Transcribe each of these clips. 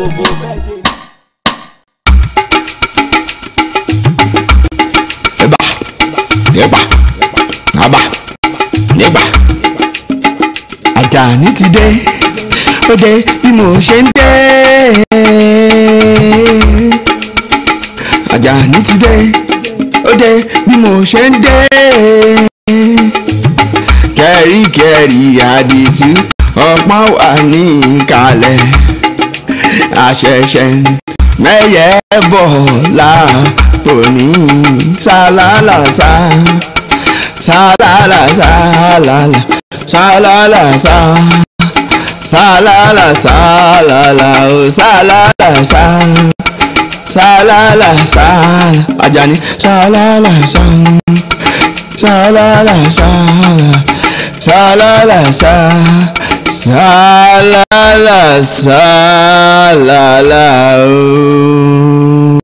gbogbo bẹ́ẹ̀ ṣe. ẹ̀bà ẹ̀bà nàbà ẹ̀bà. Àjàní ti dé ó dé bí mo ṣe ń dé. Àjàní ti dé ó dé bí mo ṣe ń dé. kẹ́ríkẹ́rí àdìsú ọ̀pá wà ní ìkàlẹ̀ àṣẹ̀ṣẹ̀ mẹ́yẹ bọ̀ lápò mi ṣàlàlàṣà ṣàlàlàṣà ṣàlàlàṣà ṣàlàlàṣà ṣàlàlàṣà ṣàlàlàṣà Àjàní ṣàlàlàṣà ṣàlàlàṣà ṣàlàlàṣà sálálà sálálà ooo.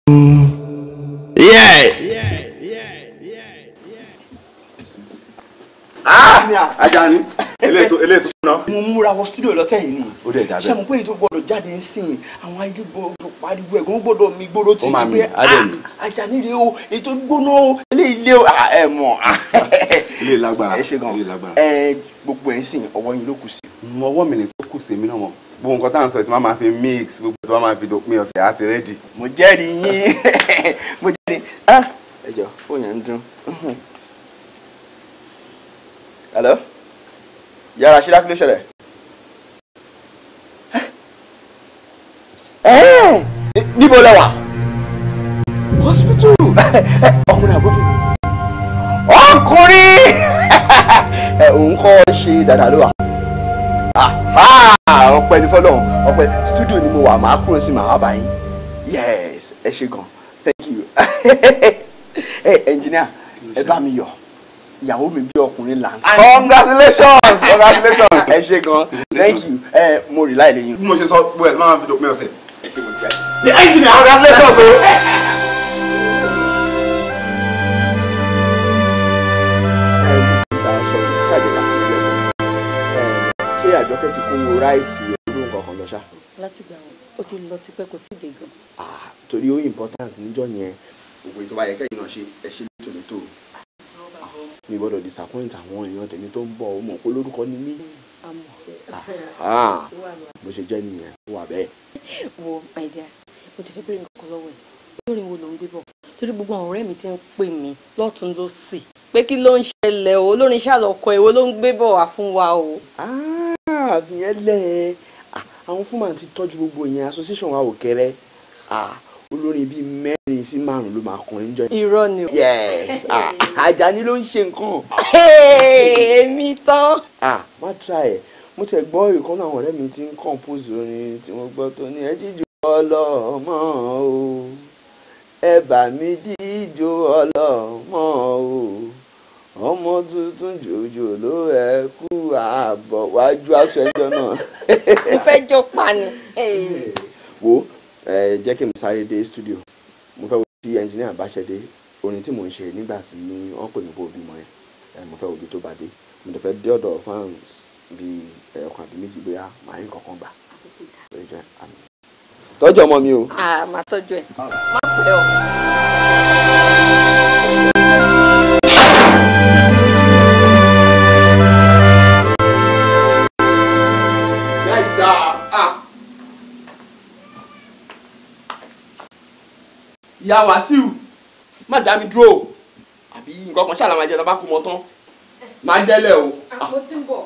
Ah! Ajani ilé tuntun náà. mo múra wọ studio lọ́tẹ̀ yìí ni. ó dẹ̀ dábẹ́. sẹ́mu pé èyí tó gbọ́dọ̀ jáde ń sìn àwọn ayé gbọ́dọ̀ pariwo ẹ̀gbọ́n gbọ́dọ̀ mi gbọ́dọ̀ títí pé Àjàní ah, rèé o èyí tó gbóná o eléyìí lé o ah, ẹ mọ̀. ilé lágbára ẹ ṣe gan ẹ gbogbo ẹ̀ ń sìn ọwọ́ yín ló kù sí. ọwọ́ mi ni tó kù sí mi náà mọ̀ gbogbo nǹkan tá à ń sọ tí máa fi mix gbogbo tí wọ́n máa fi dòpin ọ̀sẹ̀ àti rẹ́dì. mo jẹ́rìí yín mo jẹ́rìí ah, ẹ jọ fóònù ń dún. hello yàrá ṣílá kí ló ṣẹlẹ̀. níbo lẹ wa? hospital ọkùnrin àbúrò ọkùnrin òun kọ́ ṣe dáadáa ló wà. ọpẹ́ ní fọlọ́run ọpẹ́ studio ni mo wà máa kúrò sí màá bá yín yes ẹ ṣe gan thank you engineer ẹ bá mi yọ̀ ìyàwó mi bí ọkùnrin là congratulations congratulations ẹ ṣe gan thank you ẹ mo rí láì lẹ́yìn. bí mo ṣe sọ bó ẹ máa fi dòpin ọ̀sẹ̀. ẹ ṣe mo jẹ. the engineer congratulations o. ṣé àjọkẹ́ ti kún ráìsì ọdún kankan lọ ṣá. láti gbà wọn ó ti lọ tipẹ́ kò tí ì dé gan. torí ó important níjọ́ yẹn gbogbo ìtọ́wá yẹ kẹ́yìn náà ṣe ẹ ṣe mi gbọ́dọ̀ disappoint àwọn èèyàn tèmi tó ń bọ̀ ó mọ̀ lórúkọ ni mí mo ṣe jẹ́ nìyẹn wà bẹ́ẹ̀. wo my mo ti fẹ́ bẹ̀rẹ̀ nǹkan lọ́wọ́ ẹ̀ lórí wo ló ń gbé bọ̀ torí gbogbo ọ̀rẹ́ mi ti ń pè mí lọ́tún ló sì pé kí ló ń ṣẹlẹ̀ o olórin ṣàlọ́kọ èwo ló ń gbé bọ̀ wá fún wa o. àfihàn lẹ àwọn fúnmà ti tọ́jú gbogbo yẹn association wa ò kéré olórin bíi mẹ́rin sí márùn ló máa kọrin jọ. irọ́ ni o. yes ah, Àjàní ló ń ṣe nǹkan. èmi tán. Ah, má tra ẹ̀ mo tẹ̀ gbọ́ ìkànnì àwọn ọ̀rẹ́ mi ti ń compose orin tí wọ́n gbọ́ tó ní ẹ jíjù ọlọ́mọ o ẹ bà mí jíjù ọlọ́mọ o ọmọ tuntun jòjò ló ẹ kú àbọ̀ wájú aṣọ ẹjọ́ náà. mo fẹ́ jó pa ni. wo ẹ jẹ́ kí n sáré dé studio mo fẹ́ wo ti engineer Báṣẹ̀dé orin tí mò ń ṣe nígbà tí wọ́n pè mí bó bímọ yẹn mo fẹ́ wo bí tó bá dé mo dẹ̀ fẹ́ dé ọ̀dọ̀ fans bíi ọkàn àbí méjì bóyá màá rí kankan gbà tọ́jú ọmọ mi o. Ah, màá tọ́jú ẹ̀ má pẹ́ o. ìyá wàsíù má dá mi dúró àbí nǹkan kan ṣàlàyé àjẹta bá kú mọ tán máa jẹ́lẹ̀ o. àpò tí ń bọ̀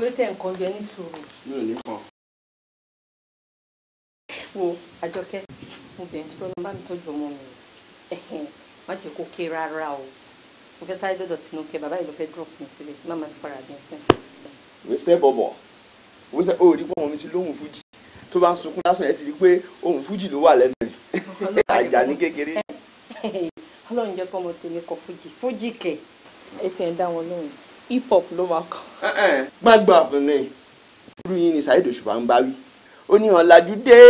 ló tẹ̀ nǹkan jẹ ní sòrò. mi ò ní kàn. wo àjọkẹ́ mo bẹ̀rẹ̀ tí lọ́nà bá mi tọ́jú ọmọ mi má jẹ́ kó ké rárá o mo fẹ́ sáré dọ́dọ̀ tinúkẹ́ bàbá yìí ló fẹ́ drop mi sílẹ̀ tí màmá ti para bí n sìn. wíṣẹ́ bọ̀bọ̀ wíṣẹ́ òòrí pọ̀ mọ́ mi ti lóhùn fújì tó bá ń sunkún lásán ẹ ti rí i pé ohun fújì ló wà lẹ́nu ẹ̀ àjà ní kékeré. ọlọ́run jẹ́ kọ́mọ tèmi kọ fújì fújì kẹ̀ ẹ ti ẹ̀ dá wọn lóhùn hip hop ló máa kọ. gbàgbà ọ̀bùnrin irú yín ni Saheed Òṣùpá ń bá wí ó ní ọ̀làjú dé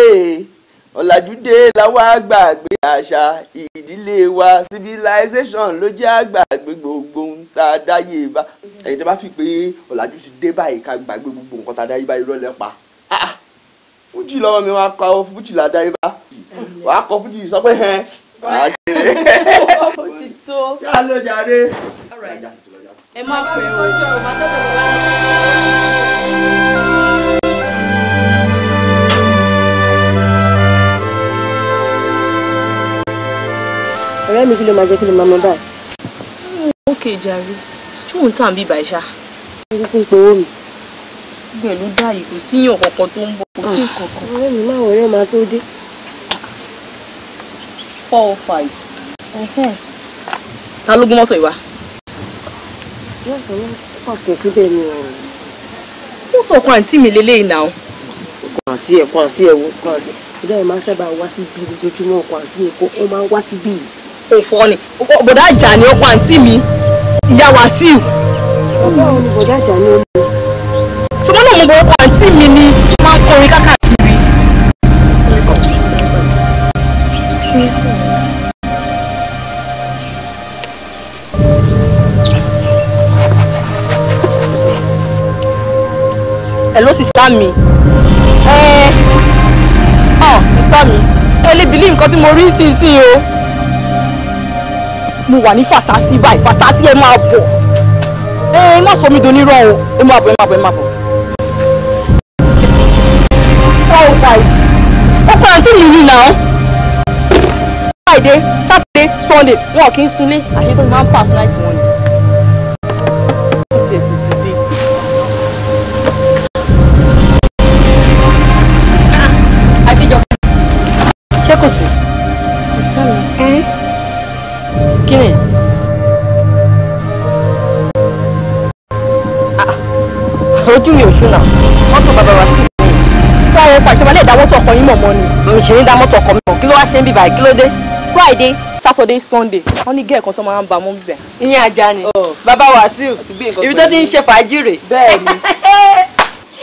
ọ̀làjú dé láwa gbàgbé àṣà ìdílé wa civilization ló jẹ́ àgbàgbé gbogbo ohun tá a dáyé bá ẹ̀yin tó bá fi pé ọ̀làjú ti dé báyìí ká gbàgbé gbogbo nǹkan tá a dáyé bá irọ́ lẹ́pa ah, ah fújì lọ́wọ́ mi wàá kọ fújì ládàrí bá wàá kọ fújì sọ pé hẹn wàá jèrè. ó ti tó. ṣá ló jàre. ẹ má pè é o. ọ̀rẹ́ mi kí ló máa jẹ́ kí ló máa mọ báyìí. ó kéjàre ṣóun tàn bí bàṣà. ó kún pé owó mi pẹ̀lú dáyìí kò síyàn kankan tó ń bọ̀ kò sí kankan. Ah, ọ̀rẹ́ mi máa wẹ̀rẹ́ máa tó dé. four or oh five. ta ló gún mọ́sọ̀ ìwà. yọ̀ọ̀kan pàtó síbẹ̀ ni ọ̀rọ̀. mọ́tò ọkọ àǹtí mi lélẹ́yìn náà. ọkọ àǹtí ẹ̀ kọ àǹtí ẹ̀ wo kọ àǹtí ìdá ẹ̀ máa ń sábà wá sí bí lójoojúmọ́ ọkọ àǹtí mi kó ó máa ń wá sí bí. kò fọ́ ni bọ̀dá àjà ni ọkọ àǹtí mi ìyá wàásù. ọlọ́run ni bọ̀dá àjà ni ó lè mo gbogbo àǹtí mi ni máa ń kọrin káàkiri. hello sista mi ẹ ọ sista mi ẹ lè bìlí nǹkan tí mo rí sínsìn o mo wà ní fàṣásí báyìí fàṣásí ẹ máa bọ̀ ẹ má sọ mi do nírọ̀ o ẹ máa bọ̀ ẹ máa bọ̀ ẹ máa bọ̀. náà. friday saturday sunday wọn kì í sunlé àṣekọ́ mi máa ń pass night wọn ni. Ah, ṣé kò sí. Eh? kí ni. Ah, ojú mi ò ṣúná mọ́tò bàbá wa sí ń fa ìṣọba lè dá mọ́tò ọkọ yín mọ̀ mọ́ ni èmi ṣe ní dá mọ́tò ọkọ mi mọ̀ kí ló wá ṣe ń bíbà kí ló dé friday saturday sunday wọ́n ní gẹ́ẹ̀kan tó máa ń ba mọ́ bíbẹ̀. ìyẹn ajá ni oh. bàbá wàsíù ibi tó ti ń ṣe fàájì rè. bẹ́ẹ̀ni.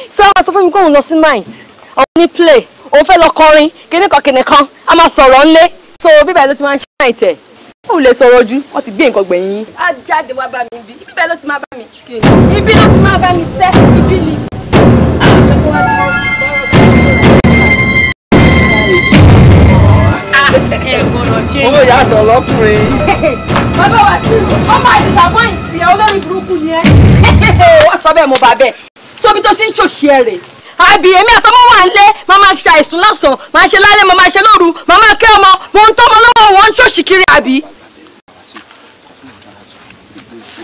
sọ wọn sọ fún mi kó òun lọ sí night òun ní play òun fẹ́ lọ kọrin kíníkan kíníkan a máa sọ̀rọ̀ ńlé so bíbá ló ti máa ń ṣe night ẹ̀ ó lè sọ̀rọ̀ ojú wọ́n ti gbé nǹkan gbẹ̀yìn yín. a jáde wá bá mi bí ibi bẹ́ẹ̀ ló ti máa bá mi. ibi ló ti máa bá mi sẹ́ ibi ni. Ah. owó yàtọ̀ lọ́kùnrin. bàbá wa sí ọmọ àìsàn àwọn ìsìn olórí burúkú ni ẹ. wọ́n sọ bẹ́ẹ̀ mo bá bẹ́ẹ̀ tóbi tó ti ń ṣòṣì ẹ̀ rè àbí èmi àtọmọ wà ń lé màá máa ṣe àìsùn lásán màá ṣe lálẹ́ màá máa ṣe lóru màá máa kẹ́ ọmọ mò ń tọ́mọ lọ́wọ́ wọn ń ṣòṣì kiri àbí.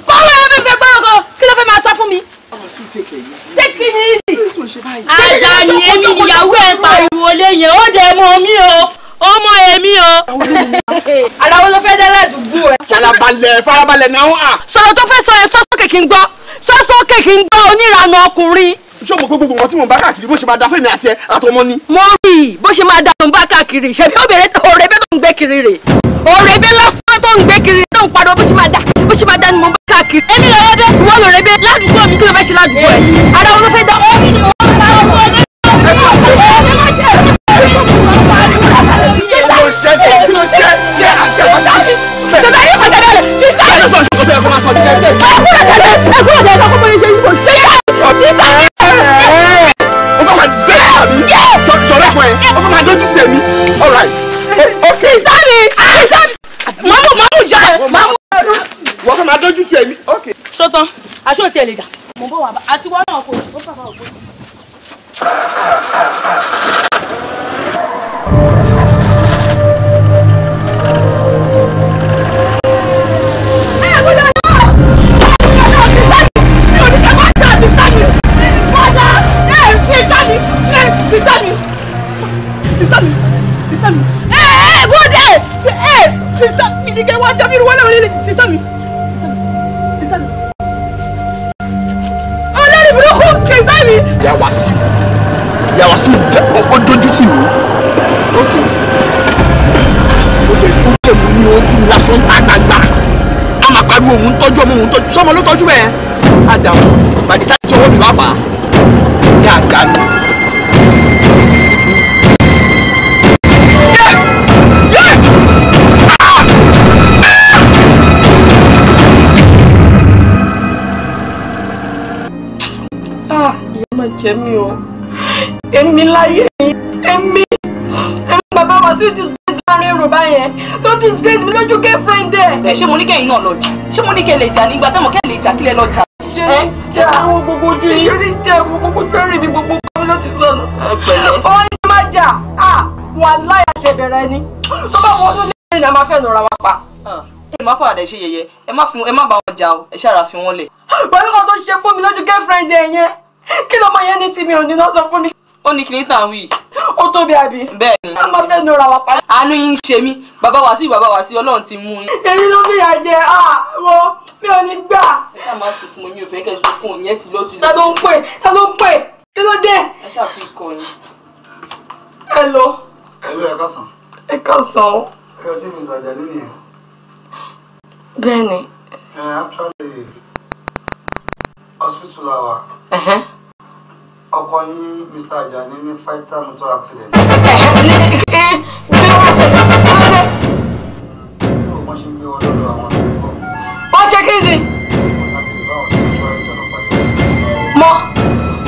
bọ́lá ẹ fẹ́ fẹ́ gbọ́dọ̀ kí ló fẹ́ máa sọ fún mi. take it easy. Àjàní èmi ìyàwó ẹ̀ pariwo lẹ́yìn ó dẹ̀ mọ́ mi o ọmọ èmi o. ara wo ló fẹ́ dẹ́rẹ́ dùgbò ẹ. farabalẹ̀ farabalẹ̀ náà hàn. sọ̀rọ̀ tó fẹ́ sọ ẹ sọ́sọ́ kèké ń gbọ́ sọ́sọ́ kèké ń gbọ́ oníranà ọkùnrin. ṣé o mọ̀ pé gbogbo wọn tí mò ń bá káàkiri bó ṣe máa da fún èmi àti ẹ àtọmọ ni. mo rí i bó ṣe máa da tó ń bá káàkiri ṣebí obìnrin òrèbé tó ń gbé kiri rè òrèbé lásán tó ń gbé kiri tó ń pariwo bó ṣe máa da bó ṣe máa da ni mo bá káàkiri. èmi lọ́wọ́ bẹ́ẹ̀ wọ́n lọ́rẹ́ ẹ kó máa sọ díẹ̀ díẹ̀. ẹkúrò tẹ̀lé ẹkúrò tẹ̀lé ọkọ mọ́ni ṣe é ṣubú ṣe é sísá. o fẹ́ máa disgrace àbí sọ̀rọ̀ ẹ̀kọ́ ẹ̀ o fẹ́ máa dójú tì ẹ̀mí all right. sísá eh, mi ah, sísá mi màmú màmú jà màmú. wọ́n fẹ́ máa dójú tì ẹ̀mí. sọ́tàn aṣọ òtí ẹ̀ lè jà mo bọ̀ wá àti wọn náà kò ó fà tì mí ókè ó lè tún lè mú ní ojú lásán ń ta gbangba a máa pariwo òun tọ́jú ọmọ òun tọ́jú sọmọ ló tọ́jú ẹ̀ àdàmú bàdí tá tí ọwọ́ mi wá bà á ní àgbà mi. Ah, jẹ mí o èmi láyé yìí èmi èmi bàbá wa sí ti space láàrin èrò báyẹn tó ti space mi lójú girlfriend ẹ. ẹ ṣé mo ní kẹ́yìn náà lọ jà ṣé mo ní kẹ́ lè jà nígbà tẹ́mọ̀ kẹ́ lè jà kílẹ̀ lọ jà. ṣé jà owó gbogbo ojú yìí ṣé jà owó gbogbo ojú ẹ̀rì mi gbogbo ojú ló ti sọnù. ó ní má jà wà láyà ṣe bẹ̀rẹ̀ ni tó bá wọnú lẹ́yìn náà máa fẹ́ nura wa pa ẹ má fàdà ṣe yẹ̀yẹ́ ẹ má fún ẹ má bá wọn jà o ẹ ṣàrà fi wọn lẹ̀. pẹ̀lú kan tó ṣe fún mi lójú girlfriend ẹ̀ yẹn kí lọmọ yẹn ní tìmí òní náà sọ fún mi ó ní kìnìún tàn wí. ó tóbi àbí. bẹ́ẹ̀ ni. a máa fẹ́ nora wa pa. àánú yín ń ṣe mí bàbá wàásù bàbá wàásù ọlọ́run ti mú yín. èmi ló fi yà jẹ àwọ mi ò ní gbà. ẹ ṣáà máa sunkún mi ò fẹ́ kẹ́ sunkún yẹn ti ló ti lọ. ta ló ń pè ta ló ń pè kí ló dé. ẹ ṣàfi ikọ̀ yín. ẹ lọ. ẹ lọ ẹ kásán. ẹ kásán. ẹ ṣe mi sàjà lónìí. bẹ́ẹ̀ ni. ẹ actually hospital hour ọkọ yín Mr. Ajani ní fighter motor accident. wọ́n ṣe gbé wọn lọ́dọ̀ àwọn akẹ́kọ̀ọ́. wọ́n ṣe kí ni. mo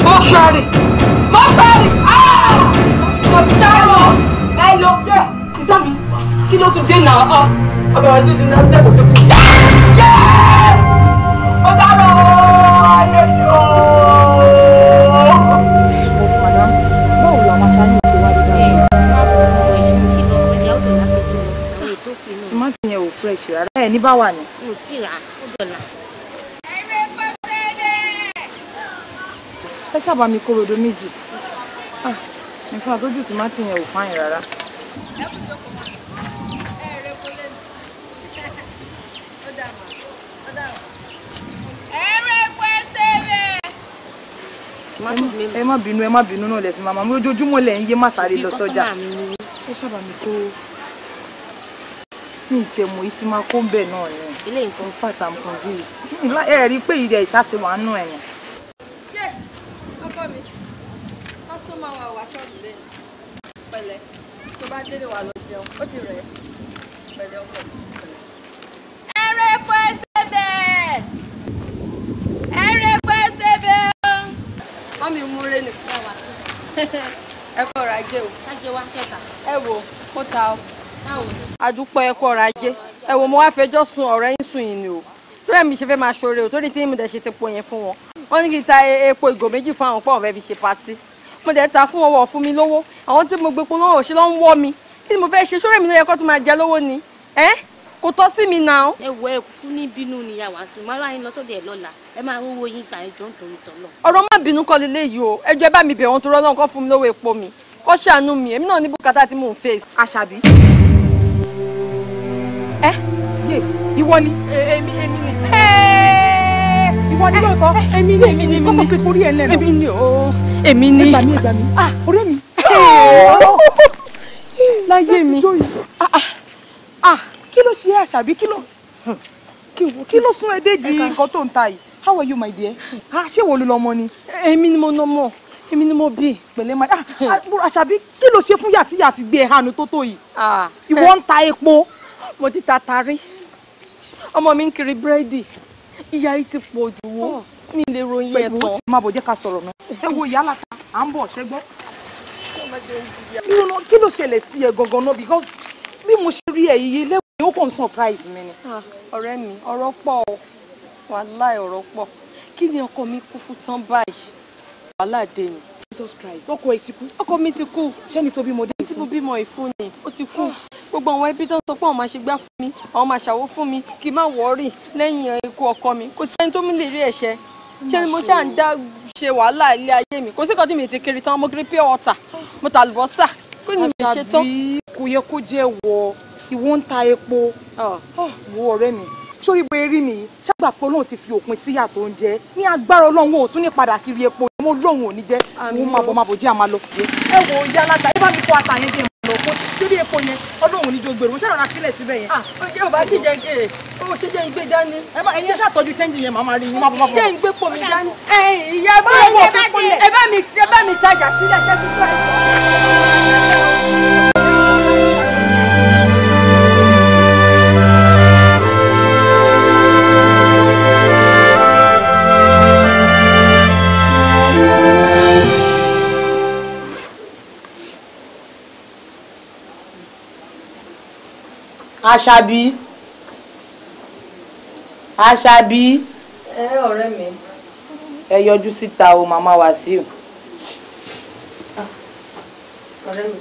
mo ṣọ́ọ̀rì mo ṣọ́ọ̀rì ah! mo ti dá ẹ lọ ẹ lọ yẹ ti dá mi kí ló tún dé náà ọ ọbẹ̀ wá sí ti náà dẹ́kun tó kù yá. bá wà ní. mo ti rà ó dọ̀là. ẹ sábà mi kó rodo méjì ah, nǹkan àtọ́jú tòmátì yẹn ò fáyìn rárá. ẹ má bínú ẹ má bínú náà lẹ fi màmá mi ojoojúmọ́ lẹ ń yé má sáré lọ sọ́jà ẹ sábà mi kó mi ì tiẹ̀ mọ̀ èyí tí máa kó ń bẹ̀ náà ni. ilé ìfọ̀ in fact i'm confused. ẹ rí i pé ìdẹ ìṣàtì wà nù ẹ̀ yẹn. yé ọkọ mi kọ́sọ́mà wa wà ṣọ́ọ̀bù lẹ́nu pẹ̀lẹ́ tó bá délé wa lọ jẹun ó ti rẹ̀ pẹ̀lẹ́ ọkọ mi. ẹrẹ epo ẹsẹ bẹ́ẹ̀ ẹrẹ epo ẹsẹ bẹ́ẹ̀ wọ́n mi mú rẹ́ wa. ẹ kọ́ ọ̀rọ̀ ajé o. ajé wa kẹta. ẹ wo kó ta o àdúpọ̀ ẹ̀kọ́ ọ̀rọ̀ ajé ẹ wò mo wá fẹjọ́ sun ọ̀rẹ́ yín sùn yìí ni o tó rẹ̀ mi ṣe fẹ́ máa ṣoore o torí tí mo dẹ̀ ṣe ti po yẹn fún wọn wọ́n ní kí n ta e, epo ìgò méjì fún àwọn pọ́n fẹ́ fi ṣe patí mo dẹ̀ ta fún wọn wọ̀ fún mi lówó àwọn tí mo gbé pọn lọ́wọ́ ṣe ló ń wọ́ mi kí ni mo fẹ́ ṣe ṣoore mi ló yẹ kó tún máa jẹ lówó ni ẹ kò tọ́ sí mi náà. ẹ wọ ẹkú ní bínú ni ìyá wàásù máa wá yín lọ sóde ẹ lọ́la ẹ máa rówó yín gbà ẹjọ́ nítorí tọ́lọ̀. ọ̀rọ̀ má bínú kọ́ leléyìí o ẹjọ́ ẹ bá mi bẹ̀ wọ́n tó rọ́ náà kó fún mi lówó epo mi kó ṣàánú mi èmi náà ní bùkátà tí mò ń fèsì. àṣàbí ẹ eh, ìwọ ni. èmi e, èmi ni. Eh, ìwọ ni eh, lóòótọ́ èmi ni èmi ni kókò kí ah, orí ẹ lẹ́nu. èmi ni o èmi ni. ẹgbà mi ẹgbà mi orí mi. láyé mi ah, ah. kí ló ṣe àṣàbí kí ló kí ló sún ẹdẹ di nǹkan tó ń ta yìí how are you my dear ṣé wo ló lọ ọmọ ni. èmi ni mo nà ọmọ èmi ni mo bí. pẹ̀lẹ́ máa hmm. àṣàbí kí ló ṣe fún yàtí yàfi gbé ẹ̀ e hànú tó tó yìí ìwọ ń ta epo mo ti tata tari. ọmọ mi ń kiri búrẹ́dì ìyá yìí ti pọ̀ jù wọ́ oh. mi lè ròyìn ẹ̀ tán. má bọ̀ jẹ́ ká sọ̀rọ̀ náà ẹ wo ìyá láta à ń bọ̀ ṣẹ́gbọ́. kí ló ṣẹlẹ̀ sí ẹ gangan náà because bí mo ṣe rí ẹ iye lẹ́wọ̀n ó kàn surprise mi ni. Ah, ọ̀rẹ́ mi ọ̀rọ̀ pọ̀ o wàláì ọ̀rọ̀ pọ̀ kí ni ọkọ mi kú fún tán báyìí wàhálà dé mi. Jesus Christ ọkọ ẹ ti kú. ọkọ mi ti kú. sẹ́ni tó bímọ dé. tí mo bímọ ìfún ni ó ti kú. Ah. gbogbo àwọn ẹbí tó sọ pé àwọn máa ṣe gbá fún mi àwọn máa ṣàwó fún mi kí n má wọ́ọ̀rì lẹ́yìn ikú ọkọ mi kò sẹ́ni tó mi lè rí ẹ̀ṣẹ̀ ṣé ni mo ṣáà ń dá ṣe wàhálà ilé ayé mi kò sí kan tí mi ti kiri tán mo kiri pure water mo ta àlùbọ́sà kí ni mi ṣe tán. àṣàbí kò yẹ kó jẹ́ wọ ìwọ́n ta epo ah. Ah, wo ọ̀rẹ́ mi sórí bó erí mi ṣàgbà pé olóhùn ti fi òpin síyà tó ń jẹ ní agbára ọlọ́run ò tún ní padà kiri epo mo lóhùn ò ní jẹ òun máa bọ̀ máa bọ̀ jẹ́ àmà lọ. ẹ wo ìyá alága ẹ bá mi kó ata yẹn dé ìmọ̀ lọ kó sórí epo yẹn ọlọ́run ò ní jó gbèrò mo ṣàrọ̀ra kílẹ̀ síbẹ̀ yẹn. ọjọ́ bá ṣe jẹ́ gé o ṣe jẹ́ ń gbé dání. ẹ má ẹyin ṣàtọ́jú tẹ́ńjì yẹn màmá rí yín má bọ̀ má bọ̀. ṣé ń gbé mi tajà sílẹ̀ ṣẹ́ aṣábí aṣábí. ẹ ọ̀rẹ́ mi. ẹ yọjú síta o màmá Wàsíù. Ah, ọ̀rẹ́ mi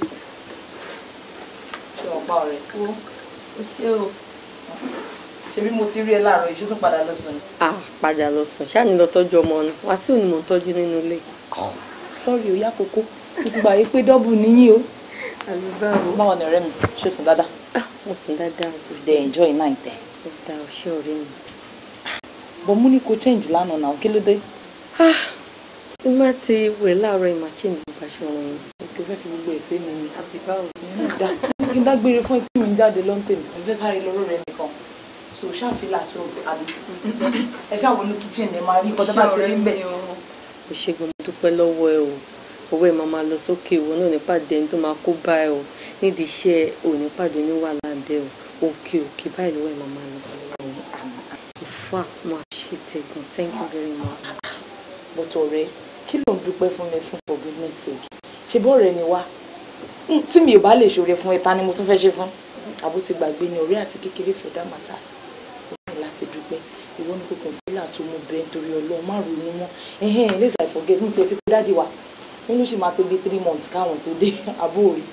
ṣe ọ̀pá ọ̀rẹ́ wo o ṣe o ṣebí mo ti rí ẹ láàárọ̀ iṣẹ́ tún padà lọ sùn ni. a ah, padà lọ sùn ṣáà ní lọ tọ́jú ọmọ ọ̀nà Wàsíù ni mò ń tọ́jú nínú ilé. Ah. sọ́ọ̀rì ó yá kókó mo ti gbà yí pé dọ́bù níyìn o. àlùbáwò báwo ni ọ̀rẹ́ mi ṣe sùn dáadáa mo sì dáadáa o. you dey enjoy night there. ó da ọṣẹ ọ̀rẹ́ mi. bọ̀ mú ní kó change lánàá náà kí ló dé. ẹ ah, má ti wẹ̀ láàárọ̀ ẹ̀ máa change nípa aṣọ wọn yẹn. òkè fẹ́ fi gbogbo ẹ̀sẹ̀ mi ni àbí báwo ni mo dá kí n dágbére fún ẹtí mi ń jáde lọ́ńtẹ̀ mi. ẹgbẹ́ sáré lọ́rọ̀ rẹ nìkan so ṣáfìlà tó àbí ẹ ṣàwọn ní kitchen ẹ máa rí kọ́tà bá ti rí bẹ́ẹ̀. òṣègùn mo dúpẹ́ lọ́wọ́ ẹ o owó ẹ máa máa lọ sókè ìwọ náà nípàdé ẹni tó máa kó bá ẹ o nídìí iṣẹ́ òní pàdé ní wà lábẹ́ o òkè òkè báyìí lọ́wọ́ ẹ̀ máa máa lọ. in fact mo appreciate it gan thank you very much. but ọ̀rẹ́ kí ló ń dúpẹ́ fún mi fún for goodness sake ṣe bọ́ọ̀rẹ́ ni wá hmm, tí mi ò bá lè ṣoore fún ẹ ta ni mo tún fẹ́ ṣe fún àbó ti gbàgbé ni ọ̀rẹ́ àti kékeré for that matter ó ní láti dúpẹ́ ìwọ ni kòkòrò fúlà tó mú bẹ́ẹ̀ nítorí ọlọ́run má ronú mọ́ ẹ̀hẹ́n lẹ́sà ìfọ̀gẹ́ mi tiẹ̀ ti pé dáàdi wa nínú ṣì máa tó bí three months káwọn tó dé àbúrò rí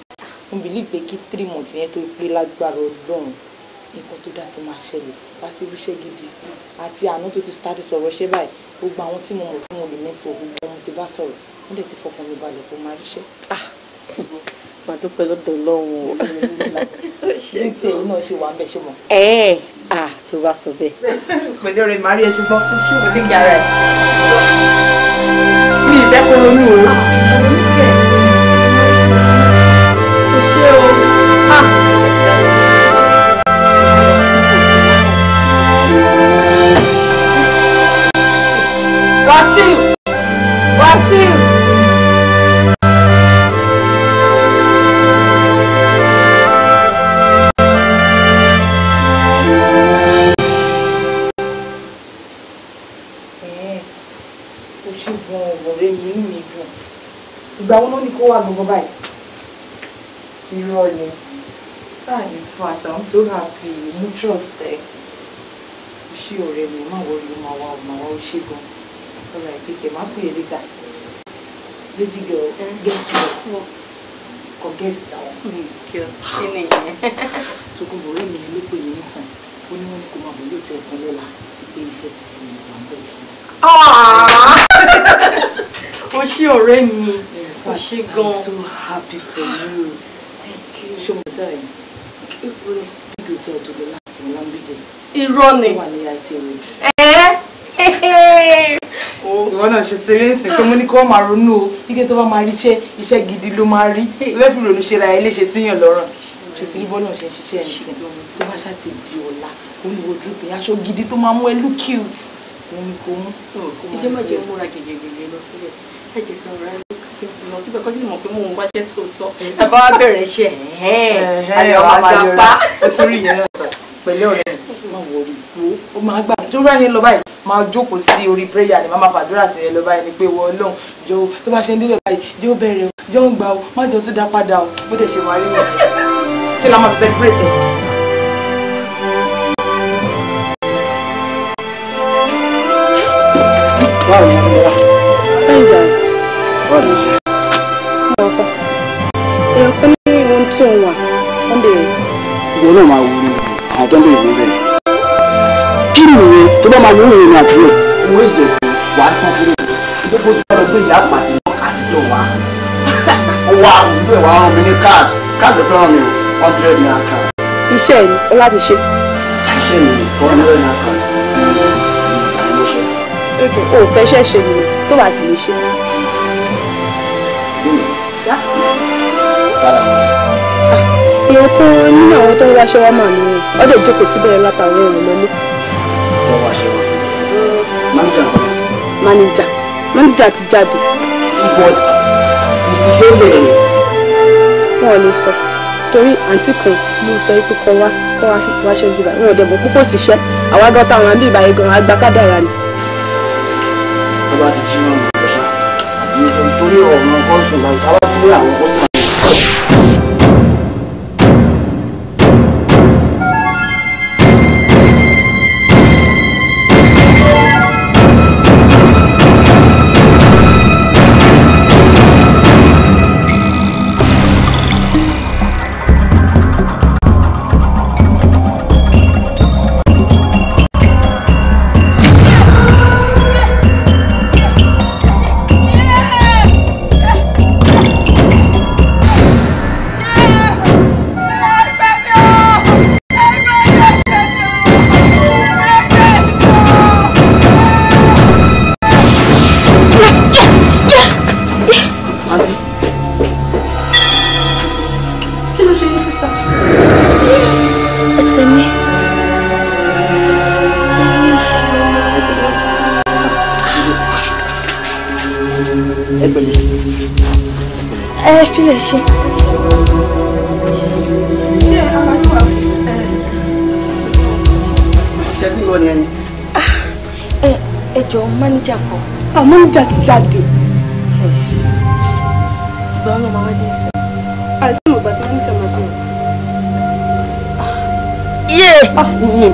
mo believe pé kí three months yẹn tó pé lágbára ọlọ́run nǹkan tó dáa ti máa ṣẹlẹ̀ láti ríṣẹ́ gidi àti àánú tó ti start sọ̀rọ̀ ṣé báyìí gbogbo àwọn tí mo mọ̀ fún olè mẹ́tọ̀ gbogbo ọmọ ti bá sọ̀rọ̀ wọ́n dẹ̀ ti fọkàn mi balẹ̀ kó máa ríṣẹ́. Ah! màá dúpẹ́ lọ́dọ̀ ọlọ́run o. ní tí èyí náà ṣe wà ń bẹ ṣe mọ̀. ẹ ẹ à tó bá sọ bẹ́ẹ̀. pẹ̀lú ọ̀rẹ́ màá rí ẹ ṣùgbọ́n kó ṣe òní kí ara ẹ̀. mi ì Wàsíù Wàsíù. ìgbà wo ló ní kó wà gbogbo báyìí. irọ́ ni táàyè fún àtàwọn tó rà fi mú trust ẹ̀ ṣé ọ̀rẹ́ mi má wọlé máa wá ọmọ wa ó ṣe gan-an. All right, PK, ma pay you later. Baby girl, guess what? What? Kò guess down. Girl, kíni yẹn? Tukun bọ̀rẹ́ mi ló pè mí nísàn. Ó ní wọ́n kò máa bọ̀ yóò tẹ ọ̀kan lọ́la. Ìgbé iṣẹ́ ti fi ìwà ń bọ̀ fún mi. O ṣé I'm so happy for you. Thank you. Show me time. ẹ́? Kí ló dé? Bí o tẹ ọ̀dọ́ lọ́la àti ìlànà bíjẹ́. Irọ́ ni ìwọ náà ṣe ti rí ẹ̀sìn pé mo ní kí wọ́n máa ronú o kíkẹ́ tó bá máa rí iṣẹ́ iṣẹ́ gidi ló máa rí ìwé fi ronú ṣe ra ilé ṣe síyàn lọ́rọ̀ ṣe sí bọ́ náà ṣe ń ṣiṣẹ́ ẹ̀sìn tó bá ṣáà ti di ọ̀la olùwòdú pé aṣọ gidi tó máa mú ẹ look cute òun ni kò mú. ìjẹ́ má jẹ́ múra gègègègè lọ sílẹ̀ ẹ jẹ́ ká rà lọ síbẹ̀ kọ́jú mọ̀ pé mò ń wáṣẹ́ tó tọ́ ẹ bá wá bẹ̀rẹ̀ iṣẹ́ ẹ̀ẹ́ àyọ̀ máa gbapá. ẹ tún rí ìyẹn náà pẹ̀lú ọ̀rẹ́ má wọrí ìgbó ó máa gbà tó bá ní lọ báyìí máa jókòó sí orí prayer ni máa fàdúrà sí ẹ lọ báyìí ni pé wọ Ọlọ́run jọ tó bá ṣe ń débẹ̀ báyìí yóò bẹ̀rẹ̀ o yóò ń gbà o má jọ tó dá padà o bó tẹ̀ ṣe wà rí wọn kí la máa fi celebrate ẹ̀. báwo ni mo wá. báwo ni ṣe. ọkọ èèyàn kan ní ohun tí òun wà wọn béèrè. ìyẹn náà máa wúlò àwọn tó ń béèrè níbẹ̀ nìyẹn tó bá máa ní ìrìn àjò ẹ̀. owó ìjẹsìn wà á tán kúrò ní kó tó bá lọ gbé ìyá àpàtì lọ́kà àtijọ́ wa. wa ìlú ẹ̀ wá rán mi ní káàdì káàdì fẹ́ ràn mí o hundred naira card. iṣẹ́ ẹ̀ ni ó láti ṣe. iṣẹ́ mi ni hundred naira card. ètò ò fẹ́ ṣẹ́ ṣe nìyẹn tó bá ti lè ṣe. Ah, ìyẹn tó nínú àwọn tó ń wáṣẹ́ wá màmí ọjọ́ ìjókòó síbẹ̀ látàwọn èèyàn lọ́mú ọkọ wa manager manager manager ti jáde. but kò ṣe bẹ̀rẹ̀. wọn ò lè sọ torí àǹtí kan mo sọ pé kọ wá kọ wá fi wá ìgbà wọn ò dẹ̀ mọ̀ púpọ̀ síṣẹ́ àwa gan táwọn àbí ìbáyé gan àgbà kádàrà ni. tó ti jí wọn lọ ṣá àbí nítorí ọ̀ràn kan sùn láì ká wá fún àwọn kọ́sùn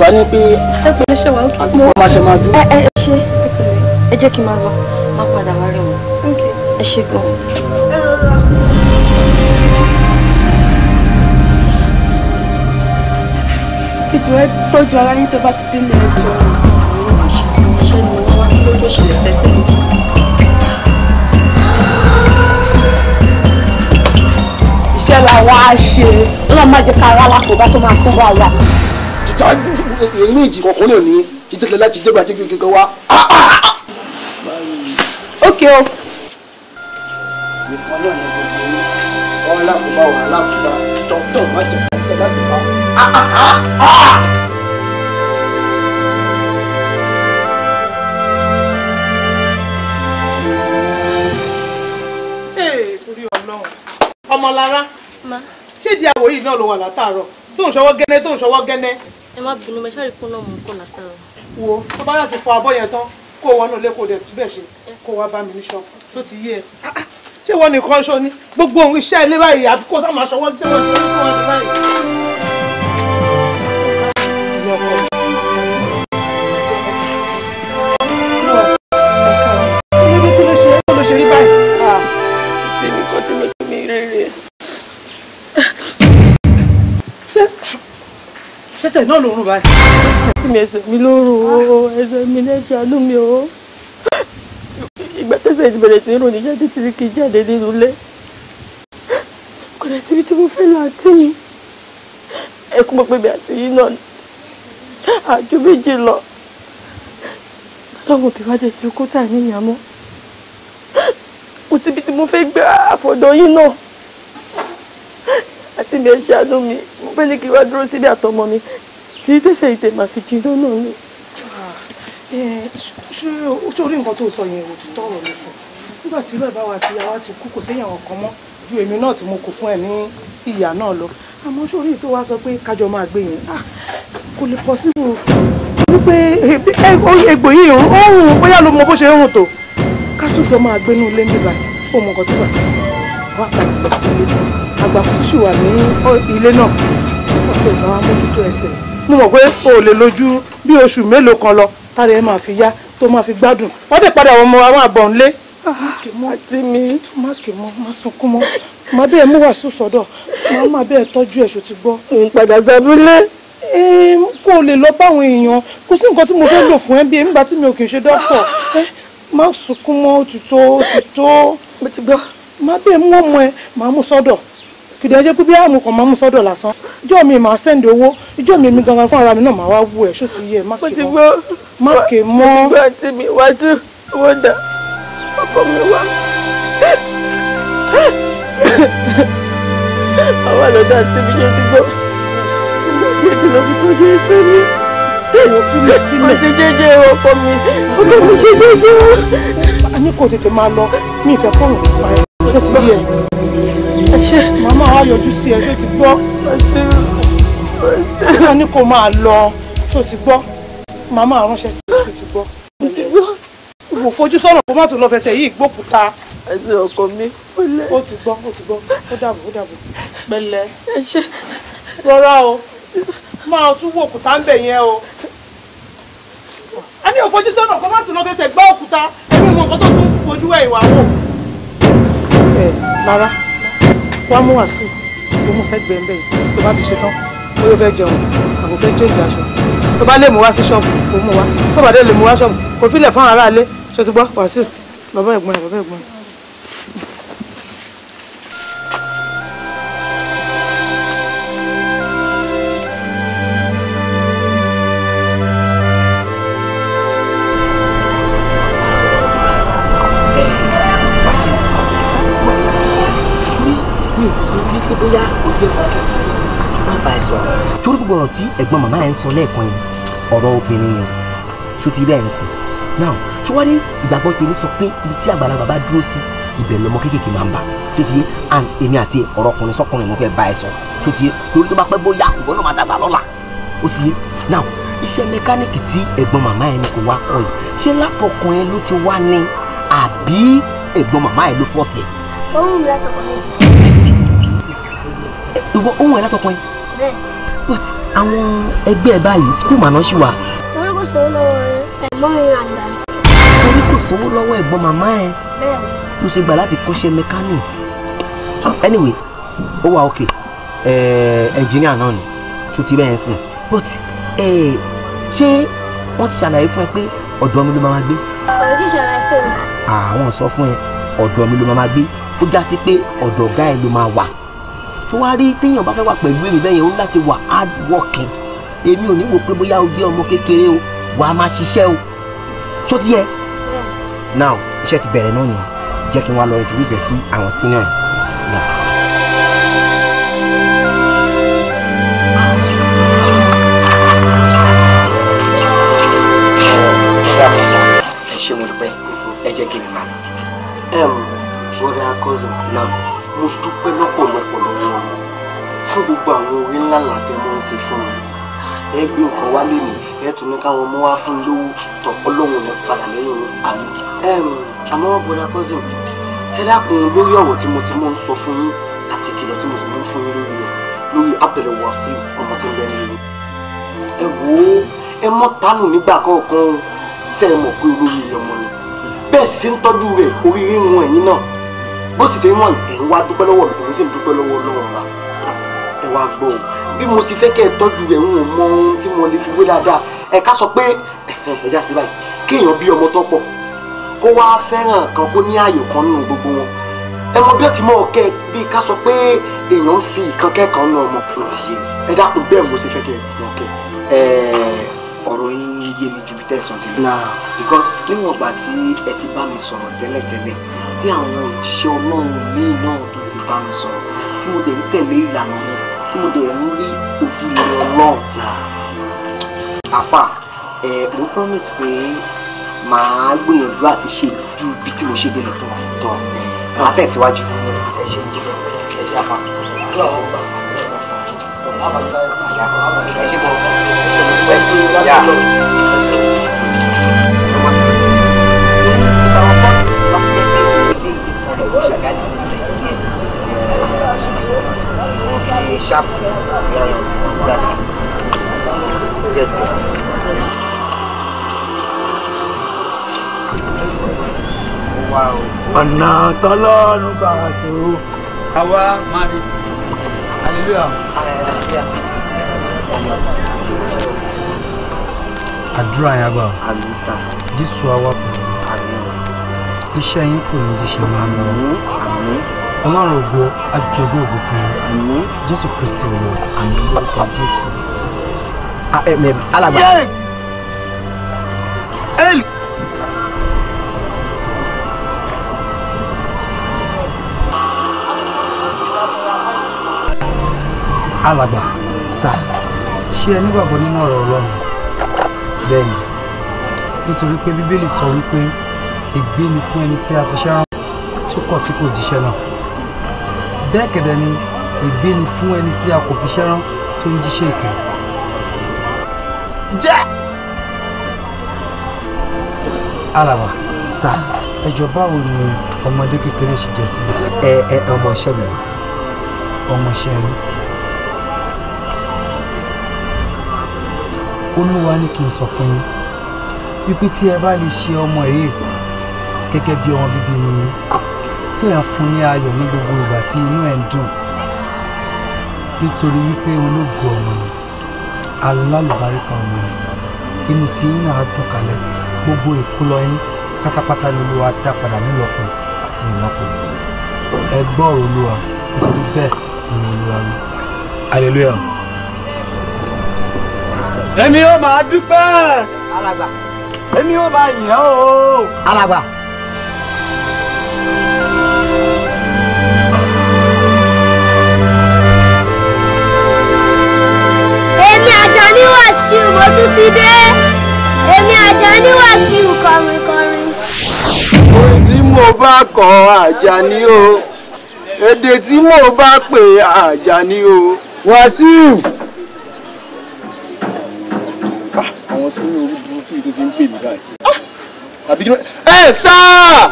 bá ní pé. ẹ pè é ṣe wà ókè. àgbẹ̀ wọn máa máa dúró. ẹ ẹ ṣe ẹ jẹ́ kí n máa lọ máa padà wá rẹ̀ wọ́n ẹ ṣe gan ìjọ ẹ tọ́jú ara yín tẹ́ bá ti délé ẹjọ́ iṣẹ́ ni wọ́n wá tí lójú òṣèlú sẹ́sẹ̀ iṣẹ́ la wá ṣe ọlọ́run má jẹ́ ká ara lákòóbá tó máa kó wa wà èyí méjì kọ̀ọ̀kan lè ní títí láti dé gbàtí kékeré wá. ok o. ọmọlára ṣé di àwòrán yìí náà ló wà látàárọ̀ tó ń ṣọwọ́ gẹ́nẹ́ tó ń ṣọwọ́ gẹ́nẹ́ ẹ má bínú mẹ ṣáà rí fún náà mú fún látara. wo tó bá yà ti fọ abọ́ yẹn tán kó o wọnú ilé kó o dẹ̀ túbẹ̀ ṣe kó o wá bá mi ní ṣọ́ọ̀bù tó ti yé ẹ ṣé wọ́n nìkan ṣo ni gbogbo ohun iṣẹ́ ilé báyìí àbí kó sáà máa ṣọwọ́ gbé wọn sí ọdún wọn báyìí. ẹsẹ̀ náà ló rún báyìí. tí mi ẹsẹ̀ mi ló rún o ẹsẹ̀ mi lè ṣàánú mi o. ìgbà tẹ̀sẹ̀ ti bẹ̀rẹ̀ sí ń rò ní jáde tí kì í jáde nínú ilé. kò lè síbi tí mo fẹ́ lọ àti mi. ẹkún mo pé mi àti yín náà àjò méjì lọ. tọ́wọ́ bí wá dé tí kú tà ní ìyàmọ́. kò síbi tí mo fẹ́ gbé àfọ̀dọ̀ yín náà àti mi ẹ ṣàánú mi mo fẹ́ ní kí wá dúró síbi àtọmọ mi tí tẹ̀sẹ̀ ìtẹ̀ máa fi jí lọ́nà ni. Ah, eh, ṣé o torí nǹkan tó sọ yẹn òtítọ́ ọ̀rọ̀ ló sọ nígbà tí bàbá wa àti ìyá wa ti kú kò séyàn ọ̀kan mọ́ ju èmi náà tí mo kò fún ẹ ní ìyá náà lọ àmọ́ sórí tó wá sọ pé kájọ máa gbé yẹn ah, kò lè possible wípé eh, eh, egbò yìí ó hùn bóyá ló mọ bó ṣe hùn tó ká tún jọ máa gbénú ilé nígbà ó mọ nǹkan tó gbà sí wá padà lọ sí ilé àgbà kùsù wà ní ilé náà wọ́n ti ẹ̀ bá wa mójútó ẹsẹ̀ yìí mo mọ̀ pé o ò lè lójú bí oṣù mélòó kan lọ tára ẹ máa fi yá tó máa fi gbádùn wọ́n dẹ̀ padà wọ́n mọ àwọn àbọ̀ ńlé. àti mi má kè mọ́ má sunkún mọ́ má bẹ́ẹ̀ mú wàásù sọ́dọ̀ má má bẹ́ẹ̀ tọ́jú ẹ̀ ṣòtí gbọ́. n padà sábúlé. kó o lè lọ báwọn èèyàn kò sí nǹkan tí mo fẹ́ lò fún ẹ bí nígbà tí mi ò kì í ṣe dọ́pọ̀ má sunkún mọ́ òtútó òtútó. má bẹ́ẹ̀ mú ọmọ ẹ má mú sọ́dọ̀ kìdẹ̀ jẹ́ pé bí àwọn kan máa mú sọ́dọ̀ lásán ìjọ mi máa sẹ́ndì owó ìjọ mi mi gangan fún ara mi náà máa wá wú ẹ̀ ṣó ti yẹ má kè mọ́ má kè mọ́. ìgbà tí mi wá sí owó dà ọkọ mi wá àwọn àlọ́dà tí mi yóò ti gbọ́ ṣùgbọ́n kí ètò ló fi kó jẹ́ ẹsẹ̀ mi mo ṣe jẹ́jẹ́ ọkọ mi mo tó ṣe jẹ́jẹ́ a ní kò tètè máa lọ ní ìfẹ́ fọ́ọ̀mù nípa ẹ̀ ṣé ti yẹ ẹ ṣe màmá wa yọjú sí ẹ ṣé ti gbọ́ ẹ ní kó máa lọ ṣó ti gbọ́ màmá ránṣẹ́ sí ẹ ṣó ti gbọ́ wò fojú sọ̀rọ̀ kó má tún lọ fẹsẹ̀ yìí gbókúta. ẹsẹ̀ ọkọ mi pẹ̀lẹ́. ó ti gbọ́ ó ti gbọ́ ó dàbọ̀ ó dàbọ̀ pẹ̀lẹ́. ẹ ṣe. rọra o máa tún wo òkúta ń bẹ̀ yẹn o. a ní òfojú sọ̀rọ̀ kó má tún lọ fẹsẹ̀ gbá òkúta ẹ̀mí mọ̀ lára wá mú wàásù ló mú sẹ́gbẹ̀ẹ́ ń bẹ̀ yìí tó bá ti ṣe tán ó yóò fẹ́ jẹun àbò fẹ́ jẹ́ ìgbà aṣọ tó bá lè mú wá sí ṣọ́ọ̀bù kó mú wá tó bá dé lè mú wá ṣọ́ọ̀bù kò fílẹ̀ fún aráalé ṣe ti gbọ́ wàásù bàbá ẹ̀gbọ́n rẹ̀ bàbá ẹ̀gbọ́n rẹ̀. ọ̀rọ̀ tí ẹ̀gbọ́n màmá yẹn ń sọ lẹ́ẹ̀kan yẹn ọ̀rọ̀ obìnrin yẹn ṣó ti bẹ́ẹ̀ ń sìn now ṣọwádìí ìgbàgbọ́ tèmi sọ pé ibi tí àgbàlagbà bá dúró sí ibẹ̀ lọmọ kéékèèké máa ń bà ṣó ti and èmi àti ọ̀rọ̀ ọkùnrin sọkùnrin mo fẹ́ bá ẹ sọ ṣó ti lórí tó bá pẹ́ bóyá ìgbọ́n náà máa dàgbà lọ́la ó ti now iṣẹ́ mẹkáníìkì tí ẹ̀gbọ́n màmá yẹn kò wá kọ́ yìí ṣé látọkùnrin ló ti wá ní àbí ẹ̀gbọ́n màmá yẹn ló fọ́ sí. ohun mi sọ. ìwọ ohun ẹ̀ látọkùnrin but àwọn ẹgbẹ́ ẹ báyìí skul màná ṣì wà. torí kò sówó lọ́wọ́ ẹ̀gbọ́n mi ràn dà. torí kò sówó lọ́wọ́ ẹ̀gbọ́n màmá ẹ ló ṣe gbà láti kọ́ṣẹ́ mẹkáníìkì anyway ó wà okay ẹnjìníà náà ni tó ti bẹ́ẹ̀ sìn but ṣé wọ́n ti ṣàlàyé fún ẹ pé ọ̀dọ̀ mi ló máa gbé. ọ̀rọ̀ ti ṣàlàyé fún mi. àwọn sọ fún ẹ ọ̀dọ̀ mi ló máa gbé ó já sí pé ọ̀dọ̀ ọ̀gá ẹ ló máa wà so wá rí téèyàn bá fẹ́ wà pẹ̀lú èmi bẹ́yẹn ó ní láti wà hard working èmi ò ní wò pé bóyá o jẹ́ ọmọ kékeré o wàá máa ṣiṣẹ́ o ṣó ti yẹ now iṣẹ́ ti bẹ̀rẹ̀ náà nìyẹn jẹ́ kí n wá lọ introduce ẹ sí àwọn senior ẹ̀ ẹ ṣe mo dúpẹ́ ẹ jẹ́ kí mi máa lọ. bọ́dà cousin náà mo dúpẹ́ lọ́pọ̀lọpọ̀ fún gbogbo àwọn orí ńlá làtẹ mọ́ ń ṣe fún mi ẹ gbé nǹkan wá lè nìyí ẹ tún ní káwọn ọmọ wa fún lówó tọ ọlọ́run ní padà lẹ́yìn àmì. àmọ́ bọ́dà cousin ẹ dákun lórí ọ̀rọ̀ tí mo ti mọ̀ ń sọ fún yín àti ìkìlọ̀ tí mo sì mọ̀ ń fún yín lórí rẹ̀ lórí abẹ̀rẹ̀ wá sí ọmọ tí ń bẹ nínú. ẹ wò ó ẹ mọ́ tánù nígbà kọ̀ọ̀kan ṣe é mọ̀ pé olórí ọmọ ni bẹ́ẹ̀ sì ṣe ń tọ́jú rẹ̀ oríire ń wọn ẹ̀yìn náà bó sì ṣe ń wọ̀nyí ẹ̀ ń wá dúpẹ́ lọ́wọ́ mi òun sì ń dúpẹ́ lọ́wọ́ ọlọ́run náà wá gbọ́ o bí mo sì fẹ́ kẹ́ ẹ tọ́jú rẹ̀ ń mọ ohun tí mo lè fi wé dáadáa ẹ sọ pé ẹ̀yà sí báyìí kéèyàn bí ọmọ tó pọ̀ kó wá fẹ́ràn kan kó ní ààyò kan nínú gbogbo wọn ẹ bí ó ti mọ ọkẹ bí ká sọ pé èèyàn ń fi ìkan kẹ́kọ̀ọ́ náà mọ pé ti yé ẹ dákun bẹ́ẹ̀ mo sì fẹ́ kẹ́ ẹ ọkẹ ẹ ọ̀rọ̀ yín yé mi ju bí tẹ̀sán dé lọ because níwọ̀n ìgbà tí ẹ ti bá mi sọ̀rọ̀ tẹ́lẹ̀tẹ́lẹ̀ tí àwọn òjíṣẹ́ ọlọ́run míì náà tó ti bá mi sọ̀rọ̀ tí mo dẹ̀ ń tẹ̀lé ìlànà wọn tó dẹ̀ ń rí ojú ilé ọlọ́run. ẹ mo promise pé màá gbìyànjú àti ṣe ju bí tí mo ṣe dé lọ tó wà tó màá tẹ̀síwájú. ẹ ṣe ẹ ṣe àfà ẹ ṣe àfà ẹ ṣe bọ̀ ẹ ṣe bọ̀ ẹ ṣe bọ̀. shaft yẹn ní ayọ̀ gbàdé gẹ̀ẹ́tì. ọ̀nà tọ́lọ́run gbà wá tó. hallelujah. àdúrà yẹn gbà jésù àwa pẹ̀lú iṣẹ́ yín kò ní di ṣe máa ń lọ ọlọ́run ògo àjọgbé ògo fún yín jésù kristi olú àmì lórúkọ jésù. alàgbà. eli. alàgbà sà ṣé ẹ nígbàgbọ́ nínú ọ̀rọ̀ ọlọ́run. bẹ́ẹ̀ni nítorí pé bíbélì sọ wípé ègbé ni fún ẹni tí a fi ṣẹ́ rán tó kọ̀ tí kò jíṣẹ́ náà bẹ́ẹ̀ kẹ̀dẹ̀ ni ègbé ni fún ẹni tí a kò fi ṣẹ́rán tó ń jíṣẹ́ ìpè. jẹ́ alàbà sá ẹjọ báwo ni ọmọdé kékeré ṣe jẹ sí. ẹ ẹ ọmọọṣẹ́ mi ni. ọmọọṣẹ́ yín. olúwa ní kí n sọ fún yín wípé tí ẹ bá lè ṣe ọmọ yìí gẹ́gẹ́ bí ọmọ bíbí ni yín tí ẹ̀ ń fún ní ayọ̀ ní gbogbo ìgbà tí inú ẹ̀ ń dùn nítorí wípé ológo ọmọ ni alálùbáríkà ọmọ ni inú tí yín náà dùn kalẹ̀ gbogbo ìkólọ yín pátápátá ni olúwa dá padà nílọ́pọ̀ àti ìlọ́pọ̀ ẹ olúwa nítorí bẹ́ẹ̀ ni olúwa wí. hallelujah. èmi ó máa dúpẹ́. alàgbà. èmi ó máa yìn ọ́ o. alàgbà. Wàsíù mo tún ti dé èmi Àjàní Wàsíù kọrin kọrin. orin tí mo bá kọ Àjàní o èdè tí mo bá pè Àjàní o Wàsíù. Ah, àwọn sínú orí burúkú tó ti ń pè mí báyìí. Ah! àbí kí ló ẹ sáà.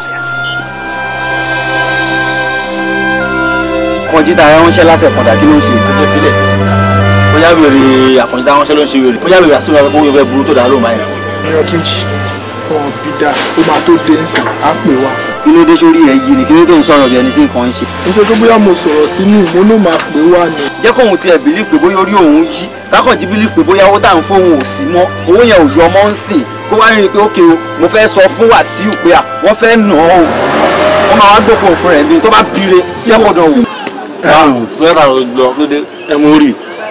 kọjí ta ránṣẹ́ látẹ̀kọ́dà kí ló ń ṣe ìgbésẹ̀ sílẹ̀ bóyá wèrè àkànjá táwọn ṣe ló ń ṣe wèrè bóyá wèrè àṣírí wọn kó wíwẹ́ burú tó dáa ló máa ń sìn. ẹyọ tó jì ọ̀hún bí dáa ó máa tó dé ń á pè wá. kí ló dé sórí ẹ yìí ni kí ló tó ń sọ̀rọ̀ bí ẹni tí nǹkan ń ṣe. iṣẹ́ tó bóyá mo sọ̀rọ̀ sínú mo ló máa pè wá ni. jẹ́ kóun tiẹ̀ bìlí pé bóyá orí òun yí kákànjí bìlí pé bóyá owó táwọn fóun ò sí mọ́ owó yẹn ò yọ ọmọ ń sìn kó wá rìn pé ókè o mo fẹ́ sọ fún Wàsíù pé à wọ́n fẹ́ nà ọ́ o wọ́n máa wá gbókòó fún rẹ̀ ní tó bá bire jẹ́kọ̀dọ̀ o. ẹ̀rù mú rí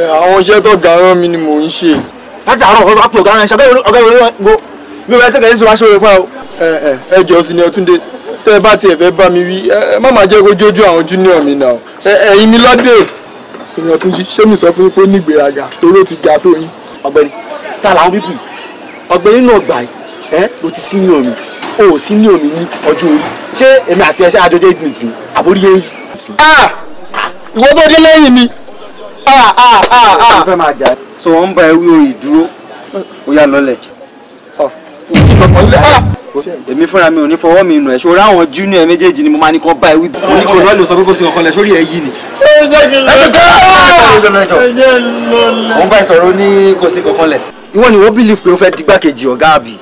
àwọn iṣẹ́ tó ga rán mi ni mò ń ṣe. láti àárọ̀ ọ̀gá pé ọ̀gá rán ọ̀gá ìwé wo bí wọ́n ṣe kẹ́yìn sọ wá ṣe fún ẹ ẹ jọ sí ni ọtúndé tẹ ẹ bá tiẹ̀ fẹ́ bá mi wí ẹ má máa jẹ́ kójójú àwọn júnior mi náà ẹ̀yin mi lọ́dẹ̀ sinmi ọtúnjí ṣé mi sọ fún pé ó toró ti ga tó yín. ọ̀gbẹ́ni tá a làwọn bíbù náà gbà ẹ ló ti sí ní omi o ò sí ní omi ní ọjọ́ orí ṣé èmi àti ẹṣẹ àjọjẹ ìdùnnú àbórí yẹn yìí. Ah! ìwọ tó dé lẹ́yìn mi Ah, ah, ah, o fẹ́ máa jà ẹ́ so wọ́n ń bá ewé oyè dúró ó yá lọ́lẹ̀. èmi fúnra mi ò ní fọwọ́ mi nù ẹ̀ ṣòro àwọn junior méjèèjì ni mo máa ní kọ́ bá ewé dúró. oníkó lọ́ọ́ lè sọ pé kó sin ọ̀kan lẹ̀ sórí ẹ̀ yìí ni. òun bá ìsọ̀rọ̀ ní kó sin kankan lẹ̀. ìwọ ni wọ́n bìlì pé ó fẹ́ digbákejì ọ̀gá àbí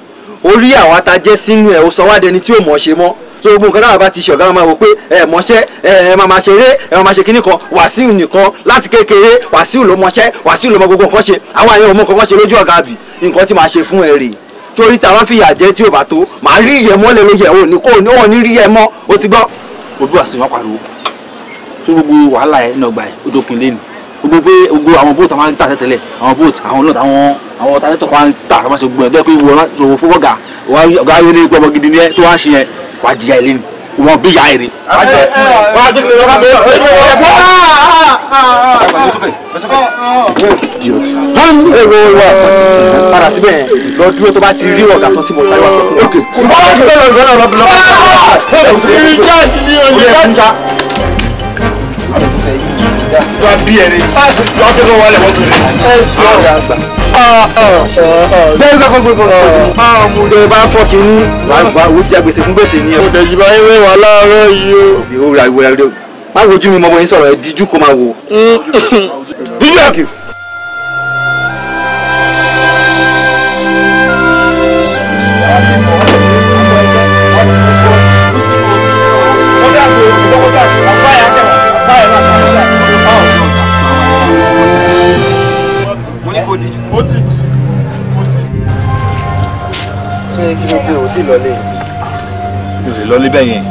orí àwọn atajẹ́ sínú ẹ̀ ó sọ wá dẹni tí ò mọ̀ ṣe mọ́ so gbogbo nǹkan táwọn bá ti ṣe ọ̀gá máa wò pé ẹ mọṣẹ́ ẹ máa máa ṣeré ẹ máa ṣe kíní kan wàsíù nìkan láti kékeré wàsíù ló mọṣẹ́ wàsíù ló mọ gbogbo nǹkan ṣe àwọn àyẹ̀wò mọ kọ́kọ́ ṣe lójú ọ̀gá àbí nǹkan tí màá ṣe fún ẹ rèé torí tàwa fìyà jẹ tí ò bá tó màá rí ìyẹ mọ́ lẹ́nu yẹ̀ òní kò ní òní rí ẹ mọ́ o ti gbọ́. olú àti wọn pariwo tó gbogbo wàhálà ẹ náà gbà ẹ ó dópin lẹ́nu gbogbo pé gbogbo àwọn bóòtù àwọn tà tẹ́tẹ́lẹ̀ àwọn bóòtù àwọn náà àwọn àwọn tàlẹ́tọ̀ kan tà àwọn ṣe gbọ́n ẹ̀ bẹ́ẹ̀ pé wọ́n fọwọ́ ga ọ̀gá ayé ní ipò ọmọ gidi ni ẹ tó wá ṣe yẹn wàá jìyà ilé ni wọn bí ya èrè. padà síbẹ̀ lọ dúró tó bá ti rí ọ̀gá tó ti mọ̀ sáré wá sọ fún mi. ọ̀gá tó lọ gbọ́dọ̀ lọ bìlọ́. ìrìn jáde ni òye ló bí ẹni ló fẹ́ kó wálẹ̀ wọ́n tó lè bẹ́ẹ̀ kọ́kọ́ gbogbo ọ̀hún bá fọ́ kínní wàá wò jẹ́ gbèsè fún gbèsè ni ẹ̀. ọ̀dẹ̀ yìí bá ń wà láàárọ̀ yìí o. ìhòòhò àìwé rẹ̀ má wojú mi mọ́mọ́ yín sọ̀rọ̀ ẹ̀ díjú kó máa wò. díjú àkìrì. Thank you. tí ì lọlé. mi ò lè lọlé bẹ́ẹ̀ yẹn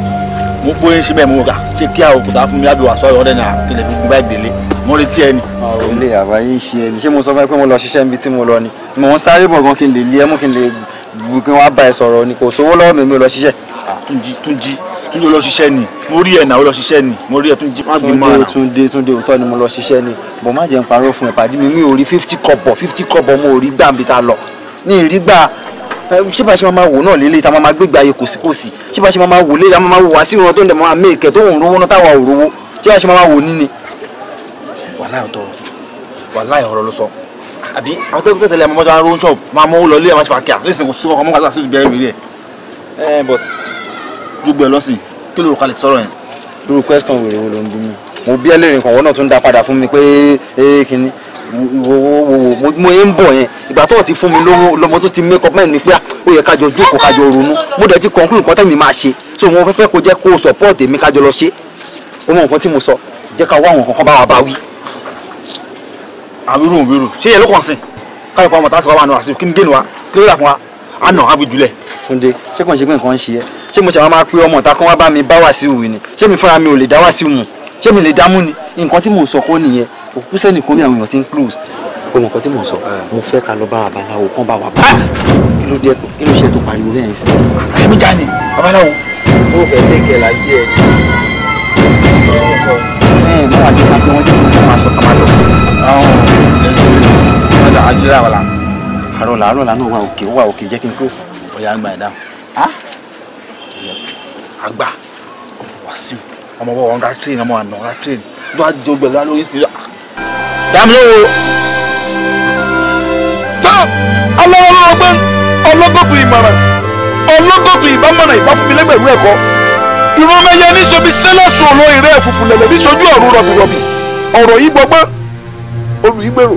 mo gbóyè ṣe bẹ́ẹ̀ mo kà ṣe kí àwòkúta fún mi lábẹ́ wàásù ọ̀rọ̀ ọ̀dẹ́nà kí lè fi gbọ́ báyìí délé mo retí ẹni. ọ̀rọ̀ ilé àbáyé ṣe ẹni ṣé mo sọ fún ẹ pé mo lọ ṣiṣẹ́ níbi tí mo lọ ni mo ń sáré bọ̀ gan kí n lè lé ẹ mú kí n lè gbù kí wọ́n á bá ẹ sọ̀rọ̀ ni kò sówó lọ́wọ́ mi mi lọ ṣiṣẹ́. Ah, túnjí túnjí túnjí lọ lọ ṣiṣẹ́ ni mo rí ẹ̀ fifty kọ̀pọ̀ fifty kọ̀pọ̀ mo ò rí gbàǹbìtà lọ ṣé bá ṣe máa wò náà lélẹ̀ tá a máa gbégbá ayé kòsíkòsí ṣé bá ṣe máa wò lélẹ̀ a máa wò wá sí ìran tó ń dẹ̀ máa mẹ́ẹ̀kẹ́ tó ń rówó náà táwa ò rówó ṣé bá ṣe máa wò níní. wàláì ọ̀tọ̀ wàláì ọ̀rọ̀ ló sọ àbí àwọn tẹ́lẹ̀ tẹ́lẹ̀ máa mọ́jọ́ arúgbó ṣọ́ọ̀bù máa mọ́ lọ lé àwọn aṣọ àkíyà lẹ́sìn kò sí ọkọ̀ mọ́kànlá sí ìbẹ̀rẹ̀ rẹ̀ ẹ̀ but dúgbò ẹ̀ lọ́sìn mo bí ẹlẹ́rìí kan wọ́n náà tún dá padà fún mi mo yẹn ń bọ̀ yẹn ìgbà tó ti fún mi lówó lọmọ tó ti make up mẹ́rin ni pé ah, ó yẹ kájọ jókòó kájọ ronú mo dẹ̀ ti conclude nǹkan tẹ̀mí máa ṣe so mo fẹ́ kó jẹ́ kó support èmi kájọ lọ ṣe ó mọ nǹkan tí mo sọ jẹ́ ká wá àwọn kankan bá wa bá wí. àbúrò òbúrò ṣé yẹ ló kàn sí káyọ̀ pa ọmọ tá a sọ wà nù àṣìwò kí ni géènì wa kí ló dà fún wa á nà á fi jùlẹ̀. Túndé ṣé kàn ṣe pé nǹkan ń ṣe ẹ ṣé mo ṣe máa pe ọmọ ìta kan wá bá mi bá wàásù wì ni ṣé mi fúnra mi ò lè dá wàásù mu ṣé mi lè dá mú ni nǹkan tí mo sọ kó nìyẹn òkú sẹ́nìkan ní àwọn èèyàn ti ń close o mọ̀ nǹkan tí mo sọ mo fẹ́ ká lọ bá babaláwo kán bá wa bá kí ló dé kí ló ṣe tó pariwo bẹ́ẹ̀ sí. àyẹ̀mí já ni babaláwo. ó fẹ́ tẹ̀kẹ̀ la jẹ́ ẹ. mọ àti ká pé wọ́n jẹ́ kí máa sọ ká lọ. ọ̀hún àjọyọ̀ àwọn la. àrọ̀ là àrọ̀ là náà wà òkè wà òkè jẹ́ kí n kúrò. ọ̀yà àgbà ẹ̀dá. àgbà wàásù ọmọ wọn ká tírèn ọmọ àná ká tírèn lọ́wọ́ àjọgbẹ̀ lálórí sí dámúlówó tó alọ́wọ́ ọgbẹ́ ọlọ́gọ́bù ìmọ̀ràn ọlọ́gọ́bù ìbámọ̀ràn ìbáfúnmilẹ́gbẹ̀rún ẹ̀kọ́ ìrọ̀mẹ́yẹ níṣobi sẹ́lẹ̀sùn olóyìn rẹ̀ fùfù lẹ̀lẹ̀ níṣojú ọ̀run rọ̀bìrọ̀bì ọ̀rọ̀ yìí gbọ́gbọ́n olùyígbèrò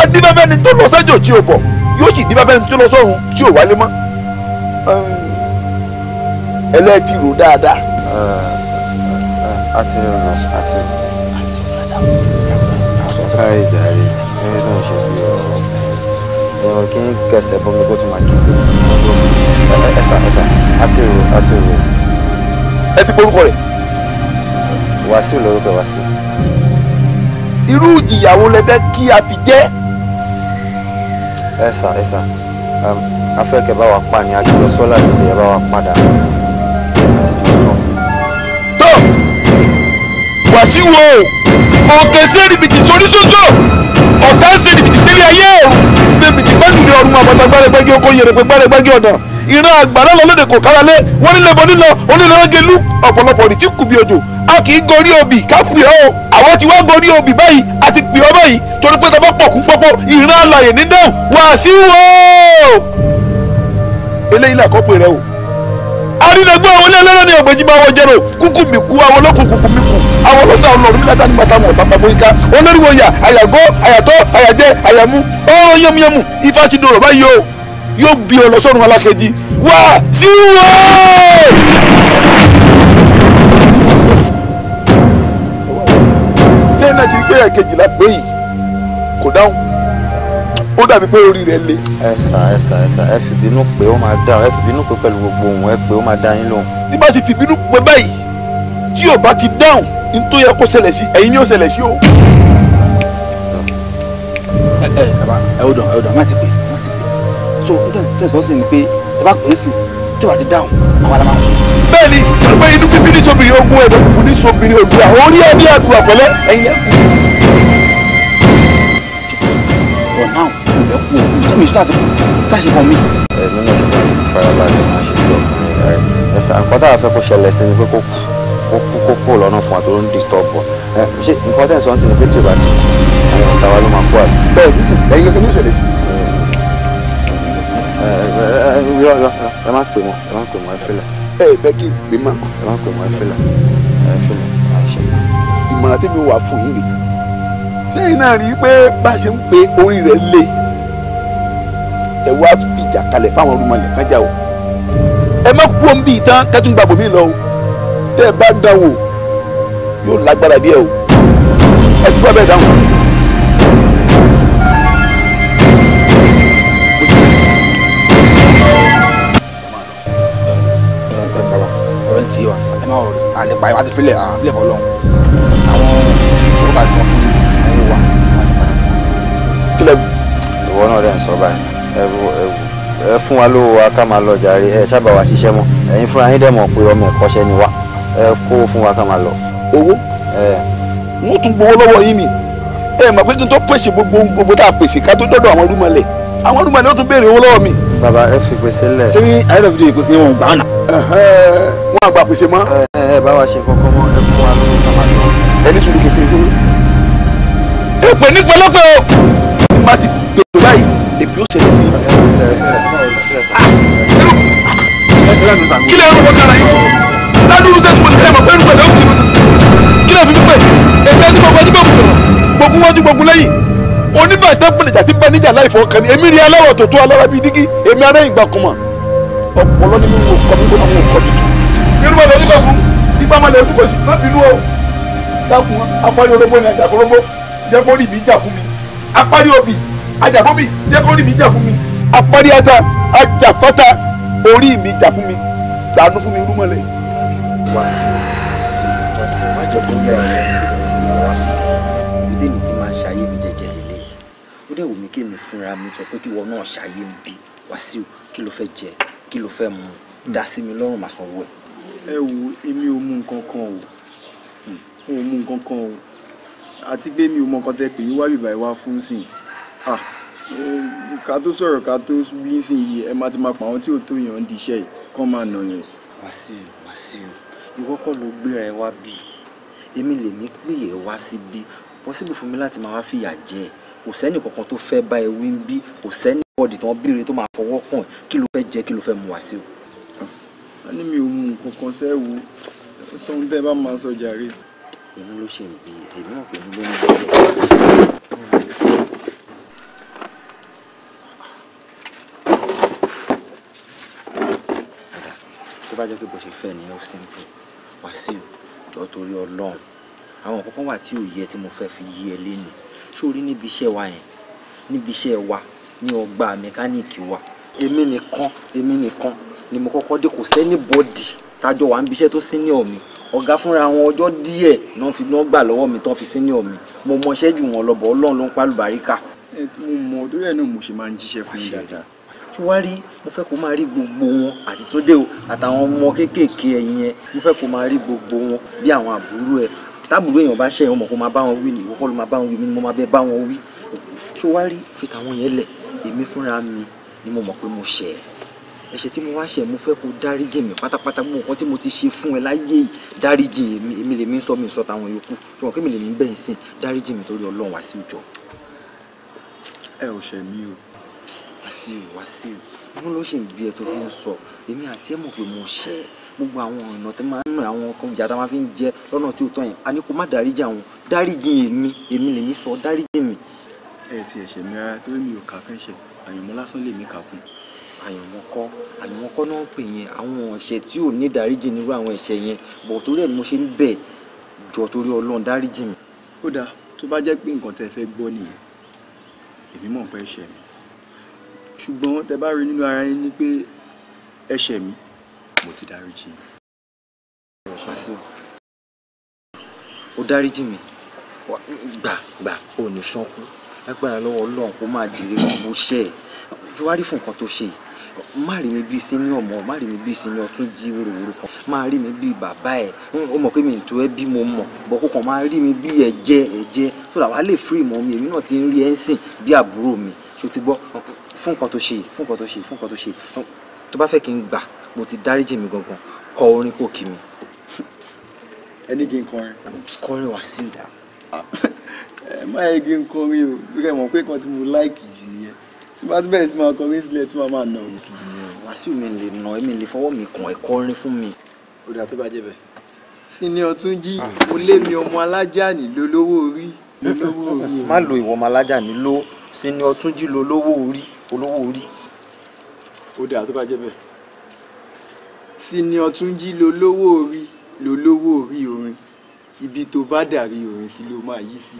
adínábẹ́ni tó lọ sẹ́jọ́ tí o bọ̀ yóò sì dínábẹ́ni tó lọ sọ́run tí o wálé mọ́ ẹlẹ́ẹ̀tì rò dáadáa. àti rò àti rò káyì jàre ẹni náà ṣe bí ọ̀rọ̀ ẹ̀rọ kí n kẹsẹ̀ bọ́ mi kó tún máa kí pé ọ̀rọ̀ ẹ̀sà ẹ̀sà àti rò àti rò. ẹ ti porúkọ rẹ̀. Wàsíù lórúkọ Wàsíù. irú ìjìyàwó lẹ fẹ́ kí a fi jẹ́. ẹ̀sà ẹ̀sà afẹ́kẹ́ bá wa pa ni àjọyọ̀ sọ́lá ti lè bá wa padà àti jùlọ. tó Wàsíù o òkè sí èrìbìtì torí sójó ọ̀tá sí èrìbìtì délé ayé ṣe bìtì gbẹ́dùn ní ọ̀run àbàtà gbàrẹ́gbẹ́gì oko yèrèpè gbàrẹ́gbẹ́gì ọ̀nà ìran àgbàrá lọ́lọ́dẹ kò kára lé wọ́n nílé bọ́ nílọ onílọ́gẹ́lú ọ̀pọ̀lọpọ̀ ní tí kù bí òjò a kì í gorí obì ká pè ọ́ àwọn tí wá gorí obì báyìí a ti pè ọ́ báyìí torí pé tọ́pọ̀ pọ̀ kún pọ́pọ́ ìran àlàyé ní dẹ́hùn wàásù wò ó eléyìí làkọ́pẹ́ rẹ o àrídẹ́gbẹ́ àwọn ilé ẹlẹ́rẹ́ ní ọ̀gbẹ́jì bá wọ jẹ́rò kúkú mi kú àwọn olókùn kúkú mi kú àwọn ọlọ́sà ọlọ́run mi ládàá nígbà táwọn ọ̀tá pàbó yíká olóríwó yà àyàgọ́ àyàtọ́ àyàjẹ́ àyàmú ọ̀rọ̀ yẹmúyẹmú ifá ti dòrò báyìí o yóò bí ọ lọ́sọ̀rùn alákejì wá sí wọ́. ṣé ti rí pé ẹ̀kejìlá pé yìí kò dáhùn ó dàbí pé orí rẹ le. ẹ sà ẹ sà ẹ sà ẹ fìbínú pé ó máa dá ẹ fìbínú pé pẹ̀lú gbogbo òun ẹ pé ó máa dá yín lóhùn. tí bá ti fìbínú pé báyìí tí ò bá ti dáhùn ní tó yẹ kó ṣẹlẹ̀ sí ẹ̀yin ni ṣẹlẹ̀ sí o. ẹ ẹ bàbá ẹ ò dàn ẹ ò dàn má ti pè má ti pè so n tẹ̀ sọ́ sí ni pé ẹ bá pè é sí tí ò bá ti dáhùn àwọn àlàmà. bẹ́ẹ̀ ni pé inú bíbí ní sobìnrin ogun ẹ̀dọ̀ funfun ní sobìnrin òdùà orí ẹ̀dí àdúrà pẹ̀lẹ́ ẹ̀yìn ẹ̀kú. rẹ kú o tí mi start káṣí kan mi. ẹ̀mí náà ló bá ti farabalẹ̀ máa ṣe bí ọkùnrin rẹ ẹ̀sán a fẹ́ kó ṣẹlẹ̀ sí ni pé kó kó kú kó kú lọ́nà fún wa tó disturb ọ ṣe nǹkan tẹ̀ sọ́n sí ni pé tí o bá ti àwọn ọ̀tá wa ló máa kú àbí. bẹ́ẹ̀ ni ẹ̀yin kẹ́kẹ́ ní ìṣẹ̀lẹ̀ sí. ẹ má pè wọn ẹ má pè wọn ẹ fẹ́lẹ̀. ẹ bẹ́ kí gbé má ẹ má pè wọn ẹ fẹ́lẹ̀ ẹ fẹ́lẹ̀ àṣẹ. ìmọ̀ràn tẹ́mi wà fún yín rèé pe orí rẹ̀ le ẹ wá fìjà kalẹ̀ fáwọn olùmọ̀lẹ̀ kan jà o ẹ má kú omi bíi tán kẹ́tù ń gbàgbọ́ lọ o tẹ́ ẹ bá dán wò yóò lágbára díẹ̀ o ẹ ti gbọ́ bẹ́ẹ̀ dáhùn. ti wa ìwọ náà rẹ̀ ń sọ báyìí ẹ fún wa lówó wa ká máa lọ jàre ẹ sábà wá ṣiṣẹ́ mọ́ ẹ̀yin fúnra yín dẹ̀ mọ̀ pé ọmọ ẹ̀kọ́ṣẹ́ ni wá ẹ kó fún wa ká máa lọ. owó wọ́n tún gbowó lọ́wọ́ yín ni ẹ mọ̀ pé kí pèsè gbogbo gbogbo tá a pèsè ká tó dọ́dọ̀ àwọn rúmọlẹ̀ àwọn rúmọlẹ̀ ó tún béèrè owó lọ́wọ́ mi. Baba ẹ fi pèsè lẹ. ṣé ayélujára ìpèsè wọn gbà ánà. wọn àgbà pèsè mọ. ẹ ẹ bá wa ṣe kọ́kọ́ mọ́ ẹ fún wa lówó ká máa lọ. ẹni sùn kékeré. èpè ní pẹlẹpẹ o. má dànù dànù. kí lè rú wọn kára yìí ládùúgbò tẹ́tí mo sì lẹ́mọ̀ pé irú pẹ̀lú òkú kí lè fi dúpẹ́ èmi ẹtí gbogbo ẹtí gbogbo sọ̀rọ̀ gbogbo wájú gbogbo lẹ́yìn oníbàjẹ́ pèlèjà ti bẹ níjà láì fọkàn ni èmi rí aláwọ̀ tó tó alára bíi dígí èmi ará ìgbà kan mọ̀ ọ̀pọ̀lọ́ nínú nǹkan mi gbọ́dọ̀ nǹkan tuntun nínú bàbá onígbà fún ipa ni àjàkórógbó jẹ́ kó rí mi jà fún mi apárí obì àjàkóbì jẹ́ kó orí mi jà fún mi ṣàánú fún mi rúmọlẹ. wá sí i sí i wá sí i má jẹ kó yára rẹ wá sí i. ìdílé mi ti máa ń ṣayé mi jẹjẹ lélẹ̀ yìí ó dẹ̀ wù mí kí èmi fúnra mi sọ pé kí wọn náà ṣayé mi bí Wàsíù kí ló fẹ́ jẹ kí ló fẹ́ mu dá sí mi lọ́rùn màá sanwó ẹ̀. ẹ wo èmi ò mú nǹkan kan o n ò mú nǹkan kan o àti pé mi ò mọ nǹkan tẹ pè mí wá bìbà wá fún sìn ah ká tó sọ̀rọ̀ ká tó bí sí yìí ẹ má ti máa pa àwọn tí ò tó yàn ń diṣẹ́ yìí kán máa nà yẹn. Wàsíù Wàsíù ìwọ kọ́ ló gbéra ẹ wá bí èmi lèmi pè ẹ wá síbí pọ́sibù fún mi láti máa wá fìyà jẹ kò sẹ́nì kankan tó fẹ́ bá ẹ wí ń bí kò sẹ́nì bọ́ọ̀dì tán bíire tó máa fọwọ́ kàn kí ló fẹ́ jẹ kí ló fẹ́ mu Wàsíù. Ah, a ní mi ò mú kankan sẹ́wù sóhun bá máa sọ jàre. èmi ló ṣe ń bí èmi tó bá jẹ́ pé bó ṣe fẹ́ nìyẹn ó simple Wàsíù jọ torí Ọlọ́run àwọn kọ̀ọ̀kan wà tí ò yẹ tí mo fẹ́ fi yí ẹ lẹ́nu sórí níbi iṣẹ́ wa yẹn níbi iṣẹ́ wa ní ọgbà mẹkáníìkì wa èmi nìkan èmi nìkan ni mo kọ́kọ́ dé kò sẹ́ni bọ́dì tájọ wà níbi iṣẹ́ tó senior mi ọ̀gá fúnra wọn ọjọ́ díẹ̀ náà fi náà gbà lọ́wọ́ mi tán fi senior mi mo mọṣẹ́ jù wọn lọ́bọ̀ Ọlọ́run ló ń pálùbáríkà. mo mọ torí ẹ náà mo ṣe máa ń jíṣẹ́ fún yín dáadáa tí wàá rí mo fẹ́ kó máa rí gbogbo wọn àti tó dé o àtàwọn ọmọ kéékèèké ẹ̀yìn ẹ mo fẹ́ kó máa rí gbogbo wọn bí àwọn àbúrò ẹ tábùrò èèyàn bá ṣẹ̀yìn ọmọ kó máa bá wọn wí nìwọ kọ́ ló máa bá wọn wí mi ni mo máa bẹ bá wọn wí tí wàá rí fi tàwọn yẹn lẹ̀ èmi fúnra mi ni mo mọ̀ pé mo ṣẹ̀ ẹ́ ẹ̀ṣẹ̀ tí mo wá ṣẹ̀ mo fẹ́ kó dáríjì mi pátápátá gbogbo nǹkan tí mo ti ṣe fún ẹ láyé yìí dáríjì èmi lèmi ń sọ mi ń sọ táwọn yòókù tí wọn kí mi lèmi ń bẹ̀yìn sí dáríjì mi torí Ọlọ́run wá sí ìjọ. ẹ ò ṣẹ̀ mí o Wàsíù Wàsíù inú ló ṣì ń bí ẹ tó fi ń sọ èmi àti ẹ mọ̀ pé mo ṣẹ́ gbogbo àwọn ọ̀nà tó máa ń nà àwọn ọkọ ìjà tá a máa fi ń jẹ lọ́nà tí ó tọ́ yẹn a ní kó má dáríjì àwọn dáríjì èmi èmi lèmi sọ dáríjì mi. ẹ ti ẹ̀ṣẹ̀ mi rárá torí mi ò kà kán ṣe àyànmọ́ lásán lèmi kà kún. àyànmọ́ kọ́ àyànmọ́ kọ́ náà pè yẹn àwọn ẹ̀ṣẹ̀ tí ò ní dáríjì nírú àwọn ẹ̀ṣẹ̀ yẹn bọ̀ torí ẹ̀ ni mo ṣe ń bẹ̀ jọ torí Ọlọ́run dáríjì mi. ó dáa tó bá jẹ́ pé nǹkan tẹ́ fẹ́ gbọ́ nìyẹn èmi mọ̀ pé ẹ̀ṣẹ̀ mi ṣùgbọ́n tẹ bá rí nínú ara yín ni pé ẹ̀ṣẹ̀ mi mo ti dáríjì yín. wàásù o dáríjì mi gbà gbà o ní ṣánkú lágbára lọ́wọ́ ọlọ́run kó máa jèrè gbogbo iṣẹ́ ẹ̀ wá rí fún nǹkan tó ṣe má rí mi bíi sínú ọmọ má rí mi bíi sínú ọtún jí wúrowúro kan má rí mi bíi bàbá ẹ ó mọ̀ pé mi tó ẹ bí mo mọ̀ bọ kó má rí mi bíi ẹ̀jẹ̀ ẹ̀jẹ̀ tó dà wá lè fírí mọ mi èmi náà ti ń rí ẹ ń sìn bí àbúrò mi ṣó ti gbọ́ fún nǹkan tó ṣe yìí fún nǹkan tó ṣe yìí fún nǹkan tó ṣe yìí tó bá fẹ́ kí n gbà mo ti dáríjì mi gangan kọ orin kò kí mi. ẹni kí n kọrin. kọrin wá sí ìdá. Ah, ẹ má yẹ kí n kọrin o tó kẹ́ mọ̀ pé kan tí mo láìkì jù nìyẹn tí máa bẹ̀rẹ̀ sí máa kọrin sílẹ̀ tí máa máa nà òkè. wàásù mi lè nà ẹ́ mi lè fọwọ́ mi kàn ẹ́ kọrin fún mi. òdà tó bá jẹ bẹ́ẹ̀. Sini Ọ̀túnjí mo lé mi ọmọ alájà nílò lówó orí. má lo ìwọ ọmọ alájà nílò sí ni ọtúnjì lo olówó orí olówó orí. ó dáa tó bá jẹ́ bẹ́ẹ̀. sí ni ọtúnjì lo olówó orí lo olówó orí orin ibi tó bá dàrí orin sí ló máa yí sí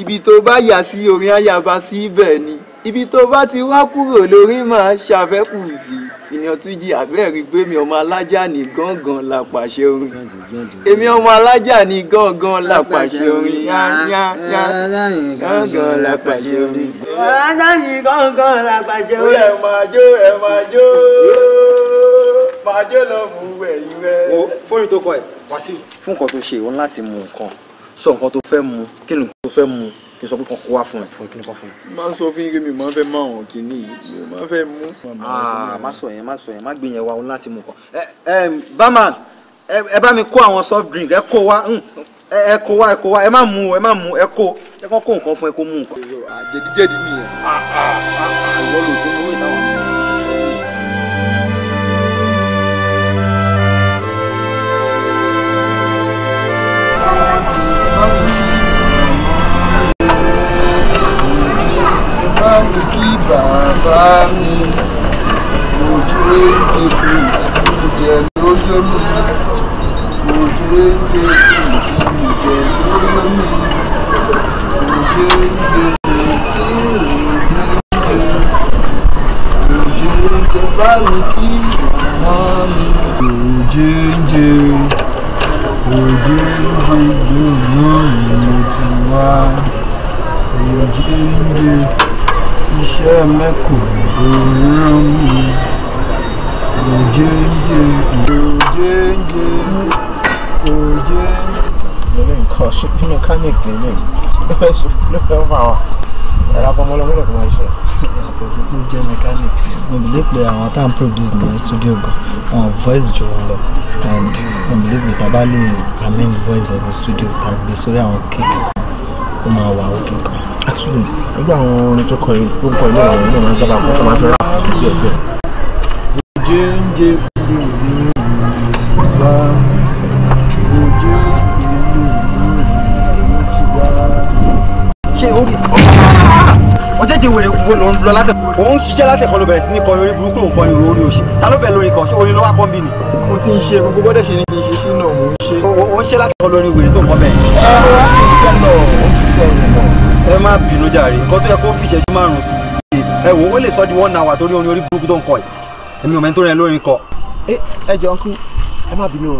ibi tó bá yà sí orin àyàbá sí bẹ́ẹ̀ ni ibi tó bá ti wá kúrò lórí máa ṣàfẹ́kù sí sínú ọtúnjì àbẹ́ẹ̀rí pé mi ọmọ alájà ní gángan la pàṣẹ orin èmi ọmọ alájà ní gángan la pàṣẹ orin yáyá gángan la pàṣẹ orin. alájà ní gángan la pàṣẹ orin. ẹ máa jó ẹ máa jó máa jó lọ mú ẹ̀yìn rẹ. wo fóònù tó kọ ẹ wá sí. fún nǹkan tó ṣe òun láti mú nǹkan sọ nǹkan tó fẹ́ mu kí ni nǹkan tó fẹ́ mu kí n sọ pé kàn kó wá fún ẹ. fún kí ni kàn fún ẹ. máa sọ fún yín mi máa fẹ́ máa hàn kí ni mi máa fẹ́ mú. Ah, má sọ yẹn má sọ yẹn má gbé yẹn wá òun láti mú kàn. ẹ ẹ barman ẹ bá mi kó àwọn soft drink ẹ kó wá ẹ kó wá ẹ kó wá ẹ má mú ẹ má mú ẹ kó ẹ kàn kó nǹkan fún ẹ kó mú nǹkan. àjẹdíjẹdí nìyẹn. àwọn ah, ah, olùkọ́ kí bàbá mi ojú èdè ìjẹ lójó mi ojú èdè ìjẹ lójó mi ojú èdè ojú èdè báyìí kí màmá mi ojú èdè ojú èdè lójó mi ti wá ojú iṣẹ́ mẹ́kọ̀ọ́ rán mi òjèǹjẹ òjèǹjẹ òjèǹjẹ. ilé nǹkan ṣùkú mẹkáníìkì nílé ló fẹ́ fà wá ẹ̀rọ afọmọlọmọlọ tó máa ṣe. yàtọ̀ sí pé ó jẹ́ mẹkáníìkì mo believe pé àwọn tá à ń produce ní studio gan wọn voice jù wọn lọ and mo believe pé tá a bá lè amend voice ẹ̀ ní studio tàbí sórí àwọn kéèkì kan ó máa wà ó kéèkì kan actually nígbà àwọn orin tó kọ tó ń kọ ìlú àwọn ènìyàn máa sábà kọ́ máa fẹ́ rà sí díẹ̀ díẹ̀. oje oje kúrò ní ìlú wa oje ìlú ìlú ti wá. ṣé orí ọjẹ́jẹ́ wèrè wo ló ń lọ látẹ̀ òun ṣiṣẹ́ látẹ̀kọ́ ló bẹ̀rẹ̀ sí ní kọrin orí burúkú ló kọrin orí òṣì ta ló bẹ̀ lórí kan orin ló wá kọ́ bí ni. mo ti ń ṣe gbogbo bọ́dẹ̀ ṣe ni kì í ṣe sí náà mò ń ṣe. o ṣe látẹ̀kọ́ lórí wèrè tó ń kọ́ bẹ́ẹ̀. ó ṣiṣẹ́ náà ó ṣiṣẹ́ yẹn náà ẹ má bínú jàre nǹkan tó yẹ kó fi ìṣẹ́jú márùn-ún sí i ẹ wò ó lè sọ di one hour torí orin orí burúkú tó ń kọ ẹ èmi ò mẹ́ni tó rẹ lórin kọ. ẹ jọ ọkùn ẹ má bínú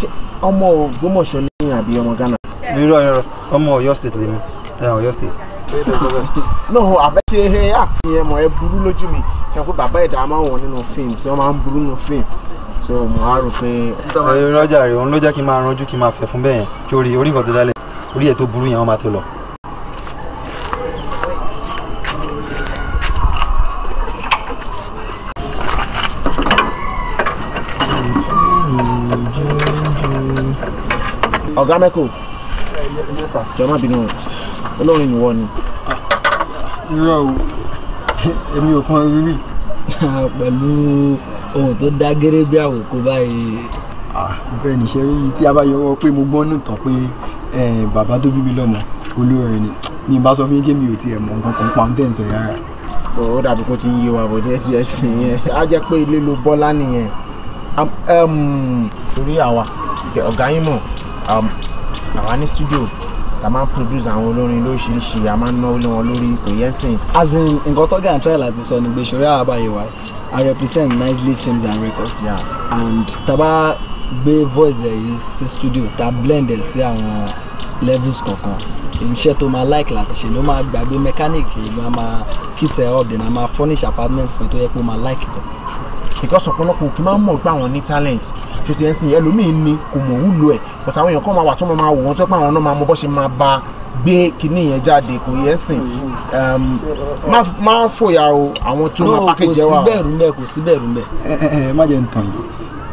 ṣé ọmọ Ògbómọ̀ṣọ́ ni àbí ọmọ Ghana. rírọ ẹrọ ọmọ Ọ̀yọ́ state lèmi ẹ Ọ̀yọ́ state. no àbẹ́ṣe àti ẹmọ ẹ burú lójú mi ṣe pé bàbá ẹ̀dá máa ń wọ̀ nínú fíìmù ṣé wọ́n máa ń burú nínú fíìmù o mo á rò pé. ẹ rọjà rè òun ló jẹ́ kí n máa ranjú kí n máa fẹ̀ fún bẹ́ẹ̀ yẹn kí orí orí nǹkan tó dálẹ̀ orí ẹ̀ tó burú yẹn wọ́n máa tó lọ. ọ̀gá mẹ́kò jọ má bínú olórin ìwọ ni. irọ́ o èmi ò kan rírì. pẹ̀lú ohun tó dá géré bí àwòkọ́ báyìí. bẹ́ẹ̀ ni ṣẹ́rí tí a bá yọ ọwọ́ pé mo gbọ́n nù tán pé bàbá tó bí mi lọ́mọ olórin ni mi bá sọ fún yín kí mi ò tiẹ̀ mọ̀ nǹkan kan pa ọ́ntẹ́ ǹsọ̀ yàrá. ó dàbí kó ti ń yé wa bọ̀ díẹ̀ díẹ̀ tì yẹn á jẹ́ pé ilé ló bọ́lá nìyẹn torí àwa ọ̀gá yín mọ̀ Um, àwa ní studio ta máa ń produce àwọn olórin lóríṣiríṣi a máa ń náwó lé wọn lórí kò yẹn sìn. as in nǹkan tó gàn try láti sọ ni pé àbáyé wa i represent nicely films and records yeah. and taba gbé voice ẹ̀ yìí sí studio ta blend ẹ̀ sí àwọn levels kọ̀ọ̀kan irinṣẹ́ tó máa like láti ṣe ló máa gbàgbé mechanic ìlú a máa kìtẹ̀ up then a máa furnish apartment fún ẹ tó yẹ kó máa like it because ọ̀pọ̀lọpọ̀ òkè máa ń mọ̀ pé àwọn ní talent tó ti ẹ̀ sìn ẹlòmíín ni kò mọ̀ wúlò ẹ̀ but àwọn èèyàn kan máa wà tó máa wò wọ́n tó pé àwọn náà máa mọ bó ṣe máa ba gbé kinní yẹn jáde kò yẹ sìn um, má fòyà o àwọn tó máa pákéjẹ wa. kò sí bẹ̀rù mbẹ́ kò sí bẹ̀rù mbẹ́. ẹ ẹ ẹ má jẹ́ ntàn yìí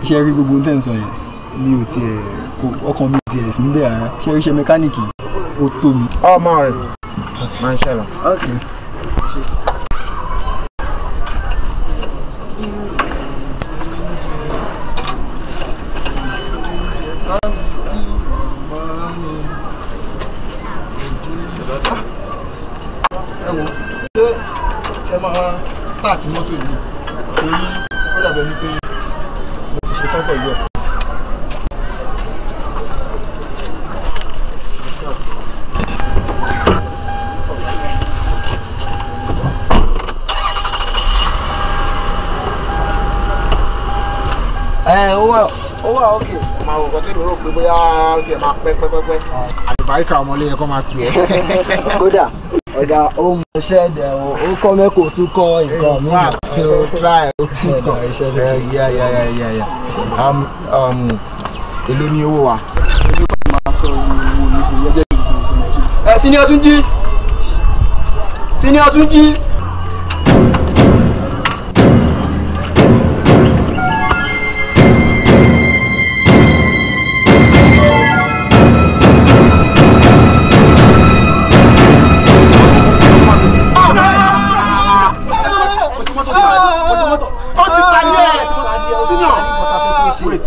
iṣẹ́ rí gbogbo tẹ́ ń sọ yẹn mi ṣé ẹ máa start mọ́tò yìí torí ó dàbẹ̀ ní pé mo ti ṣetán pẹ̀lú ẹ̀. ẹ ó wà ó wà ókè. ọmọ àwọn nǹkan tí mo rò pé bóyá ó ti ẹ̀ máa pẹ́ pẹ́pẹ́pẹ́ àlùbáríkà ọmọlé yẹ kó máa pè é. kódà ọ̀gá ó mọ iṣẹ́ ẹ̀dẹ̀ o ó kọ́ mẹ́kò tún kọ́ nǹkan mi. in fact o try o kọ iṣẹ́ ló ti yá yá yá yá yá èló ni owó wa. ẹ eh, senior Túnjí senior Túnjí.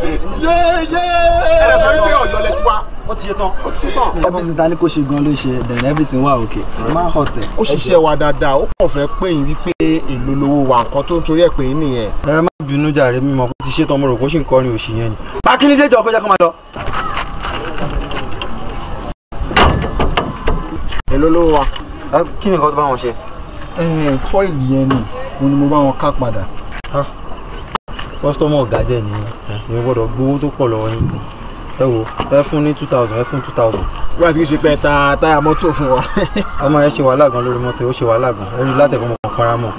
ẹ̀rẹ́ sọ wípé ọ̀yọ́ lẹ ti wá ó ti ṣe tán ó ti ṣe tán. everything ta ni kò ṣe gan ló ṣe then everything wà òkè máa hàn tẹ. ó ṣiṣẹ́ wa dáadáa ó kàn fẹ́ pè yín wípé èlò lówó wa nǹkan tó ń torí ẹ̀ pè yín nìyẹn. ẹ má bínú jàre mímọ pé ti ṣe tán mo rò pé ó ṣì ń kọrin òṣì yẹn ni. bákínídé jọ kọjá kó máa lọ. èlò lówó wa. kí ni nǹkan tó bá wọn ṣe. kọ́ ìlú yẹn ni òun ni mo bá wọn ká padà. kọ́sítọ́mù ọ̀gá jẹ́ nìyẹn mi gbọ́dọ̀ gbowó tó pọ̀ lọ́wọ́ yín ẹ wo ẹ fún ní two thousand ẹ fún two thousand. wíwá sí kí ṣe pé ta táyà mọ́tò fún wa. ọmọ ẹ ṣe wàhálà gan lórí mọ́tò ó ṣe wàhálà gan ẹ rí látẹ̀kọ́ mọ́ para mọ́.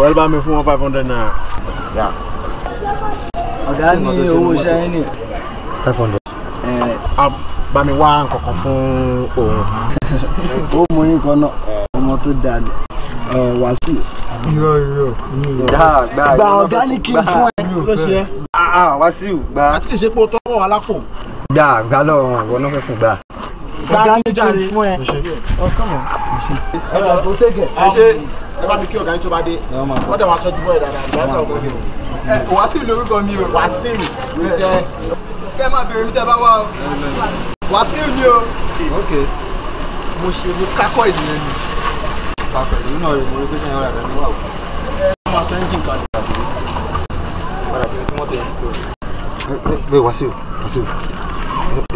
wọ́n bá mi fún wọn five hundred naira. ọ̀gá ní owó iṣẹ́ yín ni. five hundred. ẹ eh. a bá mi wá nǹkan kan fún òun. ó mú yín kan náà ọmọ tó dáa ni. Eh, wàásù. irọ́ irọ́ gba gba gba ọ̀gáníkì fún ẹ. ló ṣe é. Ah, ah, wàásù gba. àti kìí ṣe pé o tọwọ́ alápò. gba gba lọ́rùn àwọn náà fẹ́ fún gba. ọ̀gáníkì fún ẹ. ọjọ́ o tẹ́gẹ̀. ẹ ṣe ẹ bá mi kí ọ̀gáníkì tó bá dé wọ́n tẹ̀ wá tọ́jú bọ́ọ̀ dáadáa ìgbà ọ̀gbọ́n mi o. wàásù lórúkọ mi o wàásù ló ṣe é. kẹ́ ẹ má bèrè mi tẹ́ bá wà o wàásù ni o. mo ṣe mo kákọ́ ìdílé mi pásítọ̀ èyí náà rí morí pẹ́sẹ̀ ìrọ̀lẹ́ rẹ̀ níwà òkú wọ́n máa sọ ẹ́ńjìn kan nípa sí padà sí tí mọ́tò yẹn ti kúrò sí. bẹ́ẹ̀ Wàsíù Wàsíù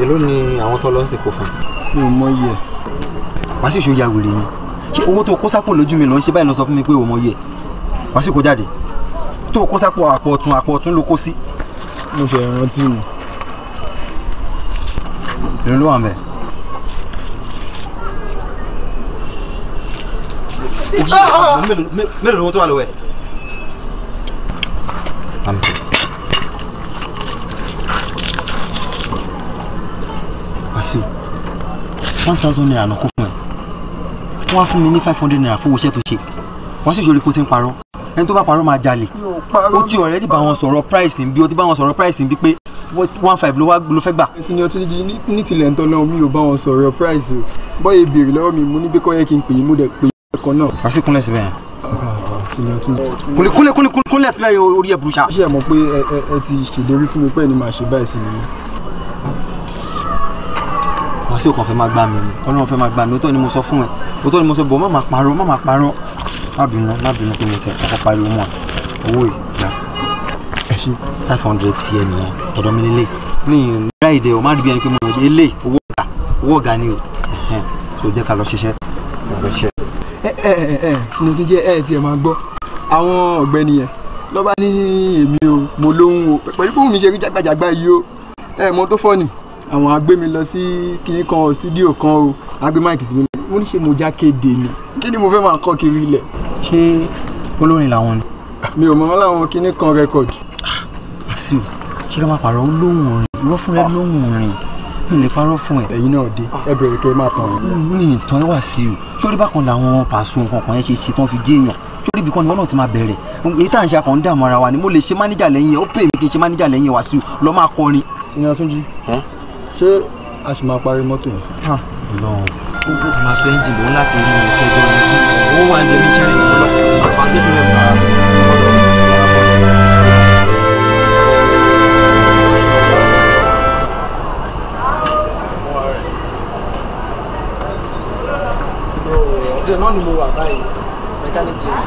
èló ni àwọn tó lọ ń sìnkú fún. mi ò mọ iye. Wàsíù ṣe ya wèrè ni ṣé owó tó kó sápò lójú mi ló ń ṣe báyìí ló sọ fún mi pé ò mọ iye Wàsíù kó jáde tó kó sápò àpò ọ̀tún àpò ọ̀tún ló kó sí. mo ṣe ìrántí ni. èló mélòó lówó tó wà lọ́wọ́ ẹ̀. Wàsíù one thousand naira náà kó fún ẹ wọ́n á fún mi ní five hundred naira fún owóṣẹ́ tó ṣe Wàsíù ìṣòro kó ti ń parọ́ ẹni tó bá parọ́ máa jalè ó ti already bá wọn sọ̀rọ̀ price ń bí ó ti bá wọn sọ̀rọ̀ price ń bí pé one five ló wá ló fẹ́ gbà. ẹ̀sìn ni ọtún jí ní tilẹ̀ ń tọ́ lọ́wọ́ mi ò bá wọn sọ̀rọ̀ price o bọ́yì béèrè lọ́wọ́ mi mo ní bí kò yẹ kí n pè é mo dẹ̀ pè é kan náà. àṣekúnlẹ̀ síbẹ̀ yẹn kúnlẹ̀ kúnlẹ̀ kúnlẹ̀ kúnlẹ̀ sílẹ̀ orí ẹ̀ burúkú. ṣé ẹ mọ̀ pé ẹ ti ṣèlérí fún mi pé ẹni máa ṣe báyìí sí mi. wọ́n sì kàn fẹ́ máa gbá mi ni ọlọ́run fẹ́ máa gbá mi òótọ́ ni mo sọ fún ẹ òótọ́ ni mo sọ bọ̀ má máa parọ́ má máa parọ́ má bínú má bínú pé mi tẹ ọkọ̀ pariwo mọ́ owó ìgbà ẹ ṣe five hundred ti ẹ nìyẹn tọ̀dọ̀ mi lélẹ̀ ní ìrírá o má rí bí ẹni pé mo yàn jẹ́ eléyìí owó ọ̀gá owó ọ̀gá ni o so jẹ́ ká lọ ṣiṣẹ́ ká lọ ṣiṣẹ́. Eh, eh, eh, ẹ ẹ ẹ sinetun jẹ ẹ tiẹ̀ máa gbọ́ àwọn ọ̀gbẹ́ni yẹn lọ́ba ní èmi o mo lóhùn o pẹ̀lú pé òun mi ṣe rí jágbàjàgbà yìí o ẹ mọ tó fọ́ọ̀nì àwọn agbé mi lọ sí kinní kan o studio kan o agbé máìkì sí mi wọ́n ní ṣe mo já kéde ni kí ni mo fẹ́ máa kọ́ kiri ilẹ̀. ṣé olórin làwọn ni. Ah, mi ò mọ wọn láwọn kinní kan rẹkọd. Ah, àṣìw ṣé ká máa pààrọ̀ olóhùn orin irọ́ lóhùn orin mi lè parọ́ fún ẹ. ẹ̀yin náà dé ẹ bẹ̀rẹ̀ kẹ́ ẹ máa tàn yín. mi tàn ẹ wà sí o sórí bákan làwọn pàṣẹ nǹkan kan yẹn ṣe ṣe tán fi jẹ́ èèyàn sórí ibìkan ni wọ́n náà ti máa bẹ̀rẹ̀ èyí tá à ń ṣe akàn ń ara wa ni mo lè ṣe mánéjà lẹ́yìn ẹ ó pè mí kí n ṣe mánéjà lẹ́yìn wá sí o lọ máa kọrin. ìyẹn tún ṣé a sì máa parí mọ́tò yẹn. lọ́wọ́ gbogbo àmàṣọ ẹ̀ńjìn lòun láti rí ìkẹjọ́ ọ̀hún ó wà ń dẹ̀mí jẹ́rìí lọ́pàá ibẹ̀ náà ni mo wà báyìí mechanic place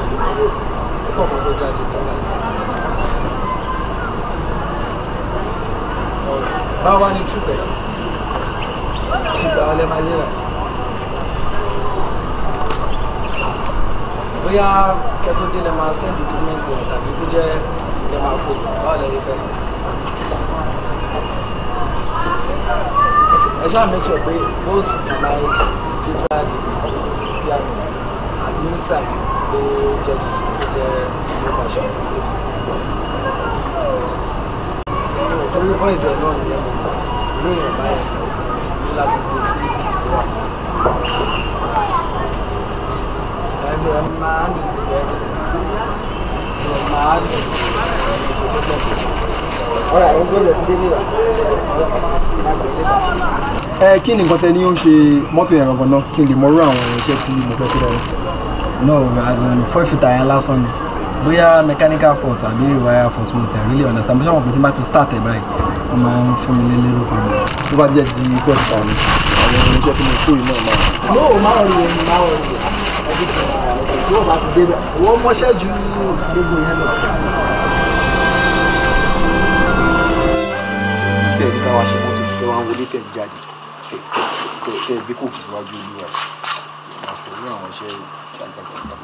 ó kọ̀ mọ́ tó jáde sí láìsí. báwa ni trip ẹ̀ ìgbà ọlẹ́ máa lé wa. bóyá kẹtó délẹ̀ máa send document yẹn tàbí kó jẹ́ kẹ máa kó báwa lẹ́yìn fẹ́. ẹ ṣáà make sure pé post to like peter dey piano àti mixer ló jẹ́ tuntun ló jẹ́ new version. torí voice ẹ̀ náà ni ìlú èèyàn báyìí ní láti gbé sí ìlú wa. ẹnu ẹ̀ máa ń dìbò ẹ̀kẹ́ máa ń dìbò ẹ̀kẹ́ ṣe tó lọ́kọ̀ọ́ ọ̀rọ̀ àwọn gbọ́dọ̀ sí débí wa. ẹ kí ni nǹkan tẹ ní ó ń ṣe mọ́tò yẹn gangan náà kí n lè mọ̀rú àwọn irinṣẹ́ tí mo fẹ́ kí lẹ́yìn. no as in four feet àyàn lásán ni bóyá mechanical fault àbí rewire fault mo tẹ̀ really understand bó ṣe àwọn pé tí bá ti start ẹ̀ báyìí wọ́n máa ń fún mi ní lérò kan. tó bá jẹ́ di four feet àyàn àwọn irinṣẹ́ tí mo kó yìí náà máa. no máa rí ẹni máa rí ẹni tí wọ́n bá ti débẹ̀ wọ́n mọ́ṣẹ́ ju gbogbo yẹn lọ. bẹ́ẹ̀ ní káwá ṣe mọ́tò kí wọ́n wọlé tẹ̀ jáde tẹ̀ bí kò kí síwájú olúwa àfọwọ́ àwọn iṣẹ́ jàǹdàgbàǹdà.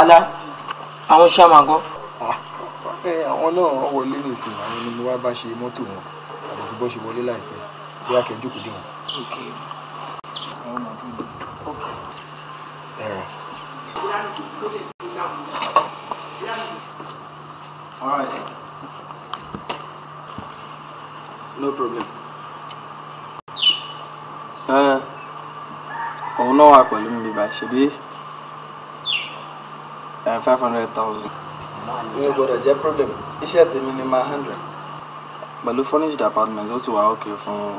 ala àwọn iṣẹ́ máa gọ́. Ah, àwọn náà wọ́n wọlé ní ìsìn àwọn ni mo wá bá ṣe mọ́tò wọn àbòsí bọ́ ṣe wọlé láìpẹ́ bí akẹ́jọ́ kò dé wọn. ṣebí eh, five hundred thousand. mi ò gbọdọ̀ jẹ́ problem iṣẹ́ tèmi ni máa hundred. pẹ̀lú furnished apartment ó ti okay for,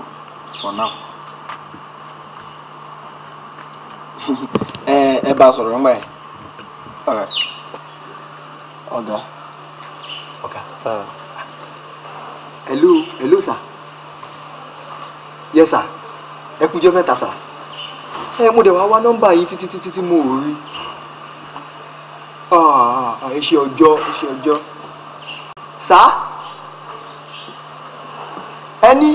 for now. Eh, bá a sọ̀rọ̀ nígbà yẹn. ọ̀gá. ọ̀gá. hello hello sir. yes sir ẹ kújọ́ sir ẹ mo dẹ̀ wá wá nọ́mbà yìí títí títí tí mo ò rí ah, ah, ah, ẹ ṣe ọjọ́ ẹ ṣe ọjọ́ sá ẹni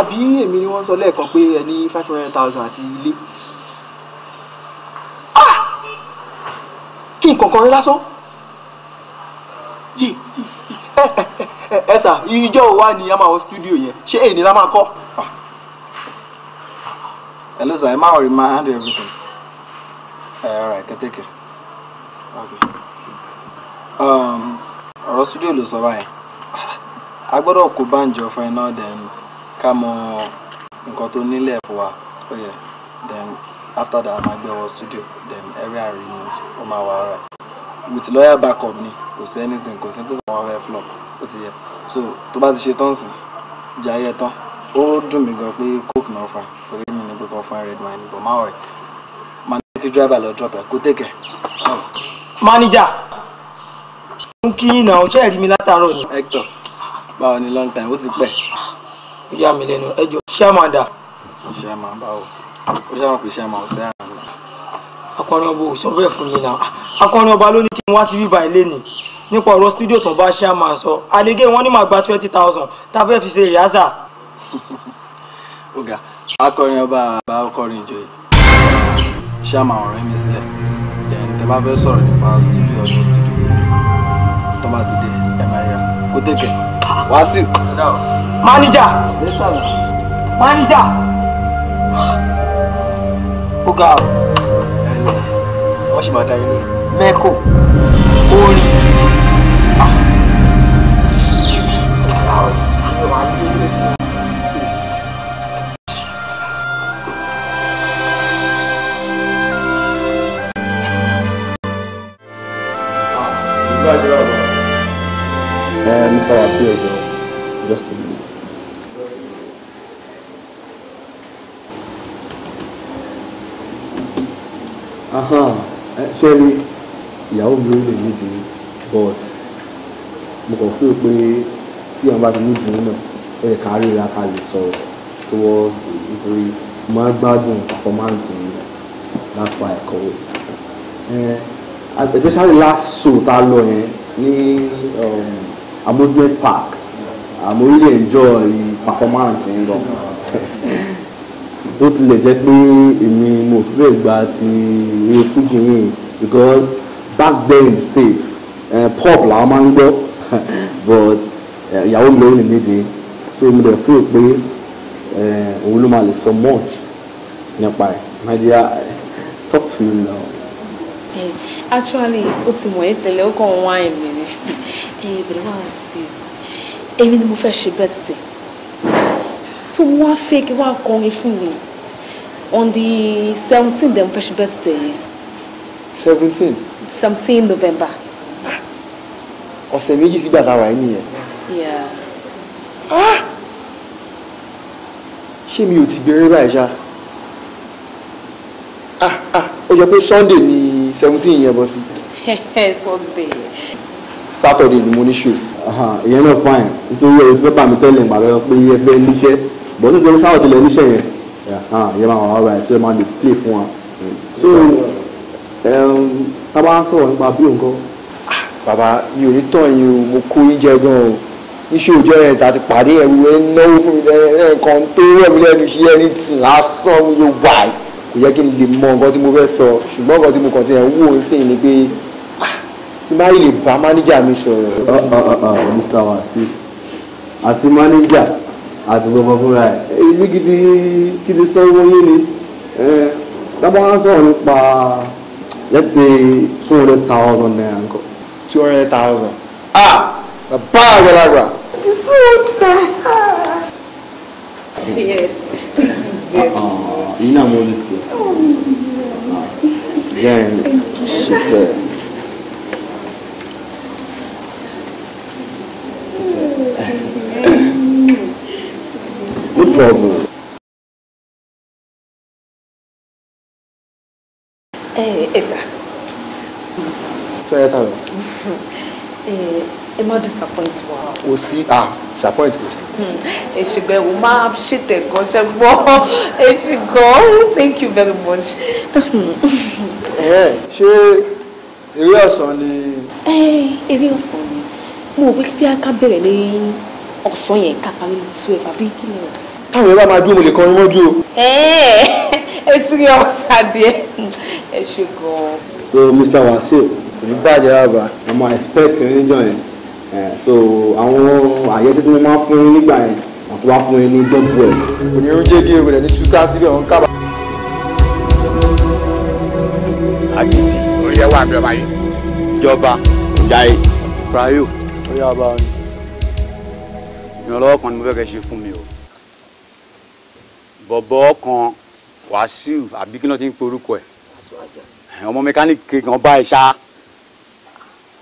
àbí èmi ni wọ́n sọ lẹ́ẹ̀kan pé ẹni five hundred thousand àti ilé kí nǹkan kan rí lásán ẹ ẹ ẹ sà ìjọ wa ni a máa wọ stúdíò yẹn ṣé èyí ni la máa kọ́. Hello, sir. I'm already my handle everything. Uh, all right, can take it. Okay. Um, our studio ló sọ báyìí. A gbọ́dọ̀ kó banjo for now. then come, mọ nǹkan tó nílẹ̀ fún wa. Ó oh, yẹ then after that máa gbé our studio then every arrangement ó máa wà With lawyer backup ni kò say anything kò sí pé wọ́n fẹ́ flop ó ti So to bá ti ṣe tán sí jayé tán ó dùn mí gan pé coke kọ́ fún ẹrẹ́dùn ẹni bọ̀ má ọ̀rẹ́ máa ní kí dírẹ́bà lọ drop ẹ̀ kó tẹ̀kẹ̀. manager. ń kí yín náà ṣe ẹ̀rí mi látàárọ̀ ni. Hector báwo ni long time ó ti pẹ́. ó yà mí lẹ́nu ẹ jọ ṣé àmà dà. ṣé àmà báwo ó ṣe àwọn pè ṣé àmà ọ̀sẹ̀ àná. akọrin ọba ò sọ bẹ́ẹ̀ fún mi náà akọrin ọba ló ní kí n wá sí bíbá ilé ni nípa ọ̀rọ̀ stúdíò tó ń bá ṣé sọ àlege wọn ní màá gba twenty thousand tá a fẹ́ fi ṣe rìhásà. ọ̀gá akọrin ọba àbá akọrin ìjòyè ṣáàmà ọ̀rẹ́ mi sílẹ̀ then tẹ bá fẹ́ sọ̀rọ̀ nípa studio ọdún studio tó bá ti dé ẹ máa rí ra kó tẹ̀kẹ̀ wàásù máníjà máníjà ó ga ọ. wọ́n ṣì máa dá yín lóyún. mẹ́kò orin. Ah. ṣẹ́rí ìyàwó mi ò lè níbi but mo kàn fún pé tí àwọn bá ti ní ìdùnnú náà ó yẹ ká ríra ká lè sọ̀rọ̀ tó wọ́ nítorí máa gbádùn performance mi lápá ẹ̀kọ́ wò. especially last show tá a lọ yẹn ní um, amusement park àmọ́ really enjoy performance yẹn gan bó tilẹ̀ jẹ́ pé èmi mo fẹ́ gba ti eré fújì yìí because back then in the states uh, eh, pop làwọn máa but eh, ìyàwó mi lóyún nídìí so mo dẹ̀ fún pé eh, òun ló máa lè sọ much nípa ẹ̀ my dear talk to you now. Hey, actually ó ti mọ̀ ẹ́ tẹ́lẹ̀ ó kàn wá ẹ̀mí ni ẹ̀yìn ìbẹ̀rẹ̀ wà á sí i èmi ni mo fẹ́ ṣe birthday so wọ́n á fẹ́ kí wọ́n kọrin fún mi on the seventeen dem fẹ́ ṣe birthday yẹn seventeen. seventeen november. ọ̀sẹ̀ méjì sígbà tá a wà yín nìyẹn. Ah! ṣé mi ò ti gbèrè báyìí ṣá ah, ah, ó jọ pé sunday ni seventeen yẹn bọ́ sí. sunday. saturday ni mo ní ṣù. ìyẹn náà fine nítorí ẹ̀rọ tí fẹ́ bá mi tẹ́lẹ̀ ìgbà lọ́wọ́ pé iye fẹ́ níṣẹ́ bọ́n nítorí sáwọ́ tilẹ̀ níṣẹ́ yẹn ìyẹn máa wà wá báyìí tí wọ́n máa lè play fún wa tá a bá sọ̀rọ̀ nípa bílò nǹkan. Ah, bàbá mi ò ní tàn yín o mo kó yín jẹ gan o iṣẹ́ òjò yẹn ta ti pàdé ẹ̀rù ẹ̀ náwó fún mi lẹ́ẹ̀kan tó rẹ̀ mí lẹ́nu ṣe ẹni tì lásán mi yóò wà kò yẹ kí n lè mọ nǹkan tí mo fẹ́ sọ ṣùgbọ́n nǹkan tí mo kàn ti ẹ̀ ń wò ó sì ni pé ah, tí má lè bá mánéjà mi sọ̀rọ̀. Mr. Wasi àti mánéjà àti gbogbo fúnra ẹ̀ èyí gidi gidi sanwó yé ni tábà wá sọ̀rọ̀ nípa let's say two hundred thousand naira nǹkan. two hundred thousand ah bàbá àgbàlagbà. yìí náà mo lè fi jẹun ṣètò. no problem. ẹ̀sà. tó yẹ tán lọ. ẹ má disappoint wa. kò sí ah disappoint kò sí. Hmm, ẹ ṣùgbọ́n ẹ wò máa ṣètẹ̀ gan ṣe gbọ́ ẹ ṣùgbọ́n thank you very much. Eh, ṣé eré ọ̀sán ni. Eh, eré ọ̀sán ni mo wí pé ká bẹ̀rẹ̀ ní ọ̀sán yẹn ká parí ní twelve àbí kí ni o. táwọn ẹ bá máa dúró mo lè kọrin mọ́jú o. Eh, ẹ ẹ serious adìẹ ẹ ṣe gan so mr wasil kò ní bàjẹ́ rábà a máa expect níjọ yẹn so àwọn àyẹ̀sí tí wọ́n máa fún yín nígbà yẹn wọ́n tó wá fún yín ní dọ́pù ẹ̀. kò ní oúnjẹ bí ewúrẹ́ ní túká síbẹ̀ òun kábà. àjèjì òye wà bí ọba yìí. ìjọba ìjáyé frayo ó yà bá wọn. ìrànlọ́wọ́ kan ni mo fẹ́ kẹ́ ṣe fún mi o bọ̀bọ̀ kan wàásù àbí kí ló ti ń pe ẹ̀ ọmọ mẹkáníìkì kan bá ẹ ṣá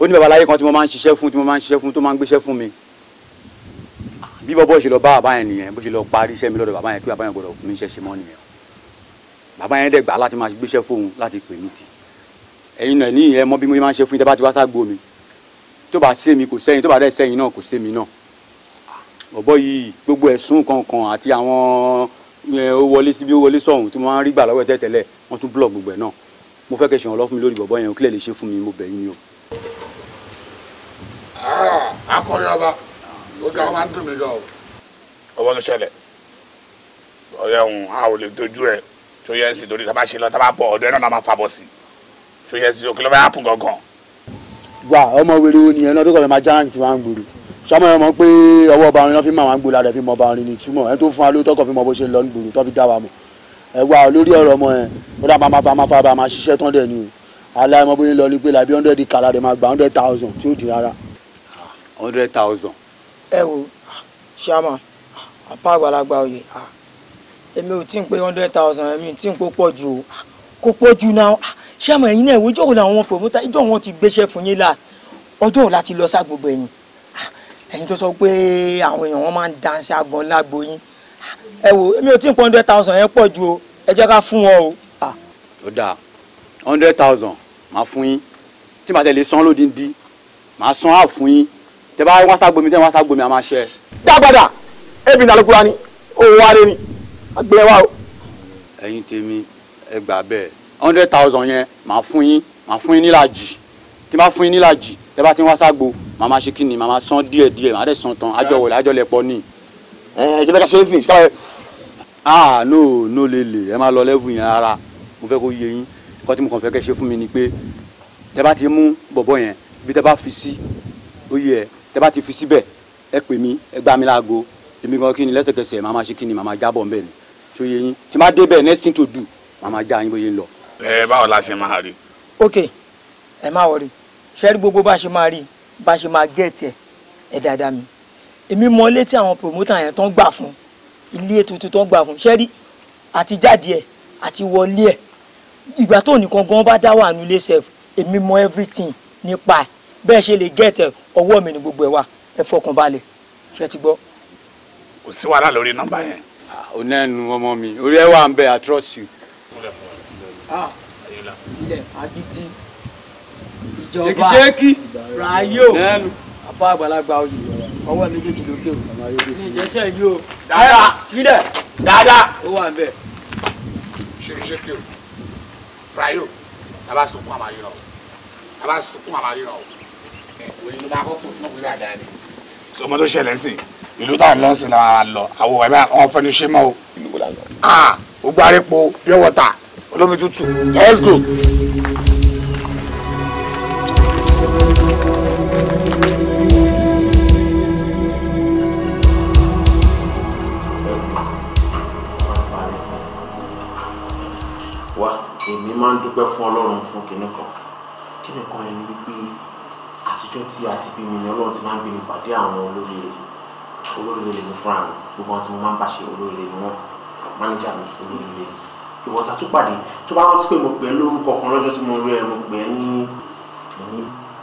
ó ní babaláyé kan tí mo máa ń ṣiṣẹ́ fún tí mo máa ń ṣiṣẹ́ fún tó máa ń gbéṣẹ́ fún mi bí bọ́bọ́ ṣe lọ bá bàbá yẹn nìyẹn bó ṣe lọ parí iṣẹ́ mi lọ́dọ̀ bàbá yẹn kí bàbá yẹn gbọ́dọ̀ fún mi iṣẹ́ ṣe mọ́ nìyẹn bàbá yẹn dẹ̀ gbà láti máa gbéṣẹ́ fóun láti pè mí tì ẹ̀yin náà níyẹn mọ bí mo máa ń ṣe fún yín tẹ́ bá ti wá ságbó mi tó bá sé mi kò sẹ́yìn tó bá dẹ̀ sẹ́yìn náà kò sé mi náà bọ̀bọ́ yìí gbogbo ẹ̀sùn kankan àti àwọn ó wọlé síbi ó wọlé sọ̀hún tí mo máa ń rí gbà lọ́wọ́ tẹ́tẹ́lẹ̀ wọ́n tún blọ̀ gbogbo ẹ̀ náà mo fẹ́ kẹ́ ṣe ìrànlọ́wọ́ fún mi lórí bọ̀bọ́ yẹn o kílẹ̀ lè ṣe fún mi mo bẹ̀ yín ni o. Ah, akọrin ọba ó dá ọmọ tó mi gan o. ọwọ́ ló ṣẹlẹ̀ ọ̀rẹ́ òun a ò lè dojú ẹ̀ tó yẹ sí lórí tábà ṣe lọ tábà bọ̀ ọ̀dọ̀ ẹ̀ náà máa fàbọ̀ sí tó yẹ sí o kí ló fẹ́ hàpù gangan. wà ọmọ wèrè wo nìyẹn náà tó kọ̀ọ̀lẹ́ máa jáàǹtì tí wọ́n á ń gbòòrò sọmọ ẹ mọ̀ pé ọwọ́ ọba orin náà fi máa wá ń gbòòrò àdẹ̀ fi mọ ọba orin ni túmọ̀ ẹ tó fún wa ló tọkọ̀ fi mọ bó ṣe lọ ń gbòòrò tó fi dá wa mọ̀ ẹ wá lórí ọ̀rọ̀ ọmọ yẹn ó dá pàmàpà máfà bá máa ṣiṣẹ́ tán dẹ̀ ni o aláìmọ bóyá lọ ni pé làbí hundred kàlà rẹ̀ máa gba hundred thousand tí ó di rárá. hundred thousand. ẹ wo ṣáàmà apá àgbàlagbà òye èmi ò tí ń pé hundred thousand èmi tí ń kó pọ̀ jù o kó pọ̀ jù náà ṣáàmà ẹ̀yin náà ìwéjọ́ òun àwọn promoter ìjọ wọn ti gbéṣẹ́ fún yín last ọjọ́ òun láti lọ ságbogbo ẹ̀yìn ẹ̀yin tó sọ pé àwọn èèyàn wọn máa ń danṣẹ́ agbọ̀n lágbo yín ẹ wo èmi ò tí ń pọ̀ hundred thousand yẹn pọ̀ jù o ẹ jẹ́ ká fún wọn o. Ah, ó dáa hundred thousand máa fún yín tí màá tẹ̀lé san lódìndí màá san á fún yín tẹ bá wá sá gbomi tẹ wá sá gbomi a máa ṣe. dábàdà ebi ní alukura ni owó wa rẹ ni agbẹ e wa o. ẹ̀yin tèmi ẹ gbà bẹ́ẹ̀ hundred thousand yẹn màá fún yín màá fún yín nílàjì tí màá fún yín nílàjì tẹ bá ti wá sá gbo màá máa ṣe kí ni màá máa san díẹ̀ díẹ̀ màá dẹ san tán àjọwọlẹ àjọlẹpọ ni. ẹ ẹ jẹ́ ká ṣe é sìn ṣe ká bẹ́ẹ̀ ah no no lele ẹ máa lọ level yẹn ara mo fẹ́ kó yé yín nǹkan tí mo kàn fẹ́ kẹ́ ṣe fún mi ni pé tẹ bá ti mú bọ̀bọ̀ yẹn bí tẹ bá fi sí oyè ẹ tẹ bá ti fi síbẹ̀ ẹ pè mí ẹ gbá mi láago èmi gan kí ni lẹ́sẹ̀kẹsẹ̀ màá máa ṣe kí ni màá máa jábọ̀ ń bẹ̀ ni tó yé yín tí má débẹ̀ nẹ́sìn tó dù màá máa já yín bóyá ń lọ. ẹ báwo la ṣe máa rí. ok ẹ má wọrí ṣẹ́rí gbogbo bá ṣe máa rí bá ṣe máa gẹ̀ẹ́tì ẹ̀ ẹ̀ dáadáa mi èmi mọ létí àwọn promoter yẹn tó gbà fún un ilé tuntun tó ń gbà fún ṣẹ́rí àti jáde ẹ̀ àti wọlé ẹ̀ ìgbà tó nìkan gan bá dá wà nílé sef èmi mọ everything nípa ẹ̀ bẹ́ẹ̀ ṣe lè gẹ̀ẹ́tẹ̀ ọwọ́ mi ni gbogbo ẹ̀ wà ẹ fọkàn balẹ̀ ṣe ti gbọ́. kò sí wàhálà lórí nọ́mbà yẹn. ò nẹ́nu ọmọ mi orí ẹ wà ń bẹ i trust you. ilẹ̀ agidi ìjọba rayo àfa àgbàlagbà oyè ọwọ́ méjèèjì lókè o ní ìjẹsẹ̀ yìí o dáadáa kílẹ̀ dáadáa ó wà nbẹ. ṣèṣe kí o frayo taba sunkún àmàlí náà taba sunkún àmàlí náà ẹ kò ní bá kọ́kọ́ náà wúlò àdáyé ni. sọmọ tó ṣẹlẹ̀ ń sìn ìlú tá à ń lọ sí la lọ àwọn ẹ̀mí àwọn fẹ́ni ṣe mọ́ o. ìlú kò la lọ. Ah, ó gbárí pure water olómi tútù let's go. máa ń dúpẹ́ fún ọlọ́run fún kinní kan kinní kan ẹni wípé àtijọ́ tí a ti bí mi ni ọlọ́run ti máa ń gbé mi pàdé àwọn olóríire olóríire mi fúnra mi gbogbo àwọn tí mo máa ń bá ṣe olóríire ni wọ́n mánéjà mi olóríire ìwọ ta tún pàdé tó bá rántí pé mo pè é lórúkọ kan lọ́jọ́ tí mo rí ẹ mo pè é ní mo ní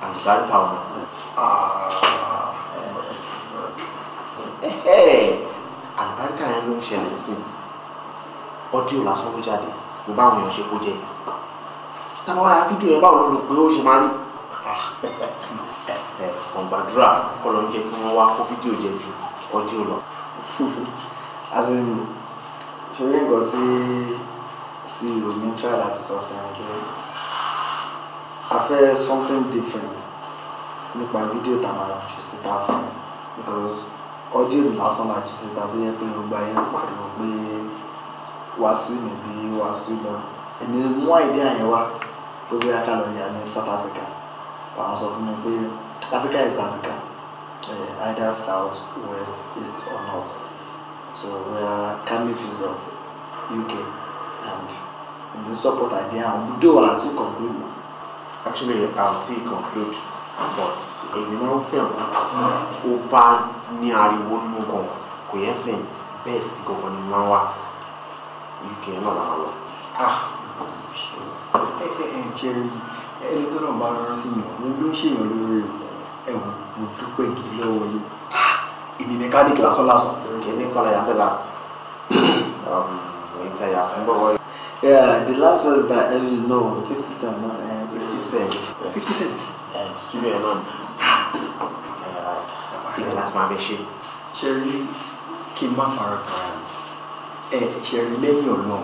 àlùbáríkà ọmọ. Ah, eh, eh. àlùbáríkà yẹn ló ń ṣẹlẹ̀ sí ọdí ò lásán ló jáde mo bá àwọn èèyàn ṣe kó jẹ́ yìí tábà wá fídíò yẹn báwo ló rò pé ó ṣe máa rí. Ah, kàn gbàdúrà kọ́ ló ń jẹ́ kí wọ́n wá kó fídíò jẹ ju ọdí ò lọ. ṣe rí nǹkan sí sí e omi trial àti sọfẹ̀rẹ̀ pé a fẹ́ something different nípa fídíò tá a máa jù síta fún because ọdí òní lásán la jù síta tó yẹ pé gbogbo ayé pariwo pé wàásù nìbí wàásù lọ èmi mú àìdí àyẹ̀wò tó bí akálọ̀ yà ní South Africa àwọn sọ fún mi pé Africa is Africa eh, either south west east or north so we are communities of UK and we support idea and do our to conclude now. actually our tea conclude but èyí máa ń fẹ́ wọn tí ó bá ní ariwo nínú gan kò yẹ sìn best gangan ni máa wá UK náà làwọn ṣẹ́rí ẹni tó náà bá rọrọ sí yàn òun ló ń ṣèyàn lórí ẹ̀wọ̀n mo dúpẹ́ gidi lọ́wọ́ yìí èmi mẹkáníkì lásán lásán. kìíní kọ́lá ya bẹ́ẹ̀ lásì ìta ya fún bọ́wọ́ Yeah, the last was that early um, no fifty cent no um, fifty cent. fifty cent. Um, studio ẹ̀ náà ibẹ̀ láti máa bẹ ṣe. ṣe rí kí n má fara kan ẹ ṣe rí lẹ́yìn ọ̀nà ló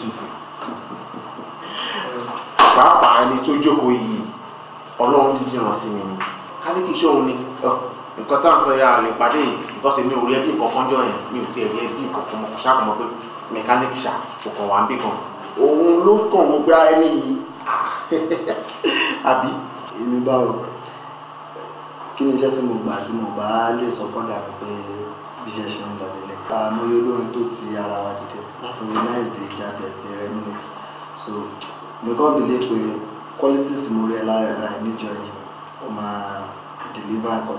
tún kù pàápàá ẹni tó jókòó yìí ọlọ́run ti jìnnà sí mi ni kálí kìí ṣóhun ni nǹkan tá à ń sọ yà lè pàdé yìí bọ́sẹ̀ mi ò rí ẹbí kankan jọ yẹn mi ò tiẹ̀ rí ẹbí kankan mọ̀ ṣáàkùn mọ̀ pé mẹkáníìkì ṣá kò kàn wá ń bí kan òun ló kàn mọ́ gbá ẹni yìí àbí. èmi báwo kí ni iṣẹ́ tí mo gbà tí mo bá lè sọ fọ́dà pé bí iṣẹ́ ṣe ń lọ nílẹ̀. àmọ́ yóò lórin tó ti ara wa dìde látọ̀wé náà ìdè ìjà bẹ̀ẹ̀ tẹ̀rẹ̀ so nǹkan believe pé qualities mo rí ẹ lára ẹ̀ ra ẹ̀ níjọ deliver and tó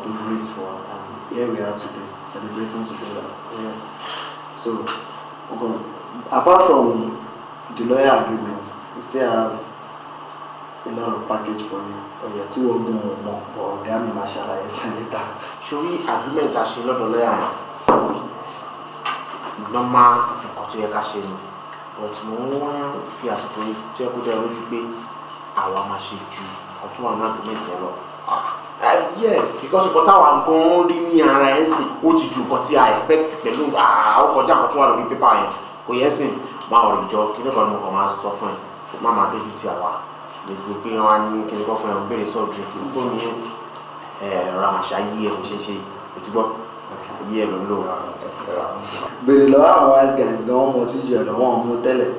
for and here we are today celebrating together yeah. so okay. Oh apart from the lawyer agreement we still have a lot of package for you ọ̀yẹ̀ tí wọ́n gun ọmọ bọ̀ ọ̀gá mi máa ṣàlàyé fún ẹ níta. sórí agreement àṣẹ lọ́dọ̀ lọ́yà normal nǹkan tó yẹ ká ṣe ni but mo ń wá fi àsìkò jẹ́ kó dá lójú pé àwa máa ṣe ju ọtún àwọn argument yẹn lọ. Ah, eh, yes because nǹkan táwa gan-an rí ní ara ẹ̀ sìn ó ti ju nǹkan tí a expect pẹ̀lú ah, ó kọjá nǹkan tó wà lórí pépà yẹn kò yẹ sìn máa ọ̀rọ̀ ìjọ kí lóògbà ni máa sọ fún ẹ má máa dójú ti àwa gbogbo pé wọn á ní kí ni fún ẹ ń béèrè sọ̀rọ̀ dìrìkì nígbà mi ẹ̀rọ eh, àmàṣà yí ẹ̀ mo ṣe ṣe ètùgbọ́ yí ẹ̀ ló ń lò. Ah bèrè lọ́wọ́ àwọn wise guys gan wọ́n mọ sí jù ẹ̀ lọ́wọ́ wọn mú tẹ́lẹ̀.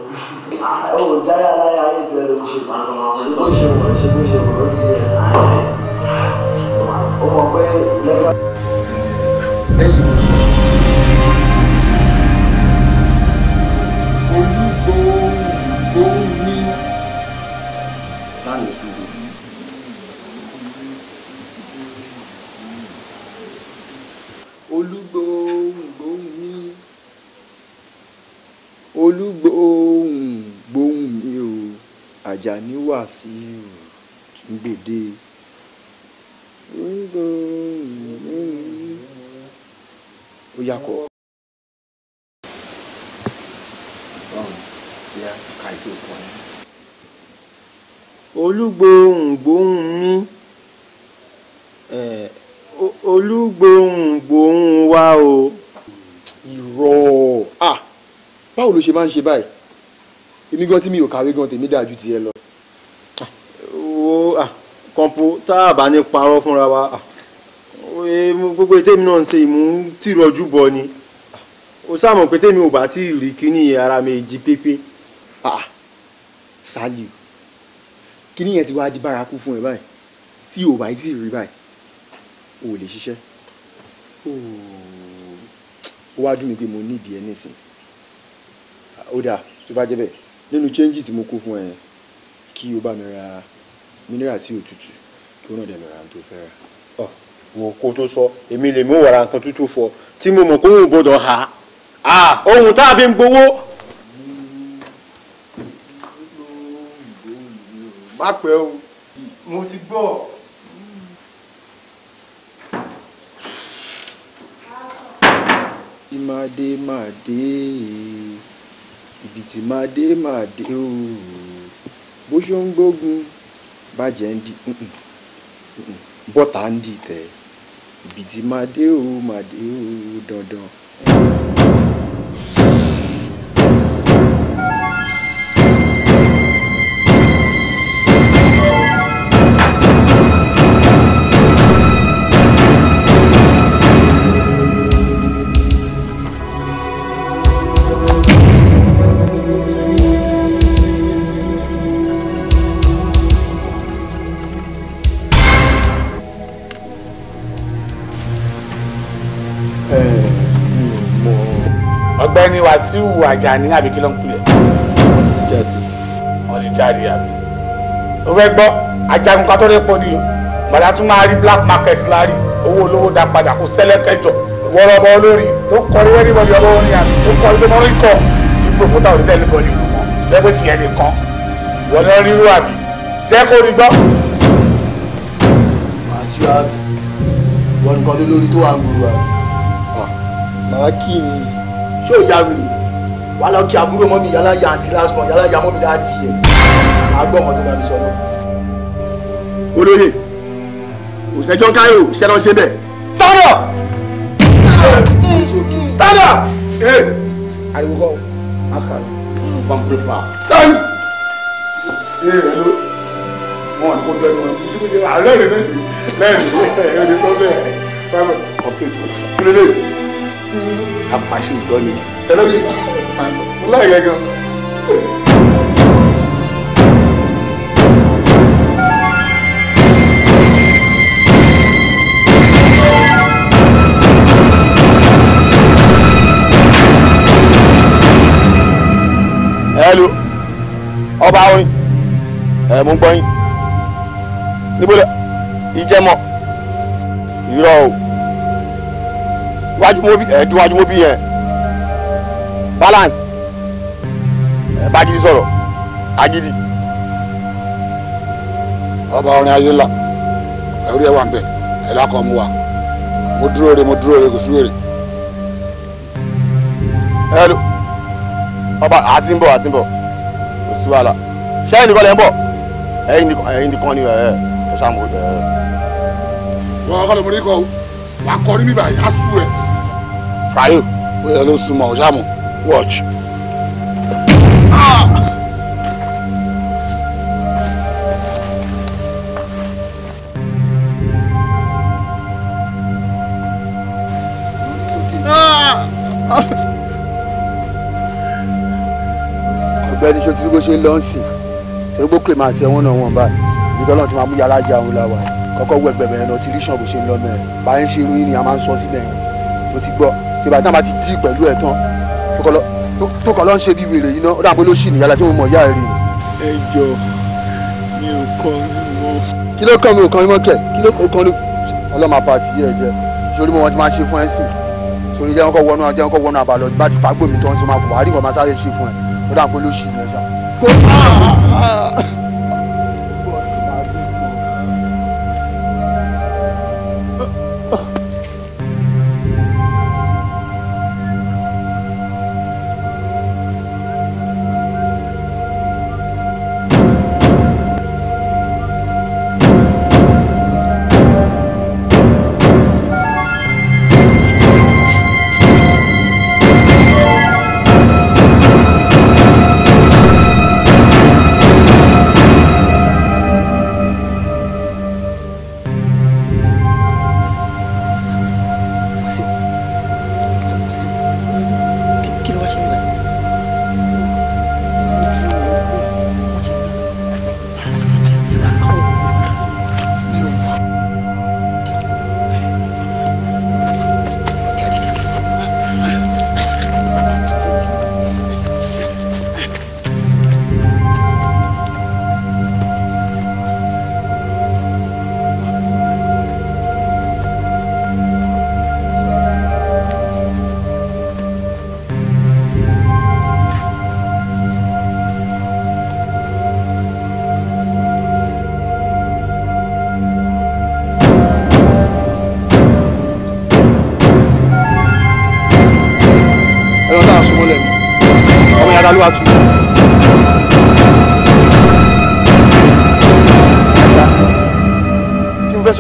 Ah, ó jáyà láyà ayé ti ẹ ló ń ṣe ṣe bó ṣe wọ̀ ṣe bó ṣe wọ̀ ó ti yẹ. ó mọ̀ pé lẹ́gà. ajani wàsíù túngbèdé ó yakọ. olúgbòhùngbòhùn mi olúgbòhùngbòhùn wa o. irọ́ báwo ló ṣe máa ń ṣe báyìí èmi gan tí mi ò kàwé gan tèmi dájú tiẹ̀ lọ. wo kọ́ńpó tá a bá ní parọ́ fúnra wa gbogbo ètèmi náà ń ṣe ìmú tìrọ̀jú bọ̀ ni o sáàmù pé tèmi ò bá tí ì rí kíní ara mi jí pépé. ṣáàlì kíní yẹn ti wá di bárakú fún ẹ báyìí tí ò bá tí ì rí báyìí o ò lè ṣiṣẹ́ ó wá dùn mí pé mo nídìí ẹ nísìnyí ó dáa tó bá jẹ́ bẹ́ẹ̀ nínú change tí mo kó fún ẹ kí o bá mi ra mineral tí ó tutù kí o náà dẹ̀ lọ ra tó fẹ́ ra. wò kó tó sọ èmi lè mú wàrà nǹkan tútù fọ tí mo mọ̀ kó òun gbọ́dọ̀ hà á ohun tá a fi ń gbowó. má pẹ́ o. mo ti gbọ́. ìmàdé màdé. jìbìtì-máa-dé máa dé bó ṣe ń gbógun bàjẹ́ ń di bọ́tà ń di tẹ̀ jìbìtì máa dé o máa dé dandan. Àjàní àbí kí ló ń pilẹ̀. wọ́n ti jáde. wọ́n ti jáde àbí. o fẹ́ gbọ́ ajagun kan tó lè pọ̀ nìyẹn gbàdá tún máa rí black market láàrí owó olówó dá padà kó sẹ́lẹ̀kẹjọ wọ́rọ̀bọ olórí tó ń kọrí wẹ́rí bọ́ọ̀lì ọlọ́wọ́ ní àbí tó ń kọrí tó mọ́rí kọ́ tí pòpótà ò tẹ́lẹ̀ bọ́ọ̀lì mọ́ lẹ́gbẹ́ tiẹ̀ nìkan wọ́n lọ rírú àbí jẹ́ kó rí gbọ́. màá ṣí àbí wọn nìkan lé lórí tó wà ń gbòòrò àbí. Ah. màá kí mi ṣé ò wà á lọ kí àbúrò mọ́mí yàrá ya àǹtí last born yàrá ya mọ́mí dáa di yẹ màá gbọ́ ọ̀kan tó bá mi sọ náà. olóyè òṣèjọ káyọ ṣẹlẹ ṣe bẹ. sábà sábà ariwo kọ má parí. kọ́ńpútà. tẹ́lẹ̀ ẹ ẹ ló wọn kò tẹnu wọn kò tẹnu alẹ́ rẹ lẹ́yìn lẹ́yìn ẹ ní pọ́blẹ́ẹ̀ pọ́blẹ́ẹ̀ kọ́ńpútà. kílódé apàṣẹ ìtọ́ni tẹ́lẹ̀ mi láìpẹ́ gan. hello ọba orin ẹ mú gbọ́ yín níbo lẹ ìjẹmọ wájú mọ́bí ẹ̀ẹ́dínwájú yẹn balance ẹ bá agidi. ọba orin ayé ńlá ẹrú ẹ wà ń bẹ ẹ lákọ mu wa mo dúró re mo dúró re kò sí wèrè. ọba àti ń kò sí wàhálà ṣẹ́yìn nìkan lẹ́ ń bọ̀ ẹ̀yìn nìkan ni ẹ̀ ẹ̀ ṣàmù ẹ̀. wọ́n kọ́ ló mú ní kọ́ wàá kọ́ ní bíbá yìí á sú ẹ̀. fàáyò ó yẹ ló súnmọ́ ọ̀ṣàmù. Watch. Ah! ọ̀gbẹ́ni ṣe tí bó ṣe lọ ń sìn ṣe gbó pè máa tẹ wọn náà wọn báyìí ibi tọ́lọ́run ti máa mú yàrá ya òun láwa kọ́kọ́ wọ ẹgbẹ̀rún yẹn lọ tí ríṣàn bó ṣe ń lọ mẹ́rin báyìí ṣe irun yìí ni a máa ń sọ síbẹ̀ yẹn mo ti gbọ́ ṣe bàtà máa ti dí pẹ̀lú ẹ̀ tán tó kàn lọ ń ṣe bí wèrè yìí náà ó dàbọ̀ ló ṣì ní yàrá tí mo mọ̀ ìyá rí. ẹ mi ò kàn ní kí ló kàn mí ò kàn mí mọ́ kí ló kàn ní ọlọ́mọ apá àti jẹ sórí mo wọn ti máa ṣe fún ẹ sìn sórí jẹ́ wọn kọ́ wọnú jẹ́ wọn kọ́ wọnú àbàlọ́ bá ti fàgbọ́ tó ń sọ máa bọ̀ wá máa sáré ṣe fún ẹ ó dàbọ̀ ló ṣì ní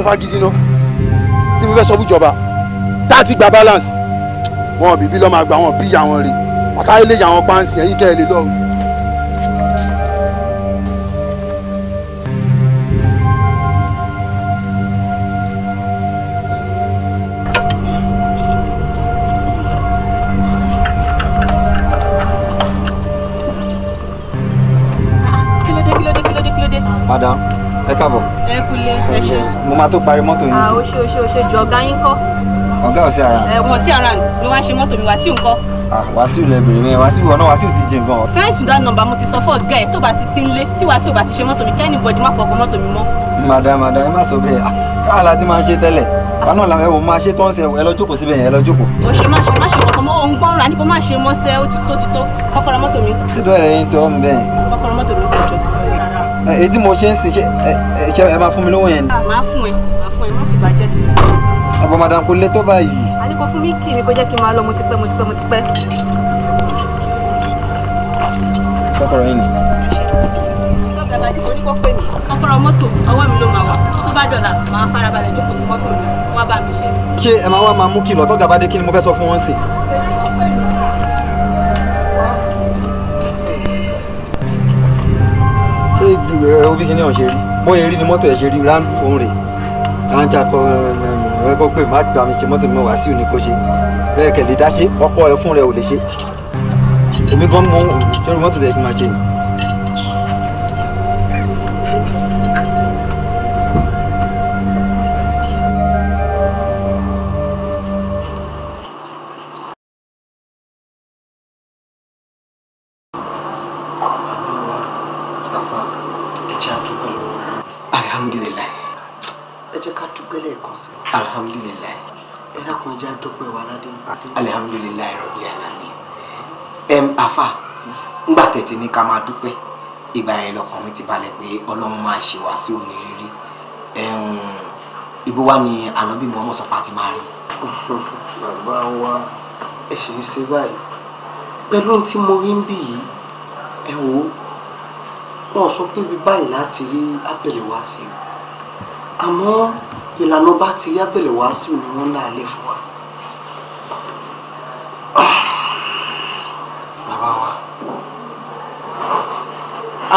sọ fagidi náà tí mo fẹ́ sọ fújọba tá a gba balance wọn bìbí lọ́ọ́ máa gba wọn bí àwọn rè wọ́n sáré lè yà wọn páǹsì ẹ̀yìn kẹ́ ẹ lè lọ́ọ́ mo máa tó parí mọ́tò yín ah, sí. ọṣẹ ọṣẹ ọṣẹ ju ọ̀gá yín kọ́. ọ̀gá ò sí ara. ẹ eh, wọn sí ara ló wá ṣe mọ́tò mi Wàsíù ńkọ́. Ah, Wàsíù lẹ́bìrì mi Wàsíù ọ̀nà Wàsíù ti jìn gan. thanks to that number mo ti sọ fún ọ̀gá ẹ̀ tó bá ti sí nílé tí Wàsíù bá ti ṣe mọ́tò mi kẹ́ni bọ́dí má fọkàn mọ́tò mi mọ́. madam madam ẹ má sọ bẹ́ẹ̀ káà la ti máa ń ṣe tẹ́lẹ̀ àná làwọn ẹ̀wọ̀n máa ṣe tó ń ṣe ẹ lọ jókòó síbẹ̀ yẹn ẹ lọ jókòó. o ṣe má ṣe má ṣe kọ̀ọ̀kan mọ́ ohun gbọ́nra ní kó má ṣe mọ́ṣẹ́ ó ti tó ti tó kọ́kọ́rọ́ mọ́tò mi. ètò ẹ̀rẹ́ yín tó ń bẹ̀yìn. kọ́kọ́rọ́ mọ́tò mi kò jọ èyí tí mo ṣe ń sìn ṣe ṣe ẹ máa fún mi lówó yẹn ni. Ah, màá fún ẹ màá fún ẹ má tún bàjẹ́ dé. ọ̀pọ̀ madam kò lé tó báyìí. a ní kó fún mi kí ni kó jẹ́ kí n máa lọ mo ti pẹ́ mo ti pẹ́ mo ti pẹ́. kọ́kọ́rọ́ yín ni. dókítà bàdí kò ní kó pè mí kọ́kọ́rọ́ mọ́tò ọwọ́ mi ló máa wà tó bá dọ̀là máa farabalẹ̀ jókòó ti mọ́tò mi wọ́n bá mi ṣe. ṣé ẹ máa wá máa mú kìlọ̀ tọ́gà bá dé kí ni mo fẹ́ sọ fún wọn sí orí kìíní ọ̀hún ṣe rí bó ṣe rí ni mọ́tò ẹ̀ ṣe rí ráńdù òun rè táǹtà kọ ẹ kọ pé má gbà mí ṣe mọ́tò mi wá sí òní kó ṣe bẹ́ẹ̀ kẹ̀lé dá ṣe ọkọ ẹ fún rẹ ò lè ṣe èmi gan mọ ṣẹ́rù mọ́tò tẹ̀ ti máa ṣe yìí. ká máa dúpẹ́ ìgbà yẹn lọkàn mi ti balẹ̀ pé ọlọ́run máa ṣe wá sí òní rírí ibo wá ni ànábì mọ́mọ́ sọ pé a ti máa rí. bàbá wa ẹ ṣì ń ṣe báyìí pẹ̀lú ohun tí mo rí ń bì yìí ẹ wò ó wọn sọ pé ibi báyìí láti rí abẹ́lẹ̀ wá sí i àmọ́ ìlànà bá ti rí abẹ́lẹ̀ wá sí i ni wọ́n ń là á fún wa.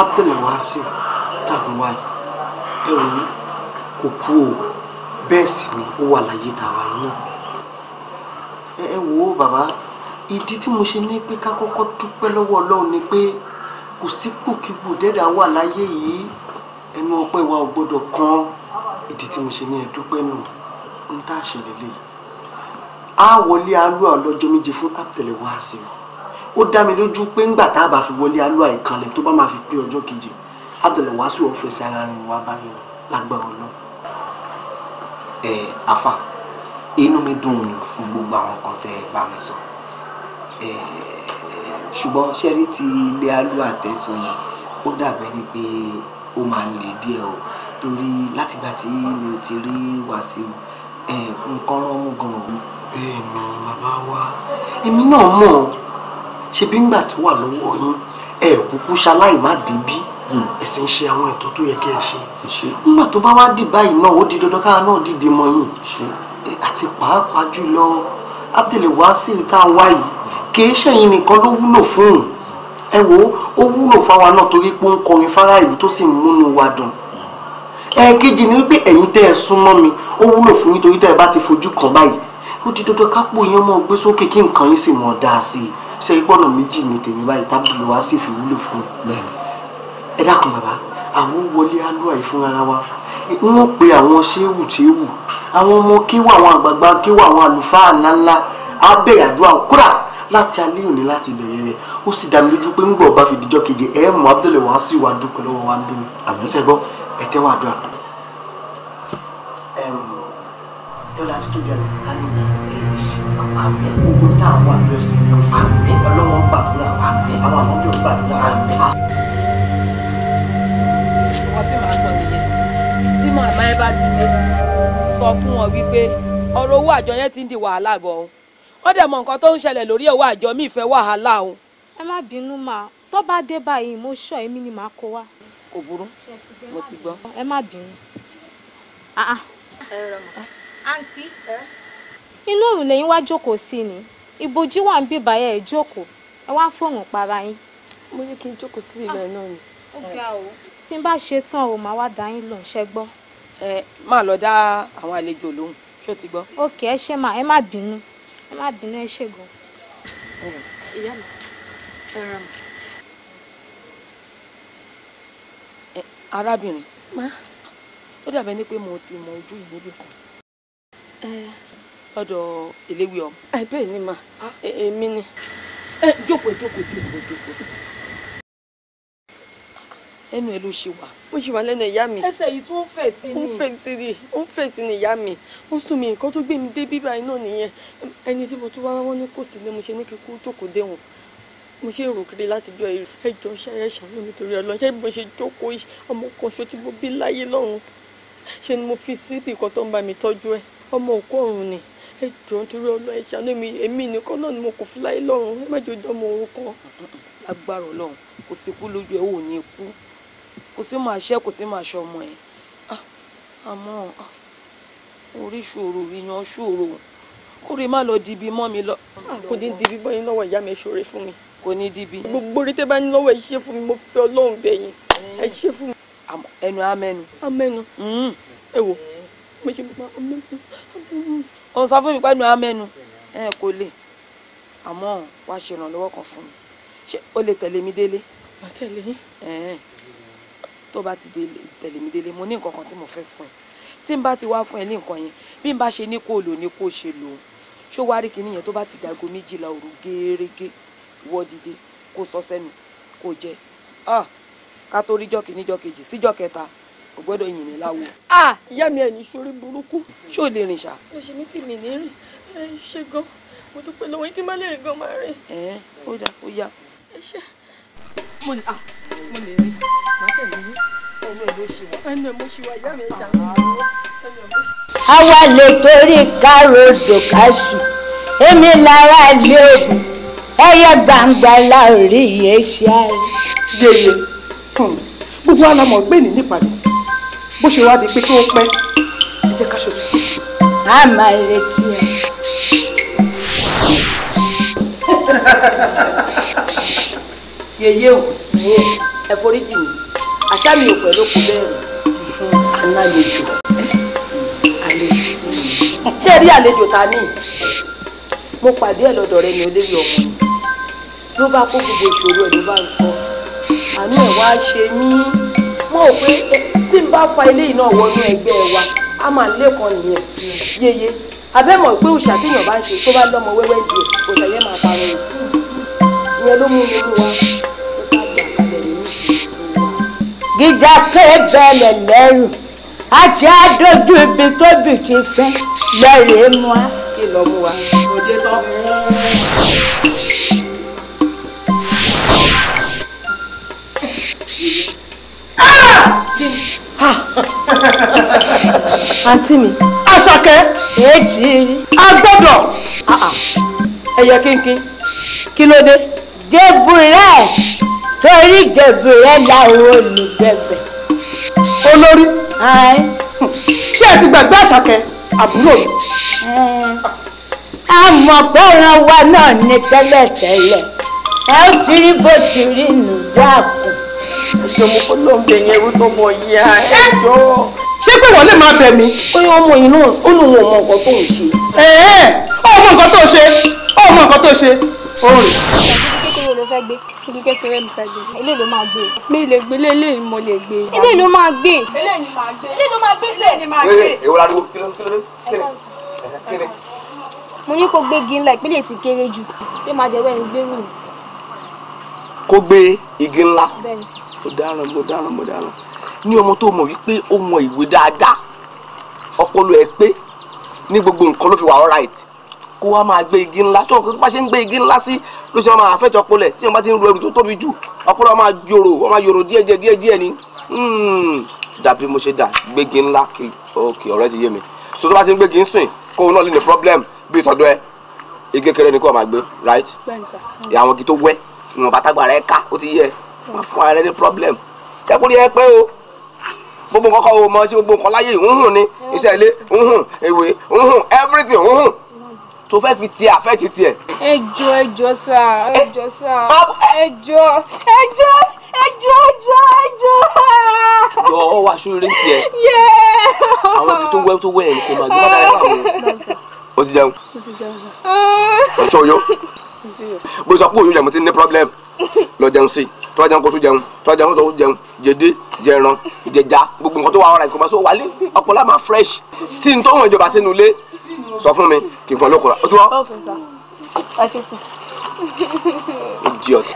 abdulwasir tàbí wáyé ẹ ò ní kò kú o bẹ́ẹ̀ sì ni ó wà láyé tàwa yìí náà. ẹ wò ó bàbá ìdí tí mo ṣe ní pé ká kọ́kọ́ dúpẹ́ lọ́wọ́ ọlọ́run ni pé kò sípòkípò dẹ́dà wà láyé yìí ẹnu ọpẹ́ wa ò gbọ́dọ̀ kan ìdí tí mo ṣe ní ẹ nù ń tá àṣẹ lélẹ́yìí. a wọlé alúwa ọlọ́jọ́ méje fún abdulwasir ó dá mi lójú pé ńgbà tá a bá fi wọlé alúwa ìkànlẹ̀ tó bá máa fi pé ọjọ́ keje abdulwasu ọ̀fẹ́sẹ̀ ara rìn wá báyìí lágbára ọlọ́. ẹ afa inú mi dùn fún gbogbo àwọn kan tẹ ẹ bá mi sọ ẹ ṣùgbọ́n ṣẹ́rí ti ilé alúwa tẹ̀sán yẹn ó dàbẹ́ ni pé ó máa ń díẹ̀ o torí látìgbà tí mi ò ti rí Wàsíù nǹkan rán mú gan-an. bẹ́ẹ̀ ni bàbá wa èmi náà mọ̀ ọ́ ṣebí ńgbà tó wà lọ́wọ́ yín ẹ kúkú ṣaláì má débí hmm. ẹ̀sìn ń ṣe àwọn ètò tó yẹ kẹ́ ẹ ṣe ńgbà tó bá wá dì báyìí náà ó di dandan káwa náà dìde mọ́ yín àti pàápàá jùlọ Abdulwasiu tá a wá yìí kì ṣẹ̀yìn nìkan ló wúlò fún un ẹ wo ó wúlò fáwa náà torí pé ó ń kọrin fara ìlú tó sì ń múnú wa dùn ẹ̀ẹ̀kejì ni wípé ẹ̀yin tẹ́ ẹ súnmọ́ mi ó wúlò fún yín torí tẹ́ ẹ bá ti fojú kan báyìí ó di dandan kápò yín ọmọ gbé sókè kí nǹkan yín sì mọ̀ dáa sí i ṣe ìgbọ́nà méjì ní tèmi báyìí tábìlì wa sì fi wúlò fún mi. ẹ dákun bàbá àwọn wọlé alúwa yìí fúnra wa wọn pe àwọn séwù téwù àwọn ọmọ kéwà àwọn àgbààgbà kéwà àwọn àlùfáà ńláńlá abẹ́ àdúrà kúrà láti alẹ́ òní láti bẹ̀rẹ̀ rẹ̀ ó sì dá mi lójú pé ńgbọ̀ bá fi dijọ́ keje ẹ̀ mọ̀ Abdul Wasiu wa dúpẹ́ lọ́wọ́ wa ń bí mi àmì sẹ́gbọ́ ẹ̀ tẹ́wọ́ àdúrà. lọ́la tó tóbi àlùfáà nìyẹn àmín gbogbo tá a wà lọ sí lọ àmín ọlọ́wọ́ gbàdúrà àmín àwọn àwọn ọmọdé gbàdúrà àmín. ọkọ tí màá sọ nìyẹn tí màmá ẹ bá ti dé sọ fún wọn wípé ọ̀rọ̀ owó àjọ yẹn ti ń di wàhálà gan o wọ́n dẹ̀ mọ nǹkan tó ń ṣẹlẹ̀ lórí o. ẹ má bínú mà tó bá dé báyìí mo sọ èmi ni màá kó wá. kò burú mo ti gbọ́. ẹ má bínú. Ah, ah inú òrùlé yín wá jókòó sí ni ìbòjú wà ń bíbá ẹ jókòó ẹ wá fóònù para yín. mo ní kí n jókòó sí ah, ìlà náà ni. ó ga o tí n bá ṣe tán o màá wá dá yín lòún ṣe gbọ́. ẹ máa lọ dá àwọn àlejò lóhùn ṣó ti gbọ́. ok ẹ ṣe máa ẹ má bínú ẹ má bínú ẹ ṣe gan. ìyá mi ẹ ràn mí. arábìnrin ó dàbẹ́ ni pé mo ti mọ ojú ìgbébì kan. ẹ ọ̀dọ̀ eléwé ọmọ. ẹ bẹ́ẹ̀ ni mà ah. e, èmi ni. ẹ jókòó jókòó jókòó jókòó. ẹnu ẹ ló ṣe wà. mo ṣe wà lẹ́nu ìyá mi. ẹsẹ̀ yìí tún ń fẹ̀ sí ni. ó ń fẹ̀ sí ni ó ń fẹ̀ sí ni ìyá mi. ó sún mi nǹkan tó gbé mi dé bíbá iná nìyẹn ẹni tí mo tún wá wọ́n ní kò sí ilé mo ṣe ní kíkú jókòó dé wọn mo ṣe rò kiri látijọ́ ẹjọ́ ṣẹ́yẹ ṣàánú mi torí ọlọ́run ṣé mo ṣe jókòó ọmọ kan ṣo tí mo bí láyé lọ́run ṣe ni mo fi síbì kan tó ń bá mi tọ́jú ẹ ọmọ òkú ọ̀run ni ẹ jọ̀ọ́ nítorí ọlọ ẹ ṣàánú mi èmi nìkan náà ni mo kò fi láyé lọ́rùn ẹ má jẹ́ dọ́mọ orúkọ. agbára Ọlọ́run kò sí kú lójú ẹ ò ní kú kò sí máa ṣẹ kò sí máa ṣe ọmọ ẹ ah, àmọ́ ah, orí ṣòro ìyan ṣòro kórè má lọ dibi mọ́ mi lọ. kò ní dibi bọ́ yín lọ́wọ́ ìyá mi ṣòro fún mi. kò ní dibi. gbogbo orí tẹ́ bá ní lọ́wọ́ ẹ ṣe fún mi mo fẹ́ Ọlọ́run bẹ̀yìn ẹ ṣe fún mi. ẹnu amẹnu. amẹnu. Hmm. ẹ wo mo ṣe mo pa amẹnu amẹnu ó sọ fún mi pẹ́ẹ́nu amẹ́nu ẹ kò lè àmọ́ wàá ṣe ìrànlọ́wọ́ kan fún mi ṣé o lè tẹ̀lé mi délé. mà á tẹ̀lé yín. tó bá ti tẹ̀lé mi délé mo ní nǹkan kan tí mo fẹ́ fún ẹ tí n bá ti wá fún ẹ ní nǹkan yẹn bí n bá ṣe ní kó o lò ní kó o ṣe lò ó ṣó wá rí kinní yẹn tó bá ti dàgó méjìlá òru gẹ́rẹ́gẹ́ wọ́ dìde kó sọ sẹ́nu kó jẹ ah! ká tó rí jọ́kìíní jọ́kejì síjọ́ kẹta kò gbọ́dọ̀ yìn mí láwo. a ìyá mi ẹ̀ ní sórí burúkú ṣé ò lè rìn ṣá. oṣù mi ti mì ní rìn ẹ ṣe gan mo dúpẹ́ lọ́wọ́ kí n má lè rìn gan máa rìn. ẹ ẹ ó dà ó yá. ẹ ṣe mo lè mo lè rìn má tẹ̀lé yín. ẹnu ẹ̀ mo ṣe wá ìyá mi ẹ̀ ṣàmì. àwa lè torí kárò odò ká sùn èmi lára lé òògùn ẹyẹ gbangba láòrí yẹn ṣe àárẹ̀. yeye hmm, gbogbo àlọmọ gbé ní nípàdé bó ṣe wá di pé tó pẹ́ ẹ jẹ́ ká ṣòfò. a máa retí ẹ. yèyé o ẹ foríjì mi àṣà mi ò pẹ̀lú kò bẹ́ẹ̀ rẹ̀ alálejò àlejò ṣé ẹ rí àlejò ta ní mo pàdé ẹ lọ́dọ̀ rẹ ní olórí ọkùnrin ló bá kó gbogbo ìṣòro ẹ ló bá ń sọ àánú ẹ wá ṣe mí mo rò pé tí n bá fa eléyìí náà wọnú ẹgbẹ́ wa a máa lékan nìyẹn yeye abẹ́mọ̀ pé òṣà téèyàn bá ń ṣe tó bá lọ́mọ wẹ́wẹ́ di òṣà yẹn máa parọ́ rẹ̀ ìyẹn ló mú mi rú wa gíga pé bẹ́ẹ̀lẹ̀ lẹ́rù àti àdójú ibi tóbi ti fẹ́ lẹ́rù é mu wa. kí ló mú wa. òde tó. àǹtí ah! mi. àṣàkẹ́. èjì rí. a gbọ́dọ̀. ẹyẹ kínkín kí ló dé. jẹ̀bù rẹ̀ torí jẹ̀bù rẹ̀ làwọn olùgbẹ̀bẹ̀. olórí. ṣé ẹ ti gbàgbé àṣàkẹ́ àbúrò mi. Eh, a mọ̀ pé ìran wa náà ní tẹ́lẹ̀tẹ́lẹ̀ ẹ ó ti rí bó ti rí nù dáàbò ẹjọ́ mo kọ́ lọ́n bẹ̀ yẹn tó mọ ìyá ẹjọ́. ṣé pé wọ́n lè máa bẹ̀ mí. ó ní ọmọ yìí náà ó lóun ò mọ nǹkan tó ń ṣe. ẹ ẹ ó mọ nǹkan tó ṣe ó mọ nǹkan tó ṣe. ó rìn. kékeré ló fẹ́ gbé ibi kékeré mi fẹ́ gbé ilé ló máa gbé mi lè gbé ilé ilé mo lè gbé. ilé ló máa gbé. ilé ni máa gbé ilé ló máa gbé ilé ni máa gbé. èwo la dúró kí ló kí ló kéré. mo ní kó gbé igi ńlá ìpínlẹ̀ ti kéré jù pé máa jẹ́ wẹ́n gbé wù. kó gbé igi ńlá. bẹ́ẹ̀ ni sọ mo dáràn mo dáràn mo dáràn ní ọmọ tó mọ̀ wípé ó mọ ìwé dáadáa ọpọlọ ẹ pé ní gbogbo nǹkan ló fi wà alright kó wá máa gbé igi ńlá tó bá ṣe ń gbé igi ńlá sí ló ṣe máa fẹ́ tọpọ lẹ̀ tí wọ́n bá ti ń ru ẹrù tó tóbi jù ọpọlọ máa yòrò wọ́n máa yòrò díẹ̀ díẹ̀ díẹ̀ díẹ̀ ni hmm. dàbí mo ṣe dà gbégi ńlá kiri ok ọ̀rẹ́ ti yé mi so tó bá ti ń gbégi ń sìn kó o náà lè ní problem bí ìtọ́jú ẹ igi kéré ni kó o máa gbé right àwọn igi tó wẹ́ ìwọ̀nba tágbà rẹ ká ó ti yẹ wọn fún ara ní problem jẹ́kúrí ẹ pé o gbogbo nǹkan kọ́ o mọ sí gbogbo nǹkan láyé ìhùnhùn ni iṣẹ́ ilé ìhùn ìwé ìhùn everything ìhùn tó fẹ́ fi tiẹ̀ àfẹ́ ti tiẹ̀. ẹjọ ẹjọ sá ẹjọ sá ẹjọ ẹjọ ẹjọ ẹjọ ẹjọ. jọ ọ wá aṣọ eré tiẹ àwọn ibi tó wẹ tó wẹ ẹni kò máa gbé bàtà rẹ fáwọn. o ti jẹun. o ti jẹun. ọ̀ṣọ́ oyó. bó sọ pé òyìnbó yẹn mo ti ní problem lọ jẹun sí i tọ́wọ́ jẹun kó tó jẹun tọ́wọ́ jẹun kó tó jẹun jẹdé jẹran jẹja gbogbo nǹkan tó wà ọ̀rà ìkọ̀mọ́sọ wà lé ọpọlọ máa fresh tí n tó wọn ìjọba sínú ilé sọ fún mi kì í fọn lóko rà ó ti wọ́. ó jí ọtí.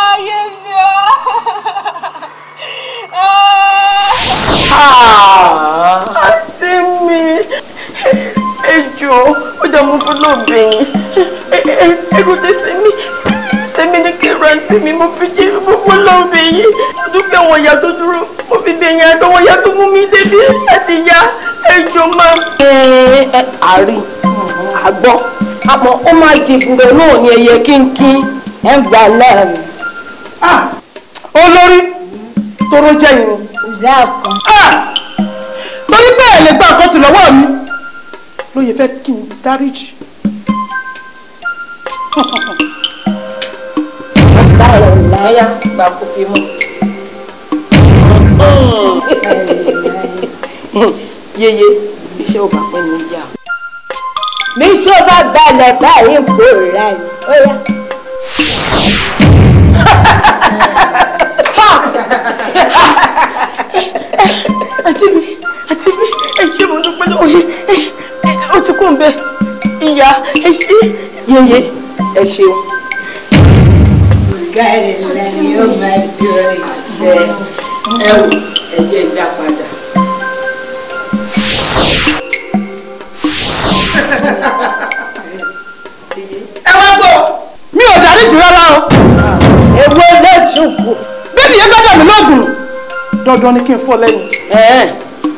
ayé mi ọ. Ah jọ ó jẹ́ mú kú lóde yìí ẹrù dé sí mi sẹ́mi ní kí ẹrù àǹtí mi mo fi jẹ́ gbogbo lóde yìí mo dúpẹ́ àwọn ìyá tó dúró mo fi bẹ̀ yẹn àtọwọ́ ìyá tó mú mi débi láti ya ẹjọ́ máa. ẹ ẹ àrí àgbọ̀ àmọ́ ó máa jẹ ìfúnbẹ̀ náà ní ẹyẹ kínkín ẹ̀ ń gbà lẹ́rìn. olórí toró jẹ́ yìí ni. ìyá kan. torí bẹ́ẹ̀ lè gba nǹkan lọ́wọ́ mi ló yẹ fẹ́ kí n dáríjì. báyọ̀ láyà gba kófí mọ́. yeye iṣẹ́ ò bá pẹ́ ní ìyá. níṣó bá balẹ̀ báyìí pòórá ni ó yá. Ha ha ha ha ha! àti mi àti mi ẹ ṣe mo dúpẹ́ lọ́wọ́ yẹn ó ti kún bẹ́ẹ̀ ìyá ẹ ṣe yẹyẹ ẹ ṣeun. ọ̀gá ẹ̀ lẹ́yìn yóò máa dọ̀ ẹ̀ ẹ̀ wò ẹ̀jẹ̀ ìgbà ẹ wá gbọ́ mi ò dáríjì rárá o èwo ah. lẹ́jọ́ bẹ́ẹ̀ ni yẹn gbọ́dọ̀ mi lọ́gùn dandan ni kí n fọ́ lẹ́yìn.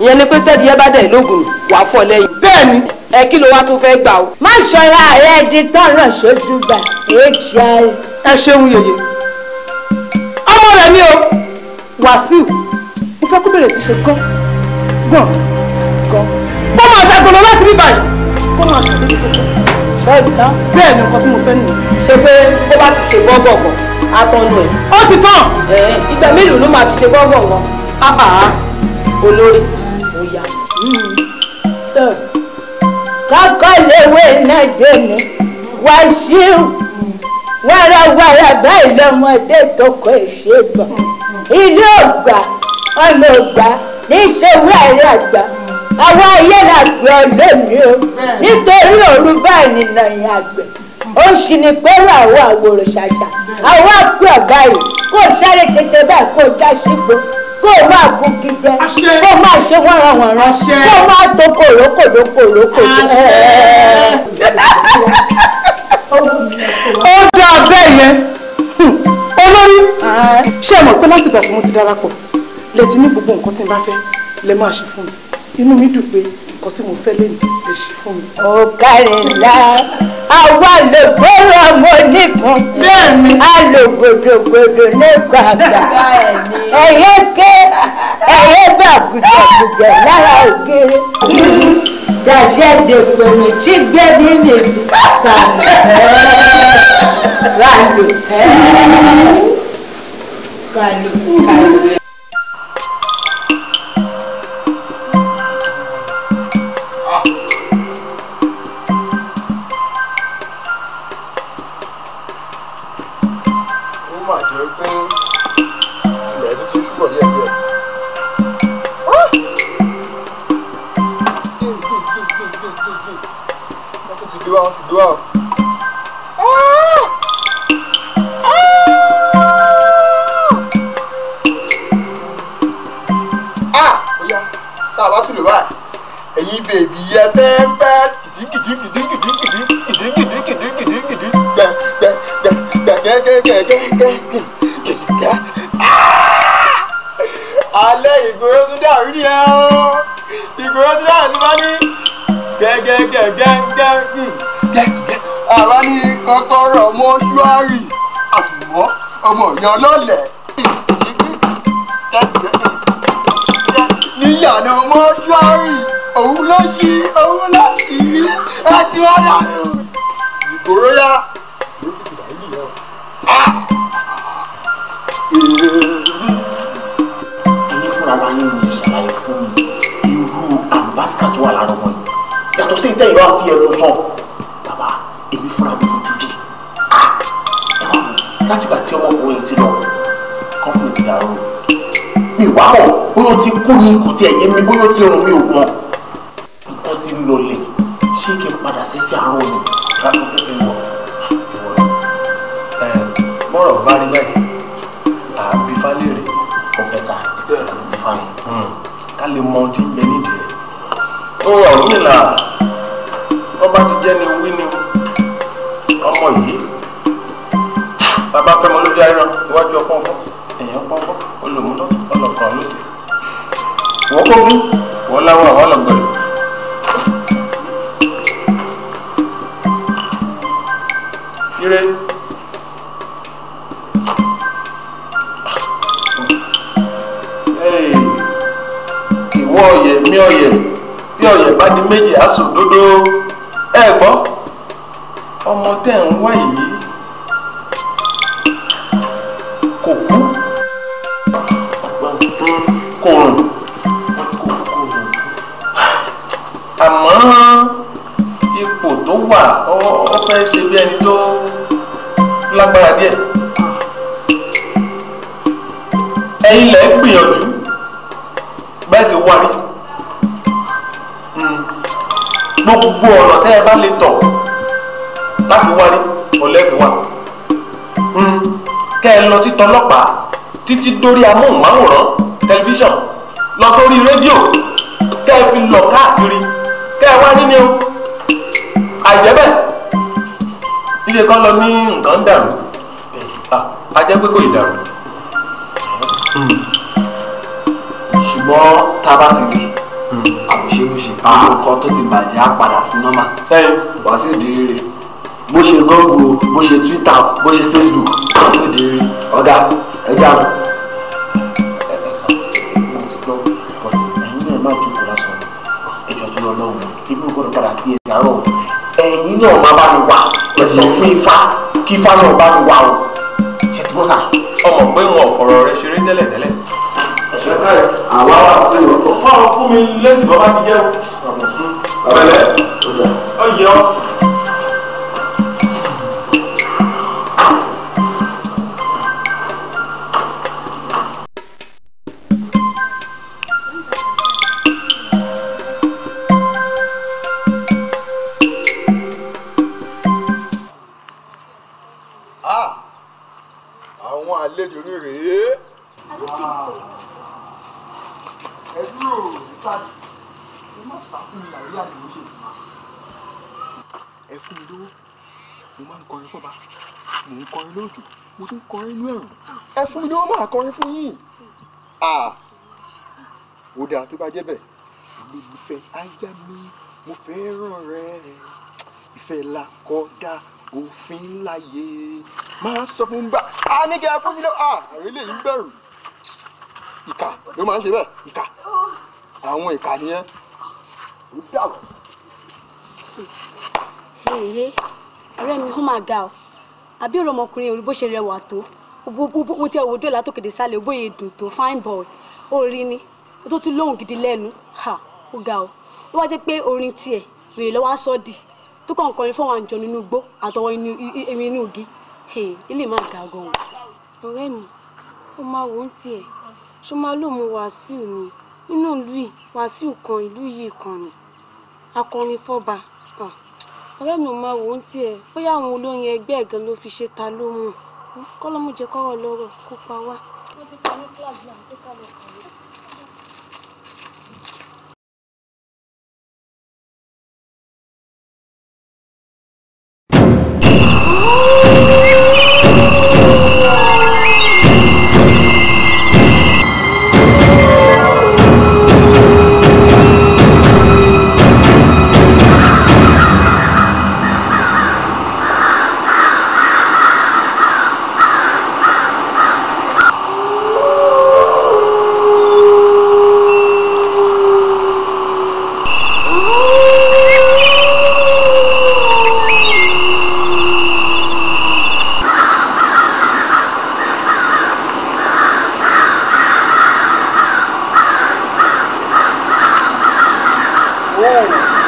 ìyẹn ni pé tẹ́dí ẹ bá dẹ̀ lógun wà á fọ́ lẹ́yìn. bẹ́ẹ̀ni. ẹ kí ló wá tún fẹ́ gbà o. má ṣọra rẹ di tọrọ sójú gbà èjì ayé. ẹ ṣeun yèyé ọmọ rẹ ni o Wàsíù mo fẹ́ kó bẹ̀rẹ̀ sí ṣe gán gán gán. kó máa ṣàgbọ̀nà láti bí báyìí kó máa ṣàdédé tó tọ́. bẹ́ẹ̀ ni nǹkan tí mo fẹ́ nìyẹn. ṣe pé ó bá ti ṣe gbọ́gbọ̀gbọ̀ atọ́nu ẹ̀. ó ti tán. ẹ ìgbà mélòó ló máa fi ṣe gbọ́ngbọ̀ngàn. pápá olórí ó yá. kọ́kọ́ léwé náà dé ní wáṣíù wárawára báyìí lọ́mọdé tó kọ ìṣègùn ilé ògbà ọmọ ògbà níṣẹ́ wúrà àgbà àwọn ayé làgbẹ̀ ọ̀lẹ́mi o nítorí òru báyìí nìyẹn àgbẹ̀ ó ń ṣi ni pẹ́rù àwọn àwòrán ṣàṣà àwọn àpò ọ̀gá yìí kó o sáré kété báyìí kó o já sípò kó o máa kú gígbẹ kó o máa ṣe wọ́nranwọ̀nran kó o máa tó kòrókòrókòrókò ó dá abẹ́ yẹn olórí ṣé ẹ mọ̀ pé lásìkò àti mo ti darapọ̀ lè ní gbogbo nǹkan tí n bá fẹ́ lè máa ṣe fún mi inú mi dùn pé nǹkan tí mo fẹ́ lè dì lè ṣe fún mi. ọ̀kàrìnlá àwa lè gbọ́rọ̀ ọmọ nìkan a lò gbòdògbòdò lẹ́kọ̀ọ́ àgbà ẹ̀yẹ ké ẹ̀yẹ bá gùdàgùdà lára òkèrè dàṣẹ́ dèpò mi tí gbé ní mi kàkà kàlò kàlò kàlò. Go ah! out. Ẹ̀yin bèbí ẹsẹ̀ ń bẹ́ kìdìkìdìkìdìkìdìkìdìkìdìkìdìkìdì gbẹ̀gbẹ̀gbẹ̀gbẹ̀gbẹ̀gbẹ̀gbẹ̀gbẹ̀gbẹ̀. Alẹ́ ìgboro tún dàrú ni ẹ o, ìgboro tún dàrú ti bá ní gẹ́gẹ́gẹ́gẹ́gẹ́ àwa ní kọ́kọ́rọ́ mọ́ṣúárì àfùwọ́ ọmọ ìyàn lọ́lẹ̀ níyànà mọ́ṣúárì òun ló yí òun láti yí láti wá dànù. ìgboro yá ló fi kìlà yìí lọ. ẹ̀yin fúnra ara yín ni ìṣàlàyé fún mi irú àbáríkà tó wà lára ọmọ yìí yàtọ̀ sí ìtẹ́yìn wá fi ẹnu sọ. látìgbà tí ọmọkùnrin ti lọ kọ́mpìnì ti dàrú mi wá mọ̀ bóyá ó ti kú ní kò tiẹ̀ yé mi bóyá ó ti rùn mí ò mọ̀ nǹkan ti ń lọlẹ̀ ṣé kí n padà sẹ́sẹ́ àárọ̀ mi. Ah, bọ́rọ̀ bá rí báyìí àbí falẹ̀ rẹ̀ ọ̀fẹ́ta ìfami hmm. ká lè mọ ohun tí ń bẹ nídìí rẹ̀. ó rọrùn nílà wọ́n bá ti jẹ́ ni wí ni ọmọ yìí bàbá fẹ́ mọ lójú ayé náà iwájú ọpọ́n fọ́ èèyàn pọ́n fọ́ olùmúná ọlọ́kàn lọ́sẹ̀ wọ́n kó gún wọ́n láwọn àwọn ọlọ́gbẹ̀rẹ̀. ire ìwọ ọyẹ mi ọyẹ bí ọyẹ bá di méjì àsùn dódó ẹ gbọ́ ọmọ tẹ́ ń wá yìí. kòrùn àmọ́ ipò tó wà ọ fẹ́ ṣe bí ẹni tó lágbára díẹ̀ ẹ̀yin lẹ gbìyànjú bẹ́ẹ̀ ti wá rí hmm. gbogbo ọ̀nà tẹ́ ẹ bá lè tọ̀ láti wá rí ọ̀lẹ́fì wa hmm. kẹ́ ẹ lọ sí tọlọ́pàá títí dórí amóhùnmáwòrán tẹlifíṣàn lọ sórí rédíò kẹ́ ẹ fi lọ káàkiri kẹ́ ẹ wá nínú àìjẹ́bẹ̀ ilé kan lọ ní nǹkan dàrú ajẹ́ pé kò ì dàrú hmm. ṣùgbọ́n tá a bá ti rí àbòṣerúṣe nǹkan tó ti bàjẹ́ á padà sí nọ́mà wá sí ìdí rere bó ṣe gọ́ọ̀gù bó ṣe Twitter bó ṣe Facebook wá sí ìdí rere ọ̀gá ẹ̀jẹ̀ àná. padà sí ẹsẹ̀ àárọ̀ ẹ̀yin náà má bá mi wà ẹ̀sọ̀ fún ifá kí ifá náà bá mi wà o ṣe ti bọ́ sà. ọmọ pé wọn ò fọ̀rọ̀ rẹ ṣeré tẹ́lẹ̀ tẹ́lẹ̀. àwa wá sí ìwọ̀n. fún mi lẹ́sìn bàbá ti jẹ́ o. ọ̀bẹ̀lẹ̀ ọ̀yẹ́ ọ. ẹ fún mi lówó máa kọrin fún yín ó dáa tó bá jẹ́ bẹ́ẹ̀ mi mo fẹ́ aya mi mo fẹ́ràn rẹ ìfẹ́ la kódà òfin láyé máa sọ fún bá a ní kí ẹ fún mi lọ àwọn eléyìí ń bẹ̀rù ìkà ló máa ń ṣe bẹ́ẹ̀ ìkà àwọn ìkà nìyẹn ó dàbọ̀. ọ̀rẹ́ mi ó máa ga ọ àbí ọ̀rọ̀ ọmọkùnrin òrí bó ṣe rẹwà tó wo tí ẹ wò dọ́là tó kéde sálẹ̀ bóyá dùn tó fine boy orin ni tó tún lóhùn gidi lẹ́nu ha ó ga o ó wá jẹ́ pé orin tiẹ̀ rèé lọ́wọ́ aṣọ dì tó kàn kọrin fún àwọn àjọ nínú igbó àtọwọ́ irin inú igi ilé máa ga gan o. ọ̀rẹ́ mi ó máa wò ó tiẹ̀ ṣó máa lò mú wàásù ni inú ìlú yìí wàásù kan ìlú yìí kan ni akọrin fọba ọ̀rẹ́ mi ò máa wò ó tiẹ̀ bóyá àwọn olórin ẹgbẹ́ ẹ̀gán ló fi ṣe ta ló mú un kọ́lọ́mù jẹ́ kọ́rọ̀ lọ́rọ̀ kó pa wọ́n ti pa ní kíláàsì náà tó kà Wow.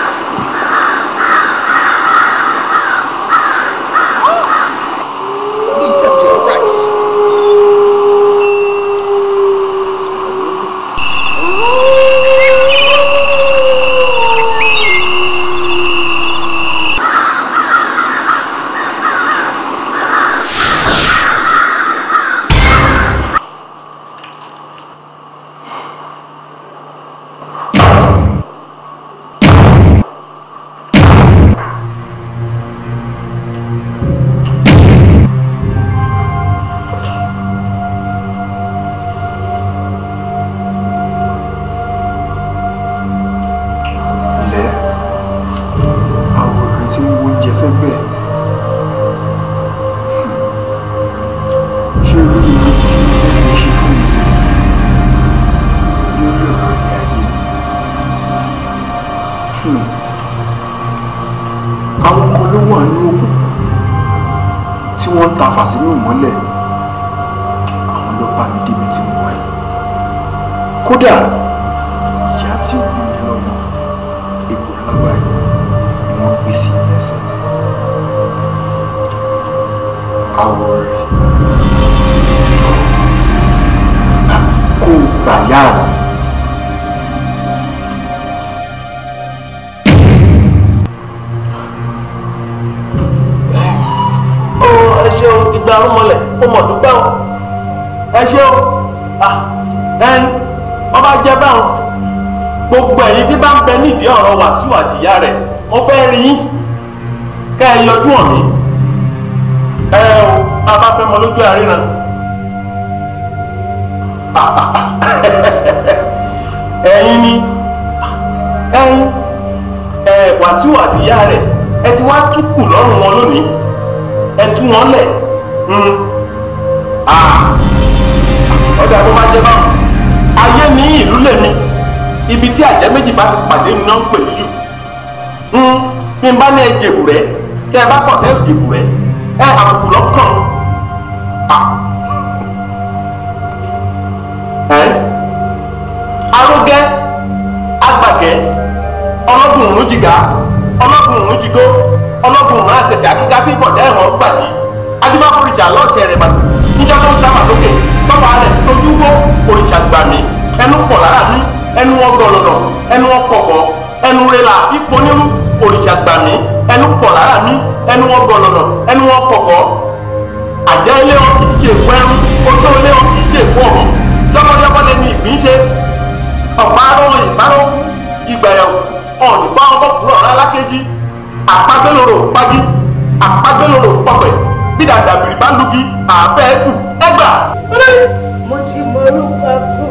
wàsíù àtìyá rẹ̀ mo fẹ́ rí yín ká ẹ yọjú hàn mí ẹ o bàbá fẹ́ mọ lójú àríran ẹ̀yin ni ẹ̀yin ẹ wàsíù àtìyá rẹ̀ ẹ ti wá túkù lọ́rùn wọn lónìí ẹ tú wọn lẹ̀ hmm. ah. ọ̀dà tó bá jẹ báwọn ayé ní ìlú lèmi ibi tí àjẹ́ méjì bá ti pàdé iná ń pè jù hmm, bí n bá ní ẹjẹ̀bù rẹ tẹ ẹ bá pọ̀ tẹ ẹjẹ̀bù rẹ ẹ àbùkù lọ́kàn ah. arógẹ́ agbàgẹ́ ọlọ́gùn òun jìgá ọlọ́gùn òun jìgó ọlọ́gùn òun àṣẹṣẹ akíkà tí bọ̀dẹ́ ẹ̀wọ̀n gbàjì adúmáforíjà lọ́ọ̀ṣẹ́ rẹ̀ bàtà níjọ́ tó ń dábàá sókè bàbá rẹ̀ tójú wó òrìṣà ẹnu pọ̀ lára mi ẹnu wọn gbọlọlọ ẹnu wọn kọkọ ẹnu rẹlà ipò nírú òrìṣà gbàmí ẹnu pọ̀ lára mi ẹnu wọn gbọlọlọ ẹnu wọn kọkọ àjẹ́ ilé wọn kì í jẹ èkó ẹrú ojú ilé wọn kì í jẹ èkó ọ̀hún lọ́kọ́lọ́kọ́ lẹ́nu ìgbín ṣe ọ̀párọ̀ ìpárọ̀ kú ìgbẹ̀yẹ̀wò ọ̀nìpá ọkọ̀kùnrin ọ̀rá lákejì àpagbélòrò pagi àpagbélòrò pọ̀pẹ̀ bídàdà bìrì bá lugi àbẹ́ẹ̀dù ẹgbà. mo ti mọ orúkọ kú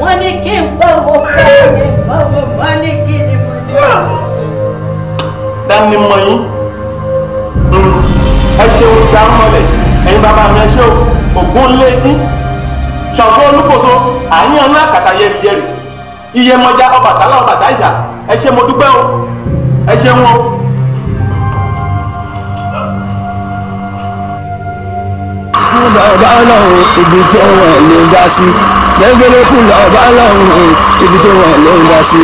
wọ́n ní kí n bá wọn bá wọn bá wọn bá ní kí ni mo ní. dání mọ yín ẹ ṣeun dá mọlẹ ẹ̀yin bàbá mi ẹ ṣe ògún lẹ́yìn ṣàfọ olúkòso àyàn ńlá kàtà yẹrìyẹrì iyẹmọjà Ọbàtálá ọbàtà ìṣà ẹ ṣe mo dúpẹ́ o ẹ ṣeun o. lọ́ba ọlọ́run ibi tó wọ̀ ló ń dá sí gbẹ́gbẹ́lẹ́kù lọ́ba ọlọ́run ibi tó wọ̀ ló ń dá sí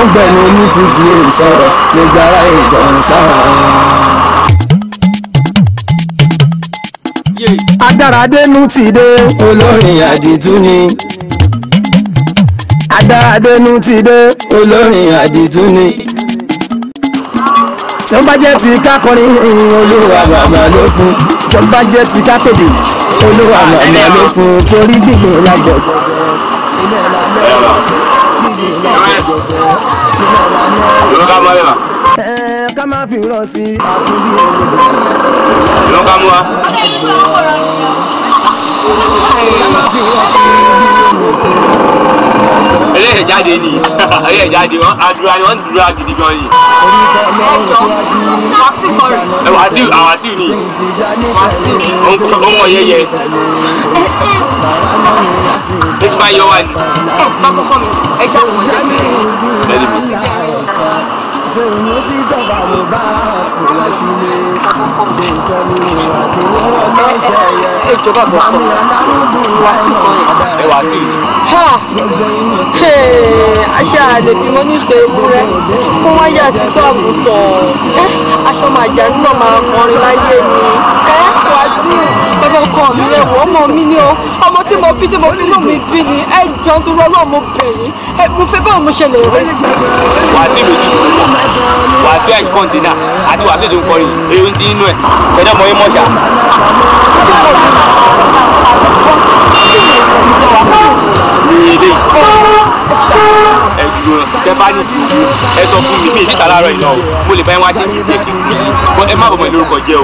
ó ń gbẹ̀mí onífìdí òǹsọ̀rọ̀ ló gbára ìgbọ̀n sára. adáradénú ti dé olórin àdìtú ni adáradénú ti dé olórin àdìtú ni tí wọ́n bá jẹ́ ti kákọrin olúwa bàbá ló fún tí wọ́n bá jẹ́ ti kápẹ́dì olúwa lọ́nà ló fún un torí gbígbìn lágbọ̀ ilé ẹ̀la náà gbígbìn lágbọ̀ ilé ẹ̀la náà. ká má fi rán sí àtúndí ẹ̀lẹ́dọ̀. ló ká mú wa. ká má fi rán sí ṣẹ̀ṣẹ̀ jáde ni ọ̀yẹ̀ jáde wọn àdúrà ni wọ́n ń dúrà gidi gan ni. wàásù àwàásù ni ọmọ yẹyẹ nípa yọ wà ní. ẹ ṣàkóso ẹni mi ṣèyí sí tọ́fà mú bá kò láṣìlẹ̀ ṣe sọ ní ìwà tó wọ́n náà ṣẹyẹ mami alárùbù lásìkò ẹwà sí i. aṣọ àlè bí mo ní ṣe ewúrẹ́ fún wọn yà sí sọ́ọ̀bù tọ̀ aṣọ màjà náà máa kọrin láyé mi wá sí bàbá ọkọ mi ẹwọ ọmọ mi ni o ọmọ tí mo bí tí mo fi mi bí ni ẹ jọ ń dúró lọ́wọ́ mo bẹ̀ yín mo fẹ́ báwo mo ṣe lè rí. wà á ti jù wàásù ẹ̀ kọ́ńtínà àti wàásù tó ń kọrin èrò ti inú ẹ̀ fẹ́dọ̀ mọ́ ẹmọ́ṣà ní ẹ dúró náà tẹ bá ní ìtìjú ẹ sọ fún mi bí èyí tà láàárọ̀ ìlọ mo lè bá yín wá ṣe ní ilé kíkú yìí bọ ẹ má bọmọ lórúkọ jẹ́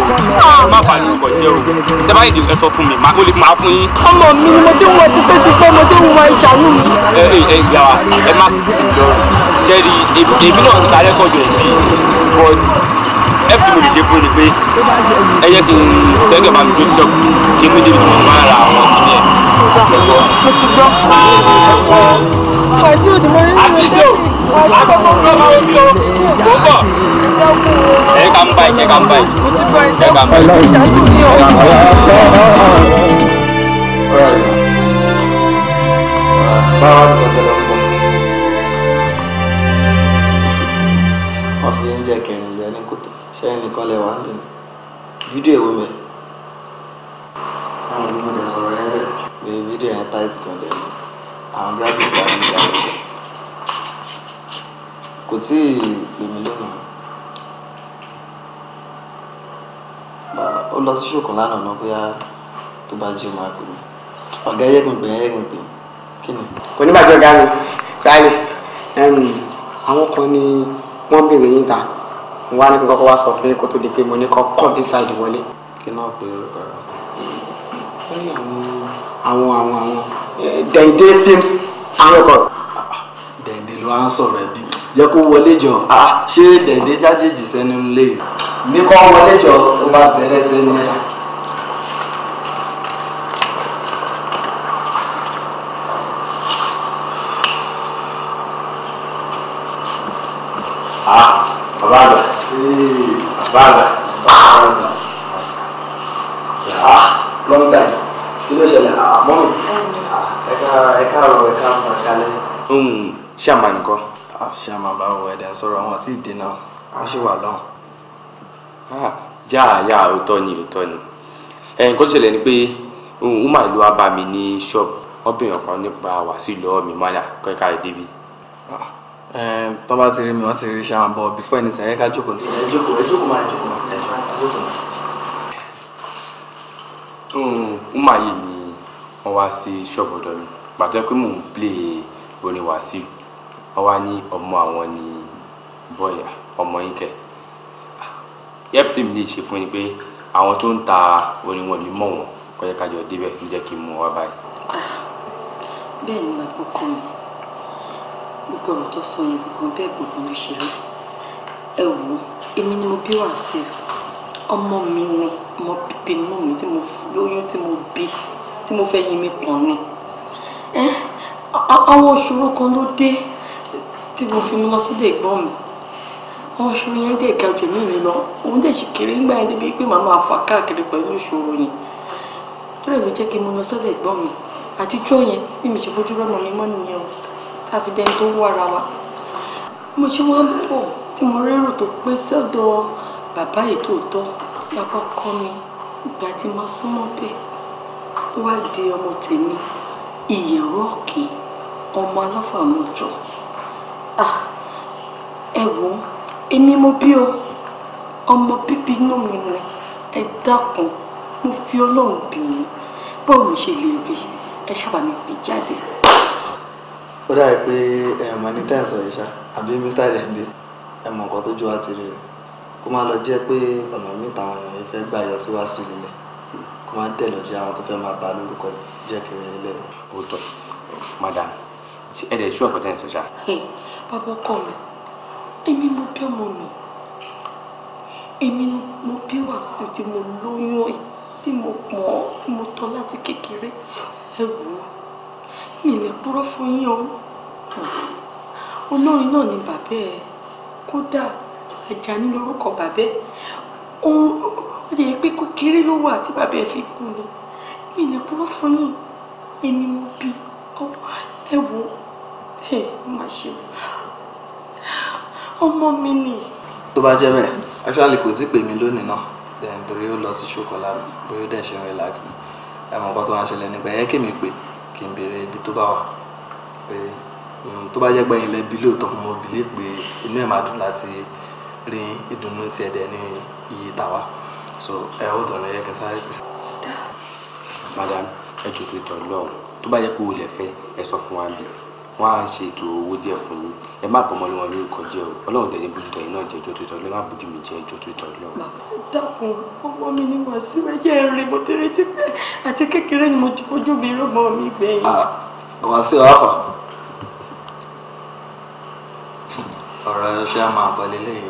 o má fà lórúkọ jẹ́ o tẹ bá ní ìtìjú ẹ sọ fún mi má mo lè máa fún yín. ọmọ mi ni mo ti wọ ti pé ti pé mo ti wọ ìṣàánú mi. ẹ ẹ ẹ ìyá wa ẹ má fi ìjọ sẹ́ẹ̀rì èmi náà ń ta rẹ́kọ̀dù ẹ̀ bí bọ́ọ̀dù ẹbí mi lè ṣe fún mi pé ẹ yẹ kí n sẹ́gẹ̀ kí n ẹ kà ń bá ẹ kà ń bá ẹ pé fídíò yẹn tight kan dẹ̀ ni àwọn graphics ta ní ìgbà rẹ̀ kò tí ì pè mí lónìí ó lọ sí ṣòkan lánàá náà bóyá tó bá jí ó máa pè mí ọ̀gá ẹ̀yẹ́gùn pè ẹ̀yẹ́gùn pè kí ni. kò ní bàjẹ́ ọ̀gá mi tíwáyé àwọn kan ni wọ́n béèrè yín ta wọ́n á ní kí n kọ́kọ́ wá sọ fún yín kó tó di pé mo ní kọ́ kọ́ bí ṣáìdì wọlé. kí náà pé orúkọ rẹ. ó àwọn àwọn àwọn eh, dẹ̀ǹdé films àwọn kan dẹ̀ǹdé ló wá ń sọ̀rọ̀ ẹbí jẹ́ kó wọlé jọ ah, ah, ṣé dẹ̀ǹdé jájèjì sẹ́nu lé ní kó wọlé jọ ó bá bẹ̀rẹ̀ sẹ́nu mẹ́fà. Ah, bàbá àgbà bàbá àgbà. ẹ̀ka ọ̀rọ̀ ẹ̀ka sàn kálẹ̀. Hmm, ṣàmà nìkan. Ah, ṣàmà bá wọ ẹ̀dẹ̀ ń sọ̀rọ̀ àwọn àti ìdè náà wọ́n ṣì wà lọ́hùn. Ah, yá yá òótọ́ ni òótọ́ ni ẹ̀yìn kó ṣẹlẹ̀ ni pé uma ìlú abá mi ní ṣọ́ọ̀bù wọ́n bèèyàn kan nípa wàásù lọ́wọ́ mi mọ́lá kọ́ka ìdíbi. tọ́ bá ti rí mi wọ́n ti rí ṣàmà bọ̀ bífọ́ ẹni sàn ẹ̀ka jókòó ni. ẹ jókòó ẹ jókòó máa jókòó máa jókòó máa. Hmm, uma yìí pàtó pé mò ń play orin Wasiu wọ́n wá ní ọmọ àwọn ni bọ́yà ọmọ yín kẹ̀ help tèmi lè ṣe fún yín pé àwọn tó ń ta orin wọn mi mọ̀ wọ́n kọjá kájọ débẹ̀ ń jẹ́ kí n mú wa báyìí. bẹ́ẹ̀ ni bàbá ọkọ mi gbogbo ọ̀rọ̀ tó sọ yẹn gbogbo bẹ́ẹ̀ gbogbo ló ṣe rí ẹ wò ó èmi ni mo bí Wasiu ọmọ mi ni ọmọ bíbí inú mi tí mo lóyún tí mo bí tí mo fẹ́ yín mi pọ̀ ni àwọn ìṣòro kan ló dé tí mo fi mú lọ sílé ìgbọ́n mi àwọn ìṣòro yẹn dẹ̀ ga jù mí mi lọ òun dẹ̀ sì kéré ńgbà yẹn débi pé màá máa fà káàkiri pẹ̀lú ìṣòro yẹn tó lè ló jẹ́ kí mo lọ sílé ìgbọ́n mi àtijọ́ yẹn bí mi ṣe fojú rọ́mọ mi mọ́ nìyẹn o tá a fi dẹni tó wára wa mo ṣe wá ń bọ̀ tí mo rérò tó pé sọ́dọ̀ bàbá ìtòótọ́ bàbá ọkọ mi ìgbà tí mo súnmọ́ bẹ́ẹ̀ wá di ọmọ tèmi ìyàwó ọ̀kìn ọmọ aláfàmọ́jọ ẹ wò ó èmi mo bí o ọmọ bíbí inú mi ni ẹ dákun mo fi ọlọ́run bì yín báwo mi ṣe lè rí ẹ ṣábà mi pè jáde. ó dàbí pé ẹ mọ ní tẹ́sán ìṣá àbí mr dende ẹ mọ nǹkan tó ju wa ti rí rẹ kó má lọ jẹ́ pé ọ̀nà mi táwọn èèyàn yìí fẹ́ gbà yọ síwájú nílẹ̀ kó má dẹ̀ lọ jẹ́ àwọn tó fẹ́ máa bà lórúkọ yìí jẹ́ kẹrin lẹ. òótọ́ madam ṣe ẹ̀dẹ̀ ṣú ọ̀pọ̀ tẹ́lẹ̀ sọ́ṣà. bàbá ọkọ mi èmi mo bí ọmọ mi èmi mo bí Wàsíù tí mo lóyún ẹ̀ tí mo pọ̀ tí mo tọ́ láti kékeré ẹ wò ó mi lè purọ́ fún yín o olórin náà ni bàbá ẹ kódà Àjàní lórúkọ bàbá ẹ ó yẹ pé kékeré ló wà tí bàbá ẹ fi kú ni mi lè purọ́ fún yín èmi mo bí ẹ wo má ṣe ọmọ mi ni. tó bá jẹ́ bẹ́ẹ̀ actually kò sí pè mí lónìí náà then torí ó lọ sí ṣokola bóyá ó dẹ̀ ṣe ń relax ni ẹ mọ̀ nǹkan tó máa ṣẹlẹ̀ nígbà yẹn kémi pé kí n béèrè ibi tó bá wà pé mm, tó bá jẹ́ gbẹ̀yìn lẹ́bi lóòótọ́ mo believe pé inú ẹ̀ máa dùn láti rí ìdùnnú tiẹ̀ dẹ̀ ní iye tàwa so ẹ ó dọ̀rọ̀ yẹ kí n sáré pé. madam ẹ jọ tó jọ lọ tó bá yẹ pé o lè fẹ́ ẹ sọ fún wa bí wọn á ṣe ètò owó díẹ̀ fún yín ẹ má bọmọ lé wọn ní orúkọ jẹ o Ọlọ́run dẹni bójú tọ yín náà jẹ ẹjọ tó tọ lọ ẹ má bójú mi jẹ ẹjọ tó tọ lọ. dákun ọwọ́ mi ni wọ́n sí ẹjẹ́ rẹ̀ mo ti retí pé àti kékeré ni mo ti fojú mi rọ́gbọ́n mi gbẹ̀yìn. àwọn ah, sí ọ àfà ọ̀rọ̀ ẹṣẹ́ máa bọ̀ lélẹ́yìn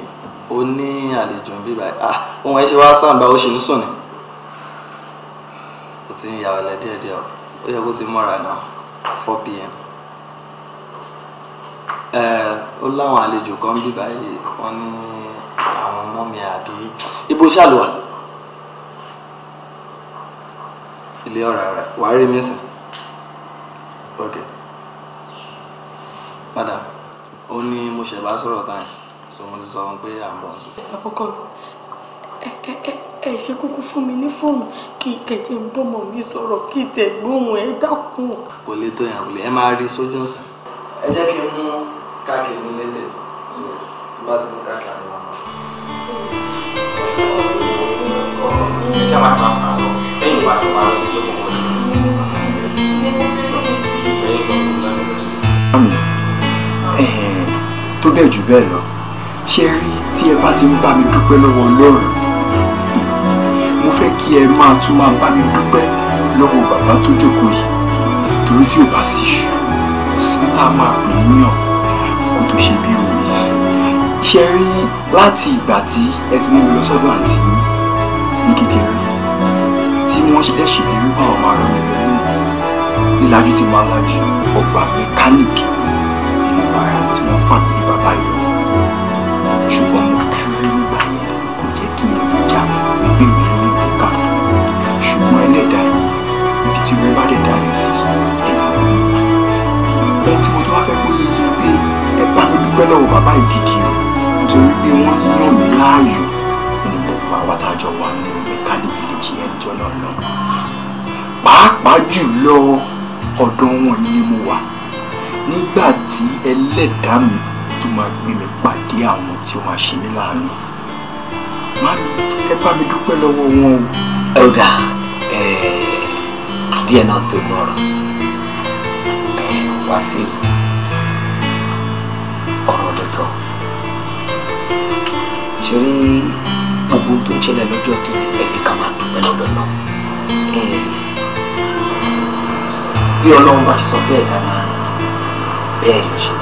ó ní àlejò bíbá ah, ohun ẹ ṣe wá sàn bá ó ṣe ń sùn ni kò tí ń ya ọ̀lẹ́ díẹ̀díẹ̀ o ó yẹ kó ti mọ́ra náà four pm ẹ ó láwọn àlejò kan bí báyìí wọ́n ní àwọn ọmọ mi àbí ibo ṣàlùwà ilé ọ̀rọ̀ rẹ̀ wàá rí mi sìn ok madam ó ní mo ṣẹ̀ bá sọ̀rọ̀ táyà so mo ti sọ wọn pé à ń bọ̀ sí. àkókò ẹ ẹ ẹ ṣe kúkú fún mi ní fóònù kí kẹ̀kẹ́ ń bọ́mọ mi sọ̀rọ̀ kí tẹ̀ gbóhùn ẹ dákun. kò lè tó ìyàwó lè ẹ máa rí sójú ọ̀sán. ẹ jẹ́ kí n mú káàkiri nílé lẹ̀ tó tí bá ti mú káàkiri àwọn ọmọ. ẹ jẹ́ máa pàápàá lọ lẹ́yìn ìwà tó máa ń gbé ọmọ rẹ̀. tó bẹ́ẹ̀ jù bẹ́ẹ̀ lọ ṣé rí tí ẹ bá ti ń bá mi dúpẹ́ lọ́wọ́ Ọlọ́run kí ẹ máa tún máa bá mi dúpẹ́ lọ́wọ́ bàbá tó jókòó yìí torí tí ò bá sì ṣù tá a máa pè é yàn kó tó ṣe bí òun yìí ṣe rí láti ìgbà tí ẹ ti mú mi lọ sọ́dọ̀ àǹtí yín ní kékeré tí wọ́n ṣe dẹ́ṣẹ̀ fi rúbà ọmọ ara mi lọ́wọ́ nílájú ti máa lájú ọgbà mẹkáníìkì ìmọ̀ ara tí wọ́n fà ní bàbá yìí. lè dà yìí bí tí wọ́n bá lè dà yìí sí bẹ́ẹ̀ tí mo tún wá fẹ́ pé yìí yìí pé ẹ bá mi dúpẹ́ lọ́wọ́ bàbá ìgidì o nítorí pé wọ́n yàn mí láàyò nínú gbogbo àwọn àtàjọ wà ní mechanic village yẹn níjọ́ náà lọ pàápàá jùlọ ọ̀dọ̀ wọn yìí ni mo wà nígbà tí ẹlẹ́dàá mi tó máa gbé mi pàdé àwọn tí wọ́n á ṣe mí láàánú má mi ẹ bá mi dúpẹ́ lọ́wọ́ wọn o. ọ̀gá Eh, díẹ̀ not tomorrow. lọ́rọ̀ wá sí ọ̀rọ̀ ló sọ ṣe rí gbogbo tó ń ṣẹlẹ̀ lọ́jọ́ tó ẹ̀jẹ̀ ká máa dúpẹ́ lọ́dọ̀ náà eh, bí ọlọ́run bá ṣe sọ bẹ́ẹ̀ ká máa bẹ́ẹ̀ ló ṣe.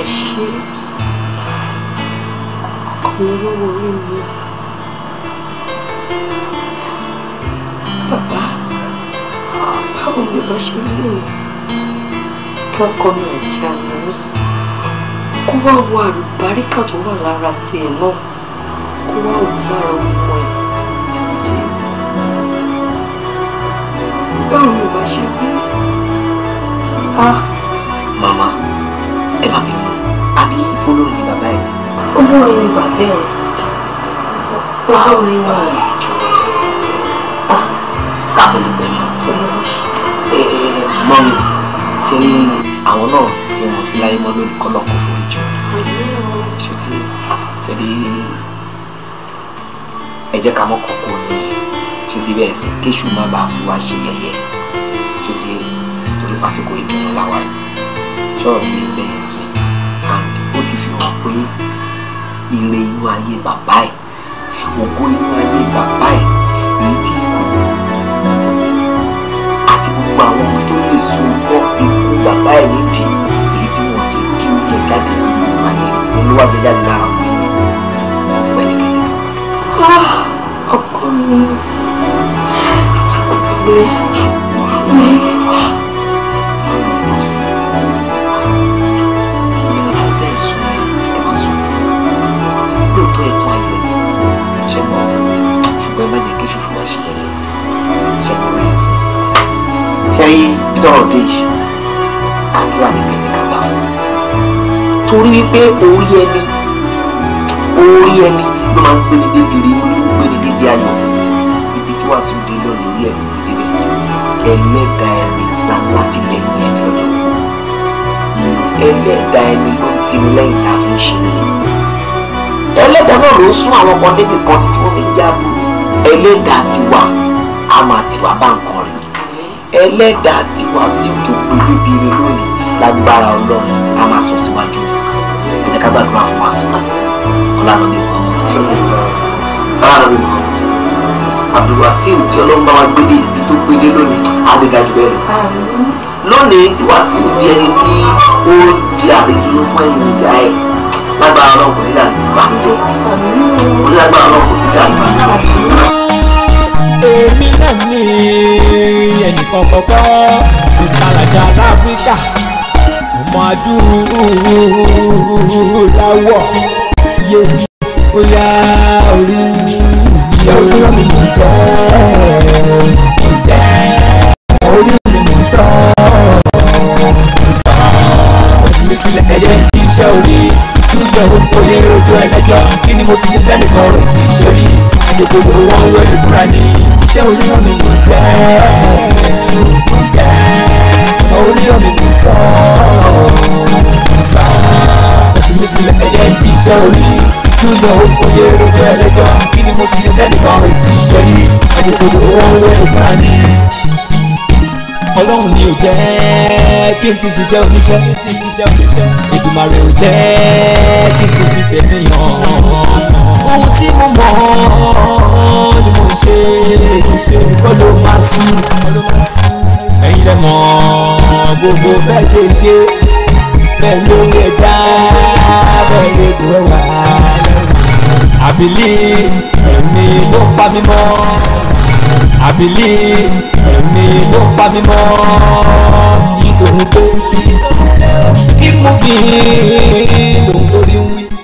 ẹ ṣe ọkọ mi lọ́wọ́ orí mi. Bàbá báwo ni bá ṣe rí lèmi kí ọkọ mi ò jẹ Ah. Mama, ẹ mi olórí ni bàbá yìí. olórí ni bàbá ẹ̀ wàá orí wa rẹ̀ káfíńtì pẹ̀lú olóṣì. mọ́mi ṣe ni àwọn náà tí wọ́n sí láyé mọ́ lórí kọ́lọ́ kò forí jù ṣe ti ṣe ni ẹ jẹ́ ká mọ́ kọ́kọ́ ní ṣe ti bẹ́ẹ̀ sí kéṣù má bàa fi wá ṣe yẹ̀yẹ́ ṣe ti torí pásíkò ìdùnnú làwọn ṣọ́ọ̀bù ní bẹ́ẹ̀ sí mọ̀ pé ire inú ayé bàbá ẹ̀ ògo inú ayé bàbá ẹ̀ èyí tí kú àti gbogbo àwọn ọmọ tó lè so mọ́ ikú bàbá ẹ̀ nídìí èyí tí wọ́n jẹ́ kí ó jẹ jáde nínú ayé olúwa jẹ lára wọn pẹ̀lẹ́pẹ̀lẹ́. Ah, ọkọ mi. sẹ́rí tọrọ dé yìí àdúrà ní kẹ̀kẹ́ ká bá fún un torí wípé orí ẹni orí ẹni ló máa ń gbé ní débi rí ló gbé ní débi ayọ̀ ibi tí wàásù dé lọ́nà orí ẹ̀mí níbẹ̀ ẹlẹ́dàá ẹni láti lẹ́yìn ẹni ọ̀dọ́ ẹlẹ́dàá ẹni ló ti lẹ́yìn tá a fi ń ṣe ẹlẹ́dàá náà ló sún àwọn kan débi kan títí wọ́n fi ń jábọ̀ ẹlẹ́dàá tiwa a máa tiwa bá nǹkan ẹlẹ́dàá tiwa sí tó bìrìbìrì lónìí lágbára ọlọ́run a máa sọ síwájú ẹ jẹ́ ká gbàdúrà fún wa sí i ọlọ́run ní ìwọ ọlọ́run ní ìwọ abdulwasil tí ọlọ́run bá wa gbélé ibi tó gbélé lónìí á lè ga jù bẹ́ẹ̀ lónìí tí wàásù di ẹni tí ó di àrídúró fún ẹ̀yìn ìyá ẹ̀ lágbára ọlọ́run kò ní dàgbà jẹ́ onílágbára ọlọ́run kò ní dàgbà jẹ́ náà ní ẹnìkan kọ́kọ́ ìtàlàjà láfíríkà ọmọdú láwọ yé bóyá orí ṣé orí mi mú tọ́ ìtẹ́ orí mi mú tọ́ ìtọ́ òsì mi sílẹ̀ ẹ̀yẹ iṣẹ́ orí ìtújọ òkòyè ojú ẹlẹ́jọ́ kí ni mo ti ṣe fẹ́ẹ́ ṣe Ọlọ́run ni ò jẹ́ kí n ti ṣiṣẹ́ oníṣẹ́ ìgbìmọ̀ rẹ̀ ò jẹ́ kí n ti ṣiṣẹ́ níyàn ohun tí mo mọ̀ ọ́ ẹ̀yin lẹ mọ̀ gbogbo bẹ́ẹ̀ ṣe ṣe bẹ́ẹ̀ ló lè dá bẹ́ẹ̀ lè gbọ́ wá. àbílí ẹ̀mí ló pa mí mọ́ àbílí ẹ̀mí ló pa mí mọ́ nítorí pé kí mo kí lóun lórí wí.